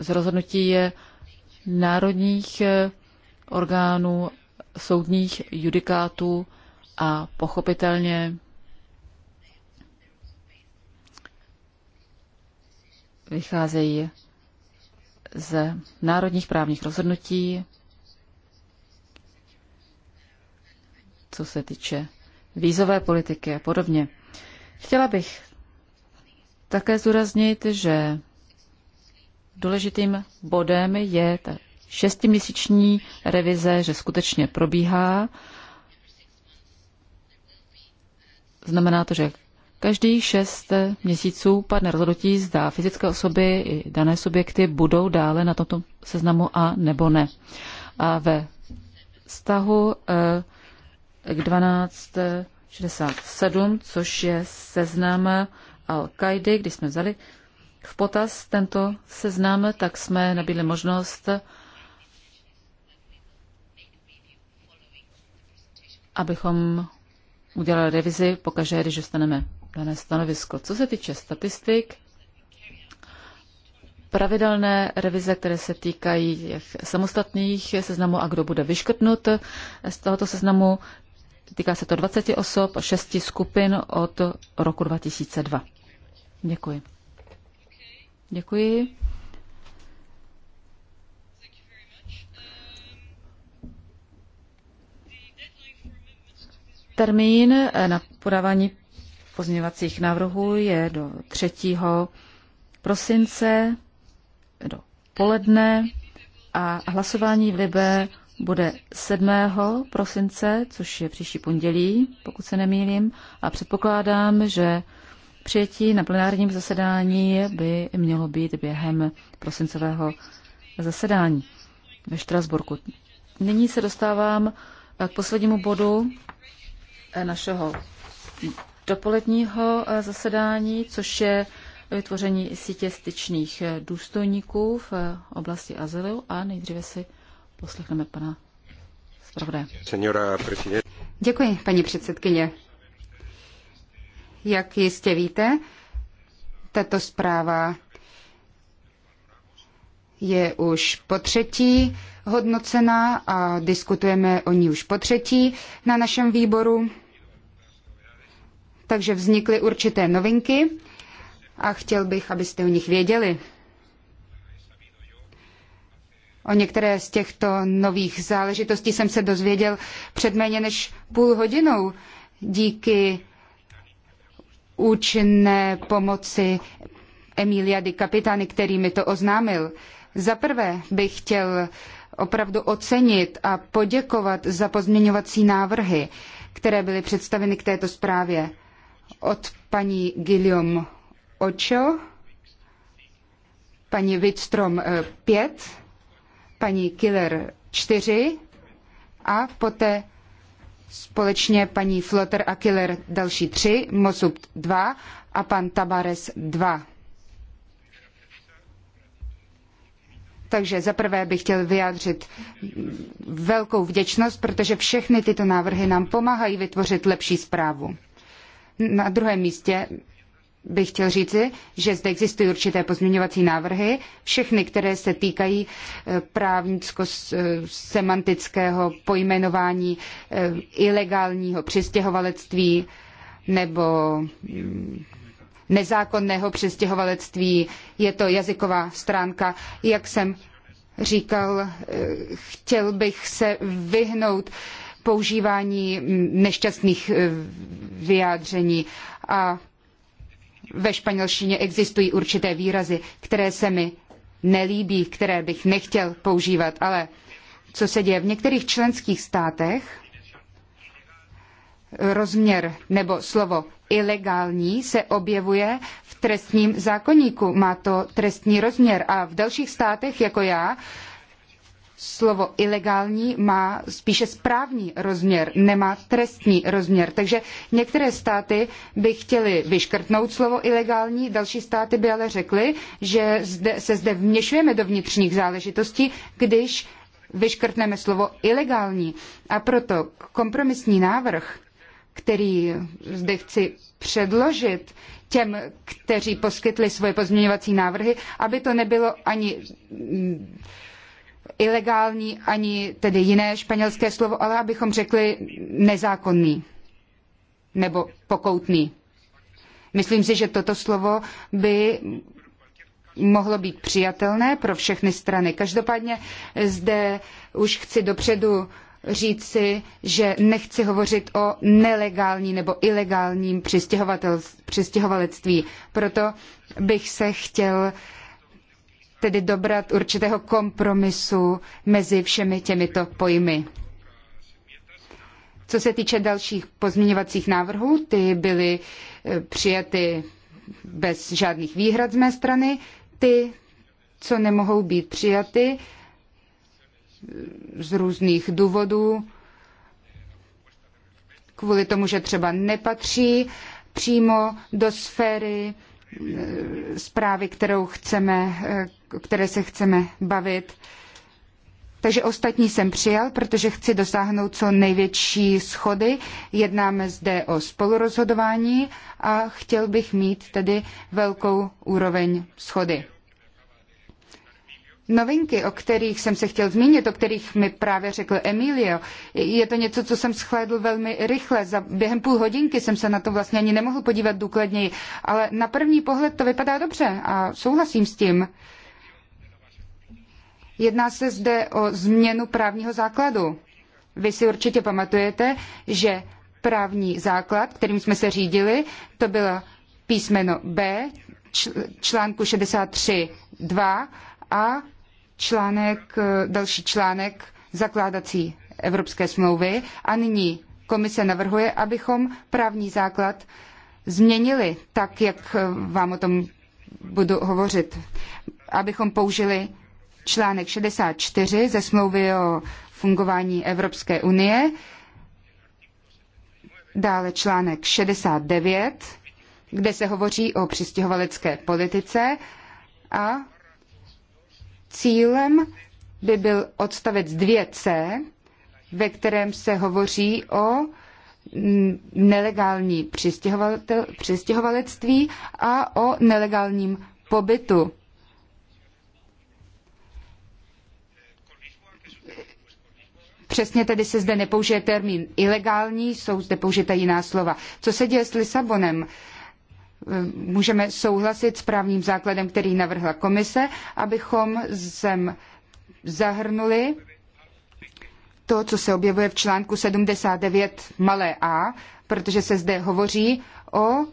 z rozhodnutí národních eh, orgánů, soudních judikátů a pochopitelně vycházejí z národních právních rozhodnutí, co se týče vízové politiky a podobně. Chtěla bych také zúraznit, že důležitým bodem je ta šestiměsíční revize, že skutečně probíhá Znamená to, že každý šest měsíců padne rozhodnutí, zda fyzické osoby i dané subjekty budou dále na tomto seznamu a nebo ne. A ve vztahu eh, k 1267, což je seznam Al-Kaidy, kdy jsme vzali v potaz tento seznam, tak jsme nabídli možnost, abychom udělali revizi pokaždé, když dostaneme dané stanovisko. Co se týče statistik, pravidelné revize, které se týkají těch samostatných seznamů a kdo bude vyškrtnut z tohoto seznamu. Týká se to 20 osob, 6 skupin od roku 2002. Děkuji. Děkuji. Termín eh, na podávání pozměňovacích návrhů je do 3. prosince do poledne a hlasování v Libe bude 7. prosince, což je příští pondělí, pokud se nemýlím, a předpokládám, že přijetí na plenárním zasedání by mělo být během prosincového zasedání ve Štrasburku. Nyní se dostávám eh, k poslednímu bodu našeho dopoledního eh, zasedání, což je vytvoření sítě styčných eh, důstojníků v eh, oblasti azylu a nejdříve si poslechneme pana zpravodaje. Děkuji, paní předsedkyně. Jak jistě víte, tato zpráva je už po třetí hodnocena a diskutujeme o ní už po třetí na našem výboru. Takže vznikly určité novinky a chtěl bych, abyste o nich věděli. O některé z těchto nových záležitostí jsem se dozvěděl před méně než půl hodinou díky účinné pomoci Emilia Di Capitani, který mi to oznámil. Za prvé bych chtěl opravdu ocenit a poděkovat za pozměňovací návrhy, které byly představeny k této zprávě od paní Gilliam Ocho, paní Wittstrom 5, eh, paní Killer 4 a poté společně paní Flotter a Killer další 3, Mosup 2 a pan Tabares 2. Takže za prvé bych chtěl vyjádřit velkou vděčnost, protože všechny tyto návrhy nám pomáhají vytvořit lepší zprávu. Na druhém místě bych chtěl říci, že zde existují určité pozměňovací návrhy, všechny, které se týkají eh, právnicko-semantického pojmenování eh, ilegálního přistěhovalectví nebo mm, nezákonného přistěhovalectví. Je to jazyková stránka, jak jsem říkal, eh, chtěl bych se vyhnout používání nešťastných eh, vyjádření a ve španělštině existují určité výrazy, které se mi nelíbí, které bych nechtěl používat, ale co se děje v některých členských státech, rozměr nebo slovo ilegální se objevuje v trestním zákoníku. Má to trestní rozměr a v dalších státech, jako já, slovo ilegální má spíše správní rozměr, nemá trestní rozměr. Takže některé státy by chtěly vyškrtnout slovo ilegální, další státy by ale řekly, že zde, se zde vměšujeme do vnitřních záležitostí, když vyškrtneme slovo ilegální. A proto kompromisní návrh, který zde chci předložit těm, kteří poskytli svoje pozměňovací návrhy, aby to nebylo ani ilegální ani tedy jiné španělské slovo, ale abychom řekli nezákonný nebo pokoutný. Myslím si, že toto slovo by mohlo být přijatelné pro všechny strany. Každopádně zde už chci dopředu říci, že nechci hovořit o nelegální nebo ilegálním přistěhovalectví. Proto bych se chtěl tedy dobrat určitého kompromisu mezi všemi těmito pojmy. Co se týče dalších pozměňovacích návrhů, ty byly e, přijaty bez žádných výhrad z mé strany. Ty, co nemohou být přijaty e, z různých důvodů, kvůli tomu, že třeba nepatří přímo do sféry Eh, zprávy, kterou chceme, eh, které se chceme bavit. Takže ostatní jsem přijal, protože chci dosáhnout co největší schody. Jednáme zde o spolurozhodování a chtěl bych mít tedy velkou úroveň schody. Novinky, o kterých jsem se chtěl zmínit, o kterých mi právě řekl Emilio, je to něco, co jsem schlédl velmi rychle. Za během půl hodinky jsem se na to vlastně ani nemohl podívat důkladněji, ale na první pohled to vypadá dobře a souhlasím s tím. Jedná se zde o změnu právního základu. Vy si určitě pamatujete, že právní základ, kterým jsme se řídili, to bylo písmeno B článku 63.2 a článek, eh, další článek zakládací Evropské smlouvy a nyní komise navrhuje, abychom právní základ změnili tak, jak eh, vám o tom budu hovořit, abychom použili článek 64 ze smlouvy o fungování Evropské unie, dále článek 69, kde se hovoří o přistěhovalecké politice a Cílem by byl odstavec 2c, ve kterém se hovoří o nelegální přistěhovalectví a o nelegálním pobytu. Přesně tedy se zde nepoužije termín ilegální, jsou zde použita jiná slova. Co se děje s Lisabonem? můžeme souhlasit s právním základem, který navrhla komise, abychom sem zahrnuli to, co se objevuje v článku 79 malé a, protože se zde hovoří o e,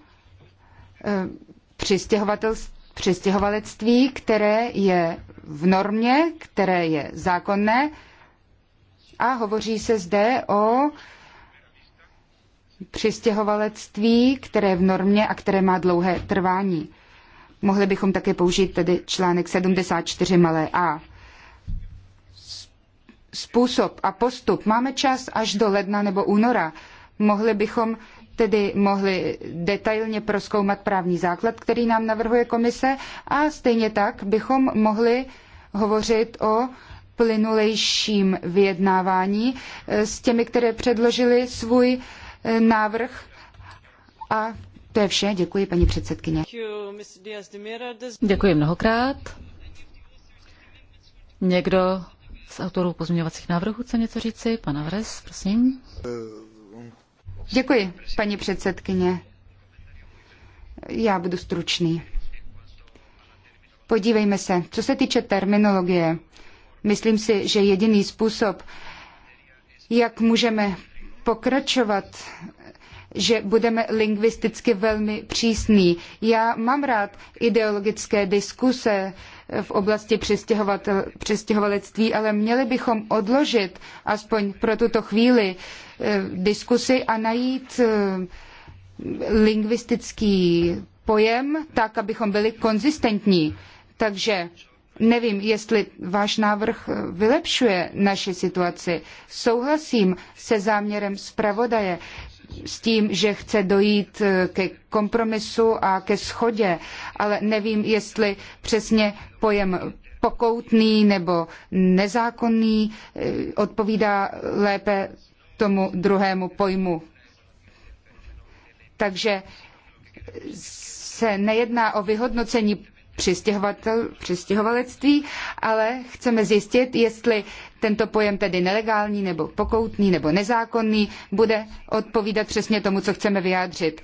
přistěhovalectví, které je v normě, které je zákonné a hovoří se zde o přistěhovalectví, které je v normě a které má dlouhé trvání. Mohli bychom také použít tedy článek 74 malé a. Způsob a postup. Máme čas až do ledna nebo února. Mohli bychom tedy mohli detailně proskoumat právní základ, který nám navrhuje komise a stejně tak bychom mohli hovořit o plynulejším vyjednávání s těmi, které předložili svůj návrh a to je vše. Děkuji, paní předsedkyně. Děkuji mnohokrát. Někdo z autorů pozměňovacích návrhů chce něco říci? Pan Avres, prosím. Děkuji, paní předsedkyně. Já budu stručný. Podívejme se, co se týče terminologie. Myslím si, že jediný způsob, jak můžeme pokračovat že budeme lingvisticky velmi přísní. Já mám rád ideologické diskuse v oblasti přistěhovalectví, ale měli bychom odložit aspoň pro tuto chvíli eh, diskusi a najít eh, lingvistický pojem tak, abychom byli konzistentní. Takže Nevím, jestli váš návrh eh, vylepšuje naši situaci. Souhlasím se záměrem zpravodaje s tím, že chce dojít eh, ke kompromisu a ke schodě, ale nevím, jestli přesně pojem pokoutný nebo nezákonný eh, odpovídá lépe tomu druhému pojmu. Takže se nejedná o vyhodnocení přistěhovalectví, ale chceme zjistit, jestli tento pojem tedy nelegální nebo pokoutní nebo nezákonný bude odpovídat přesně tomu, co chceme vyjádřit.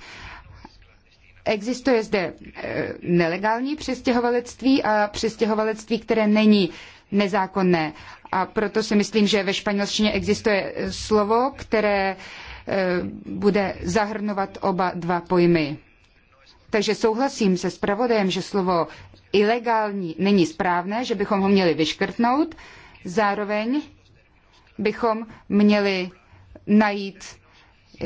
Existuje zde eh, nelegální přistěhovalectví a přistěhovalectví, které není nezákonné. A proto si myslím, že ve španělštině existuje slovo, které eh, bude zahrnovat oba dva pojmy. Takže souhlasím se zpravodajem, že slovo ilegální není správné, že bychom ho měli vyškrtnout. Zároveň bychom měli najít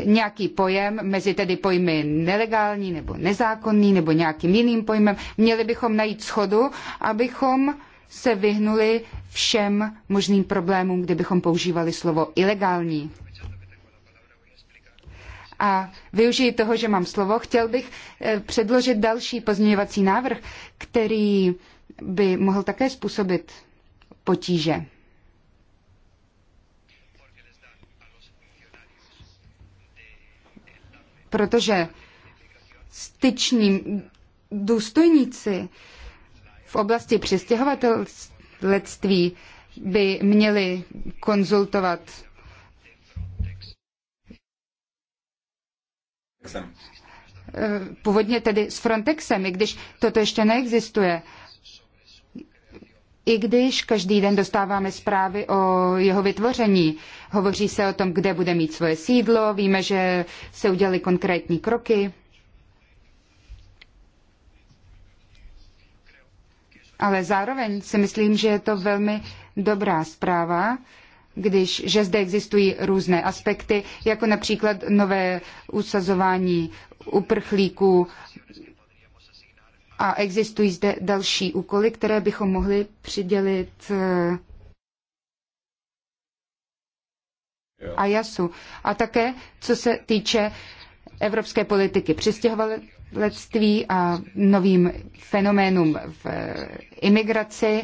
nějaký pojem mezi tedy pojmy nelegální nebo nezákonný nebo nějakým jiným pojmem. Měli bychom najít schodu, abychom se vyhnuli všem možným problémům, kdybychom používali slovo ilegální a využiji toho, že mám slovo, chtěl bych eh, předložit další pozměňovací návrh, který by mohl také způsobit potíže. Protože styční důstojníci v oblasti přistěhovatelství by měli konzultovat Eh, původně tedy s Frontexem, i když toto ještě neexistuje. I když každý den dostáváme zprávy o jeho vytvoření, hovoří se o tom, kde bude mít svoje sídlo, víme, že se udělali konkrétní kroky. Ale zároveň si myslím, že je to velmi dobrá zpráva, když, že zde existují různé aspekty, jako například nové usazování uprchlíků a existují zde další úkoly, které bychom mohli přidělit eh, a jasu. A také, co se týče evropské politiky přistěhovalectví a novým fenoménům v eh, imigraci,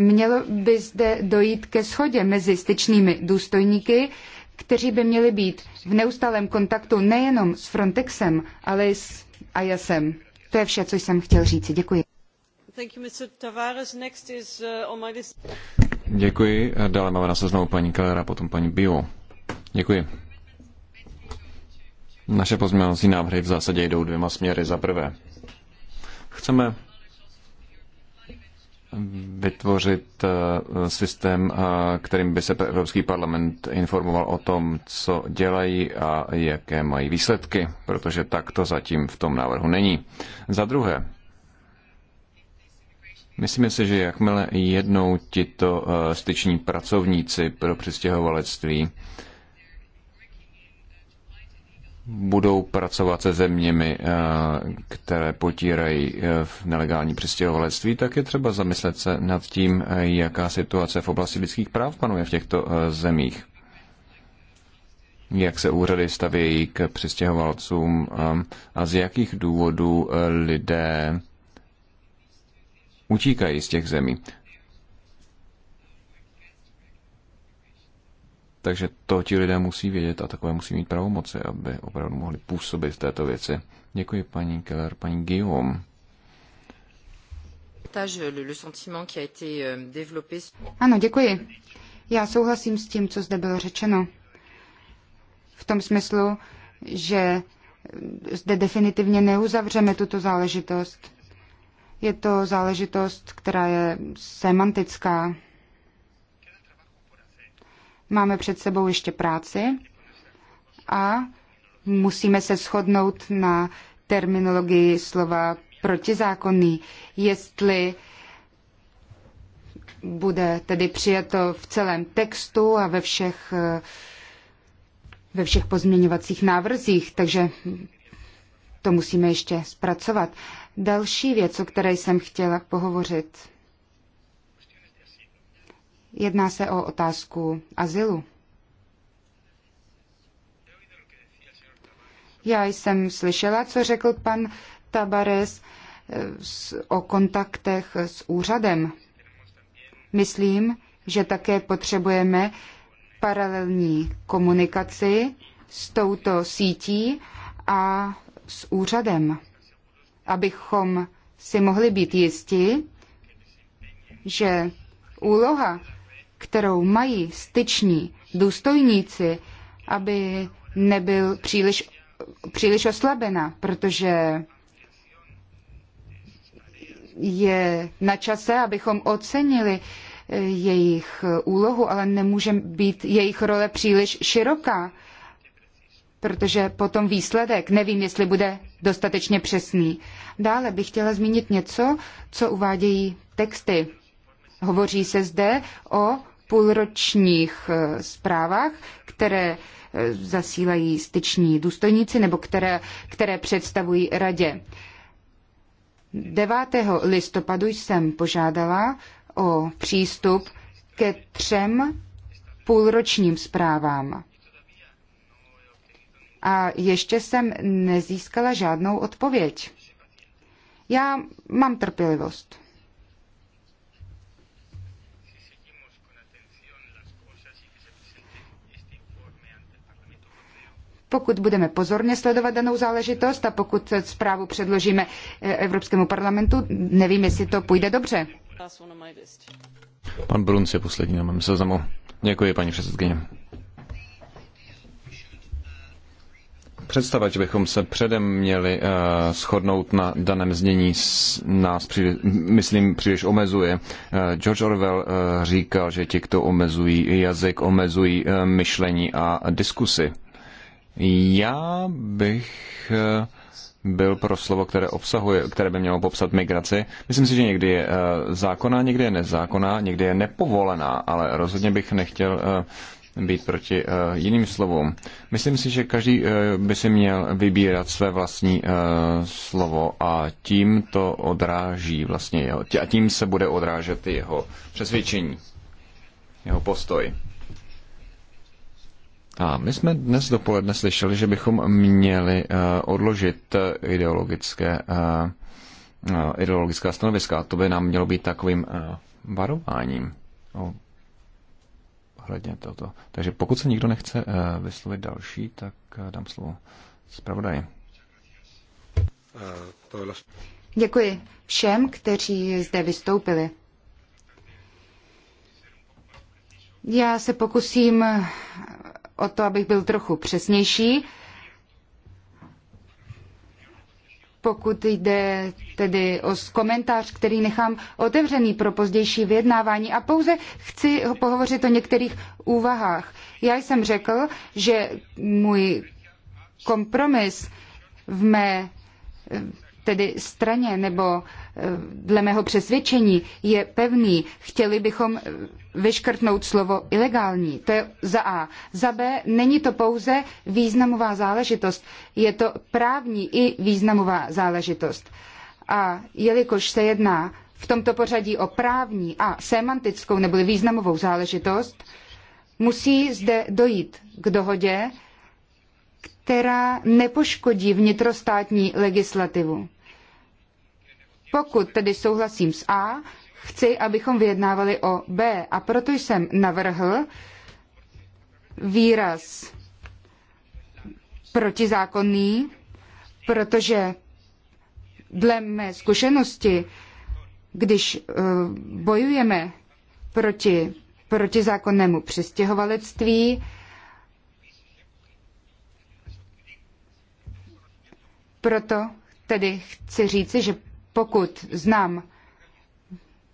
Mělo by zde dojít ke shodě mezi styčnými důstojníky, kteří by měli být v neustálém kontaktu nejenom s Frontexem, ale i s IASem. To je vše, co jsem chtěl říct. Děkuji. Děkuji. Dále máme na seznamu paní Kalera, potom paní Bio. Děkuji. Naše pozměňovací návrhy v zásadě jdou dvěma směry. Za prvé, chceme vytvořit eh, systém, eh, kterým by se Evropský parlament informoval o tom, co dělají a jaké mají výsledky, protože tak to zatím v tom návrhu není. Za druhé, myslíme si, že jakmile jednou tito eh, styční pracovníci pro přistěhovalectví budou pracovat se zeměmi, eh, které potírají eh, v nelegální přistěhovalectví, tak je třeba zamyslet se nad tím, eh, jaká situace v oblasti lidských práv panuje v těchto zemích. Jak se úřady stavějí k přistěhovalcům a z jakých důvodů lidé utíkají z těch zemí. Takže to ti lidé musí vědět a takové musí mít pravomoci, aby opravdu mohli působit v této věci. Děkuji paní Keller, paní Guillaume. Euh, ano, děkuji. Já souhlasím s tím, co zde bylo řečeno. V tom smyslu, že zde definitivně neuzavřeme tuto záležitost. Je to záležitost, která je semantická, Máme před sebou ještě práci a musíme se shodnout na terminologii slova protizákonný, jestli bude tedy přijato v celém textu a ve všech, ve všech pozměňovacích návrzích, takže to musíme ještě zpracovat. Další věc, o které jsem chtěla pohovořit, Jedná se o otázku azylu. Já jsem slyšela, co řekl pan Tabares eh, o kontaktech s úřadem. Myslím, že také potřebujeme paralelní komunikaci s touto sítí a s úřadem, abychom si mohli být jisti, že úloha, kterou mají styční důstojníci, aby nebyl příliš, příliš oslabena, protože je na čase, abychom ocenili eh, jejich úlohu, ale nemůže být jejich role příliš široká, protože potom výsledek, nevím, jestli bude dostatečně přesný. Dále bych chtěla zmínit něco, co uvádějí texty. Hovoří se zde o půlročních e, zprávách, které e, zasílají styční důstojníci nebo které, které představují radě. 9. listopadu jsem požádala o přístup ke třem půlročním zprávám. A ještě jsem nezískala žádnou odpověď. Já mám trpělivost. Pokud budeme pozorně sledovat danou záležitost a pokud zprávu předložíme eh, Evropskému parlamentu, nevím, jestli to půjde dobře. Pan Brunc je poslední na mém seznamu. Děkuji, paní předsedkyně. Představa, že bychom se předem měli uh, shodnout na daném znění, nás, příliš, myslím, příliš omezuje. Uh, George Orwell uh, říkal, že ti, kdo omezují jazyk, omezují uh, myšlení a diskusy. Já bych eh, byl pro slovo, které obsahuje, které by mělo popsat migraci. Myslím si, že někdy je eh, zákonná, někdy je nezákonná, někdy je nepovolená, ale rozhodně bych nechtěl eh, být proti jiným slovům. Myslím si, že každý by si měl vybírat své vlastní slovo a tím to odráží vlastně jeho, a tím se bude odrážet jeho přesvědčení, jeho postoj. A my jsme dnes dopoledne slyšeli, že bychom měli eh, odložit eh, ideologické, eh, ideologická stanoviska. To by nám mělo být takovým varováním ohledně toto. Takže pokud se nikdo nechce vyslovit další, tak dám slovo zpravodaji. Děkuji všem, kteří zde vystoupili. Já se pokusím o to, abych byl trochu přesnější. Pokud jde tedy o komentář, který nechám otevřený pro pozdější vyjednávání a pouze chci pohovořit o některých úvahách. Já jsem řekl, že můj kompromis v mé tedy straně nebo eh, dle mého přesvědčení je pevný. Chtěli bychom eh, vyškrtnout slovo ilegální. To je za A. Za B není to pouze významová záležitost. Je to právní i významová záležitost. A jelikož se jedná v tomto pořadí o právní a semantickou neboli významovou záležitost, musí zde dojít k dohodě, která nepoškodí vnitrostátní legislativu. Pokud tedy souhlasím s A, chci, abychom vyjednávali o B a proto jsem navrhl výraz protizákonný, protože dle mé zkušenosti, když eh, bojujeme proti protizákonnému přistěhovalectví, proto tedy chci říci, že pokud znám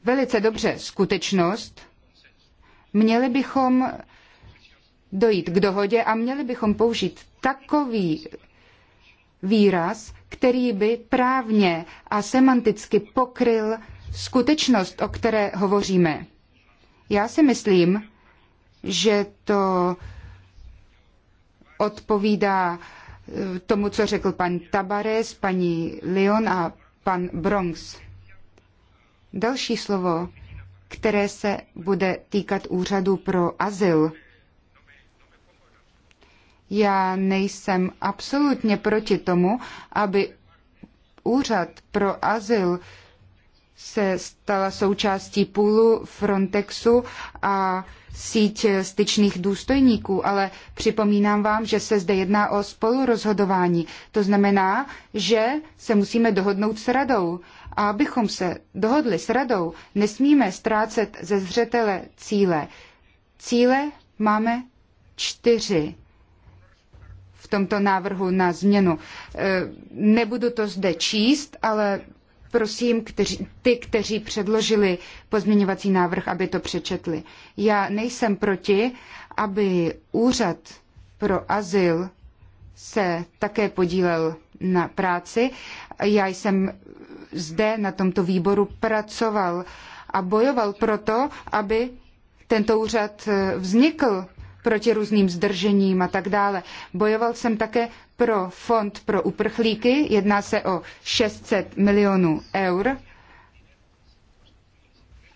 velice dobře skutečnost, měli bychom dojít k dohodě a měli bychom použít takový výraz, který by právně a semanticky pokryl skutečnost, o které hovoříme. Já si myslím, že to odpovídá tomu, co řekl pan Tabares, paní Leon a pan Bronx. Další slovo, které se bude týkat úřadu pro azyl. Já nejsem absolutně proti tomu, aby úřad pro azyl se stala součástí půlu Frontexu a síť styčných důstojníků, ale připomínám vám, že se zde jedná o spolurozhodování. To znamená, že se musíme dohodnout s radou. A abychom se dohodli s radou, nesmíme ztrácet ze zřetele cíle. Cíle máme čtyři v tomto návrhu na změnu. E, nebudu to zde číst, ale prosím ty, kteří předložili pozměňovací návrh, aby to přečetli. Já nejsem proti, aby úřad pro azyl se také podílel na práci. Já jsem zde na tomto výboru pracoval a bojoval proto, aby tento úřad vznikl proti různým zdržením a tak dále. Bojoval jsem také pro fond pro uprchlíky, jedná se o 600 milionů eur,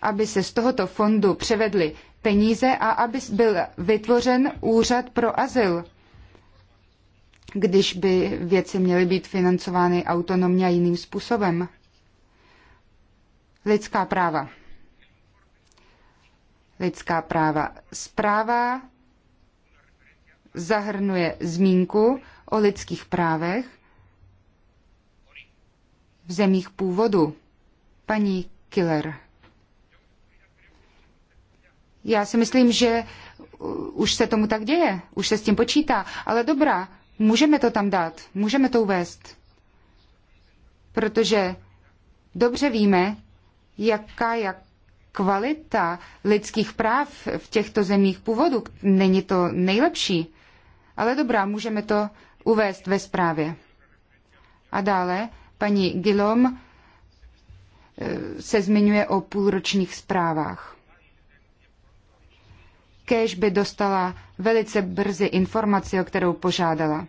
aby se z tohoto fondu převedly peníze a aby byl vytvořen úřad pro azyl, když by věci měly být financovány autonomně a jiným způsobem. Lidská práva. Lidská práva. Zpráva zahrnuje zmínku o lidských právech v zemích původu. Paní Killer. Já si myslím, že už se tomu tak děje, už se s tím počítá, ale dobrá, můžeme to tam dát, můžeme to uvést. Protože dobře víme, jaká je kvalita lidských práv v těchto zemích původu. Není to nejlepší. Ale dobrá, můžeme to uvést ve zprávě. A dále paní Gilom eh, se zmiňuje o půlročních zprávách. Kéž by dostala velice brzy informaci, o kterou požádala.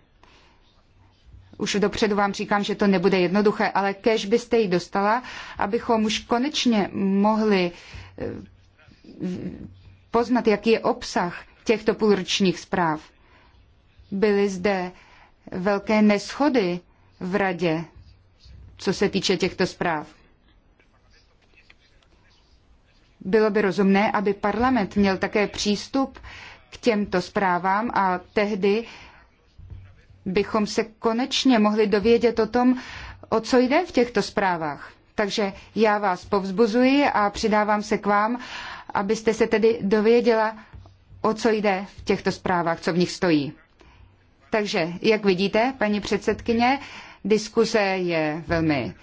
Už dopředu vám říkám, že to nebude jednoduché, ale kéž byste ji dostala, abychom už konečně mohli eh, poznat, jaký je obsah těchto půlročních zpráv byly zde velké neschody v radě, co se týče těchto zpráv. Bylo by rozumné, aby parlament měl také přístup k těmto zprávám a tehdy bychom se konečně mohli dovědět o tom, o co jde v těchto zprávách. Takže já vás povzbuzuji a přidávám se k vám, abyste se tedy dověděla, o co jde v těchto zprávách, co v nich stojí. Takže, jak vidíte, paní předsedkyně, diskuse je velmi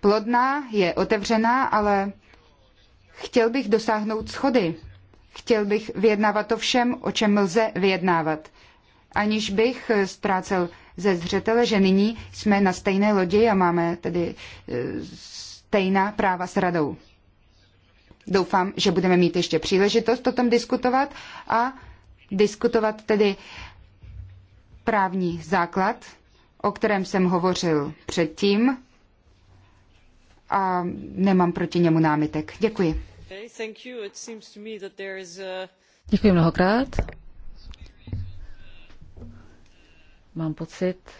plodná, je otevřená, ale chtěl bych dosáhnout schody. Chtěl bych vyjednávat o všem, o čem lze vyjednávat. Aniž bych ztrácel ze zřetele, že nyní jsme na stejné lodi a máme tedy e, stejná práva s radou. Doufám, že budeme mít ještě příležitost o tom diskutovat a diskutovat tedy právní základ, o kterém jsem hovořil předtím a nemám proti němu námitek. Děkuji. Děkuji mnohokrát. Mám pocit,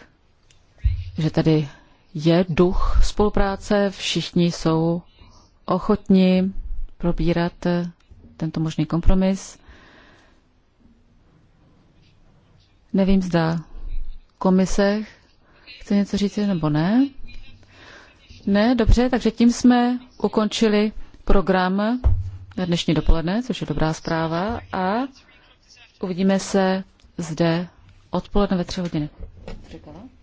že tady je duch spolupráce, všichni jsou ochotní probírat tento možný kompromis. Nevím, zda komise chce něco říct nebo ne. Ne, dobře, takže tím jsme ukončili program na dnešní dopoledne, což je dobrá zpráva a uvidíme se zde odpoledne ve tři hodiny. Říkala?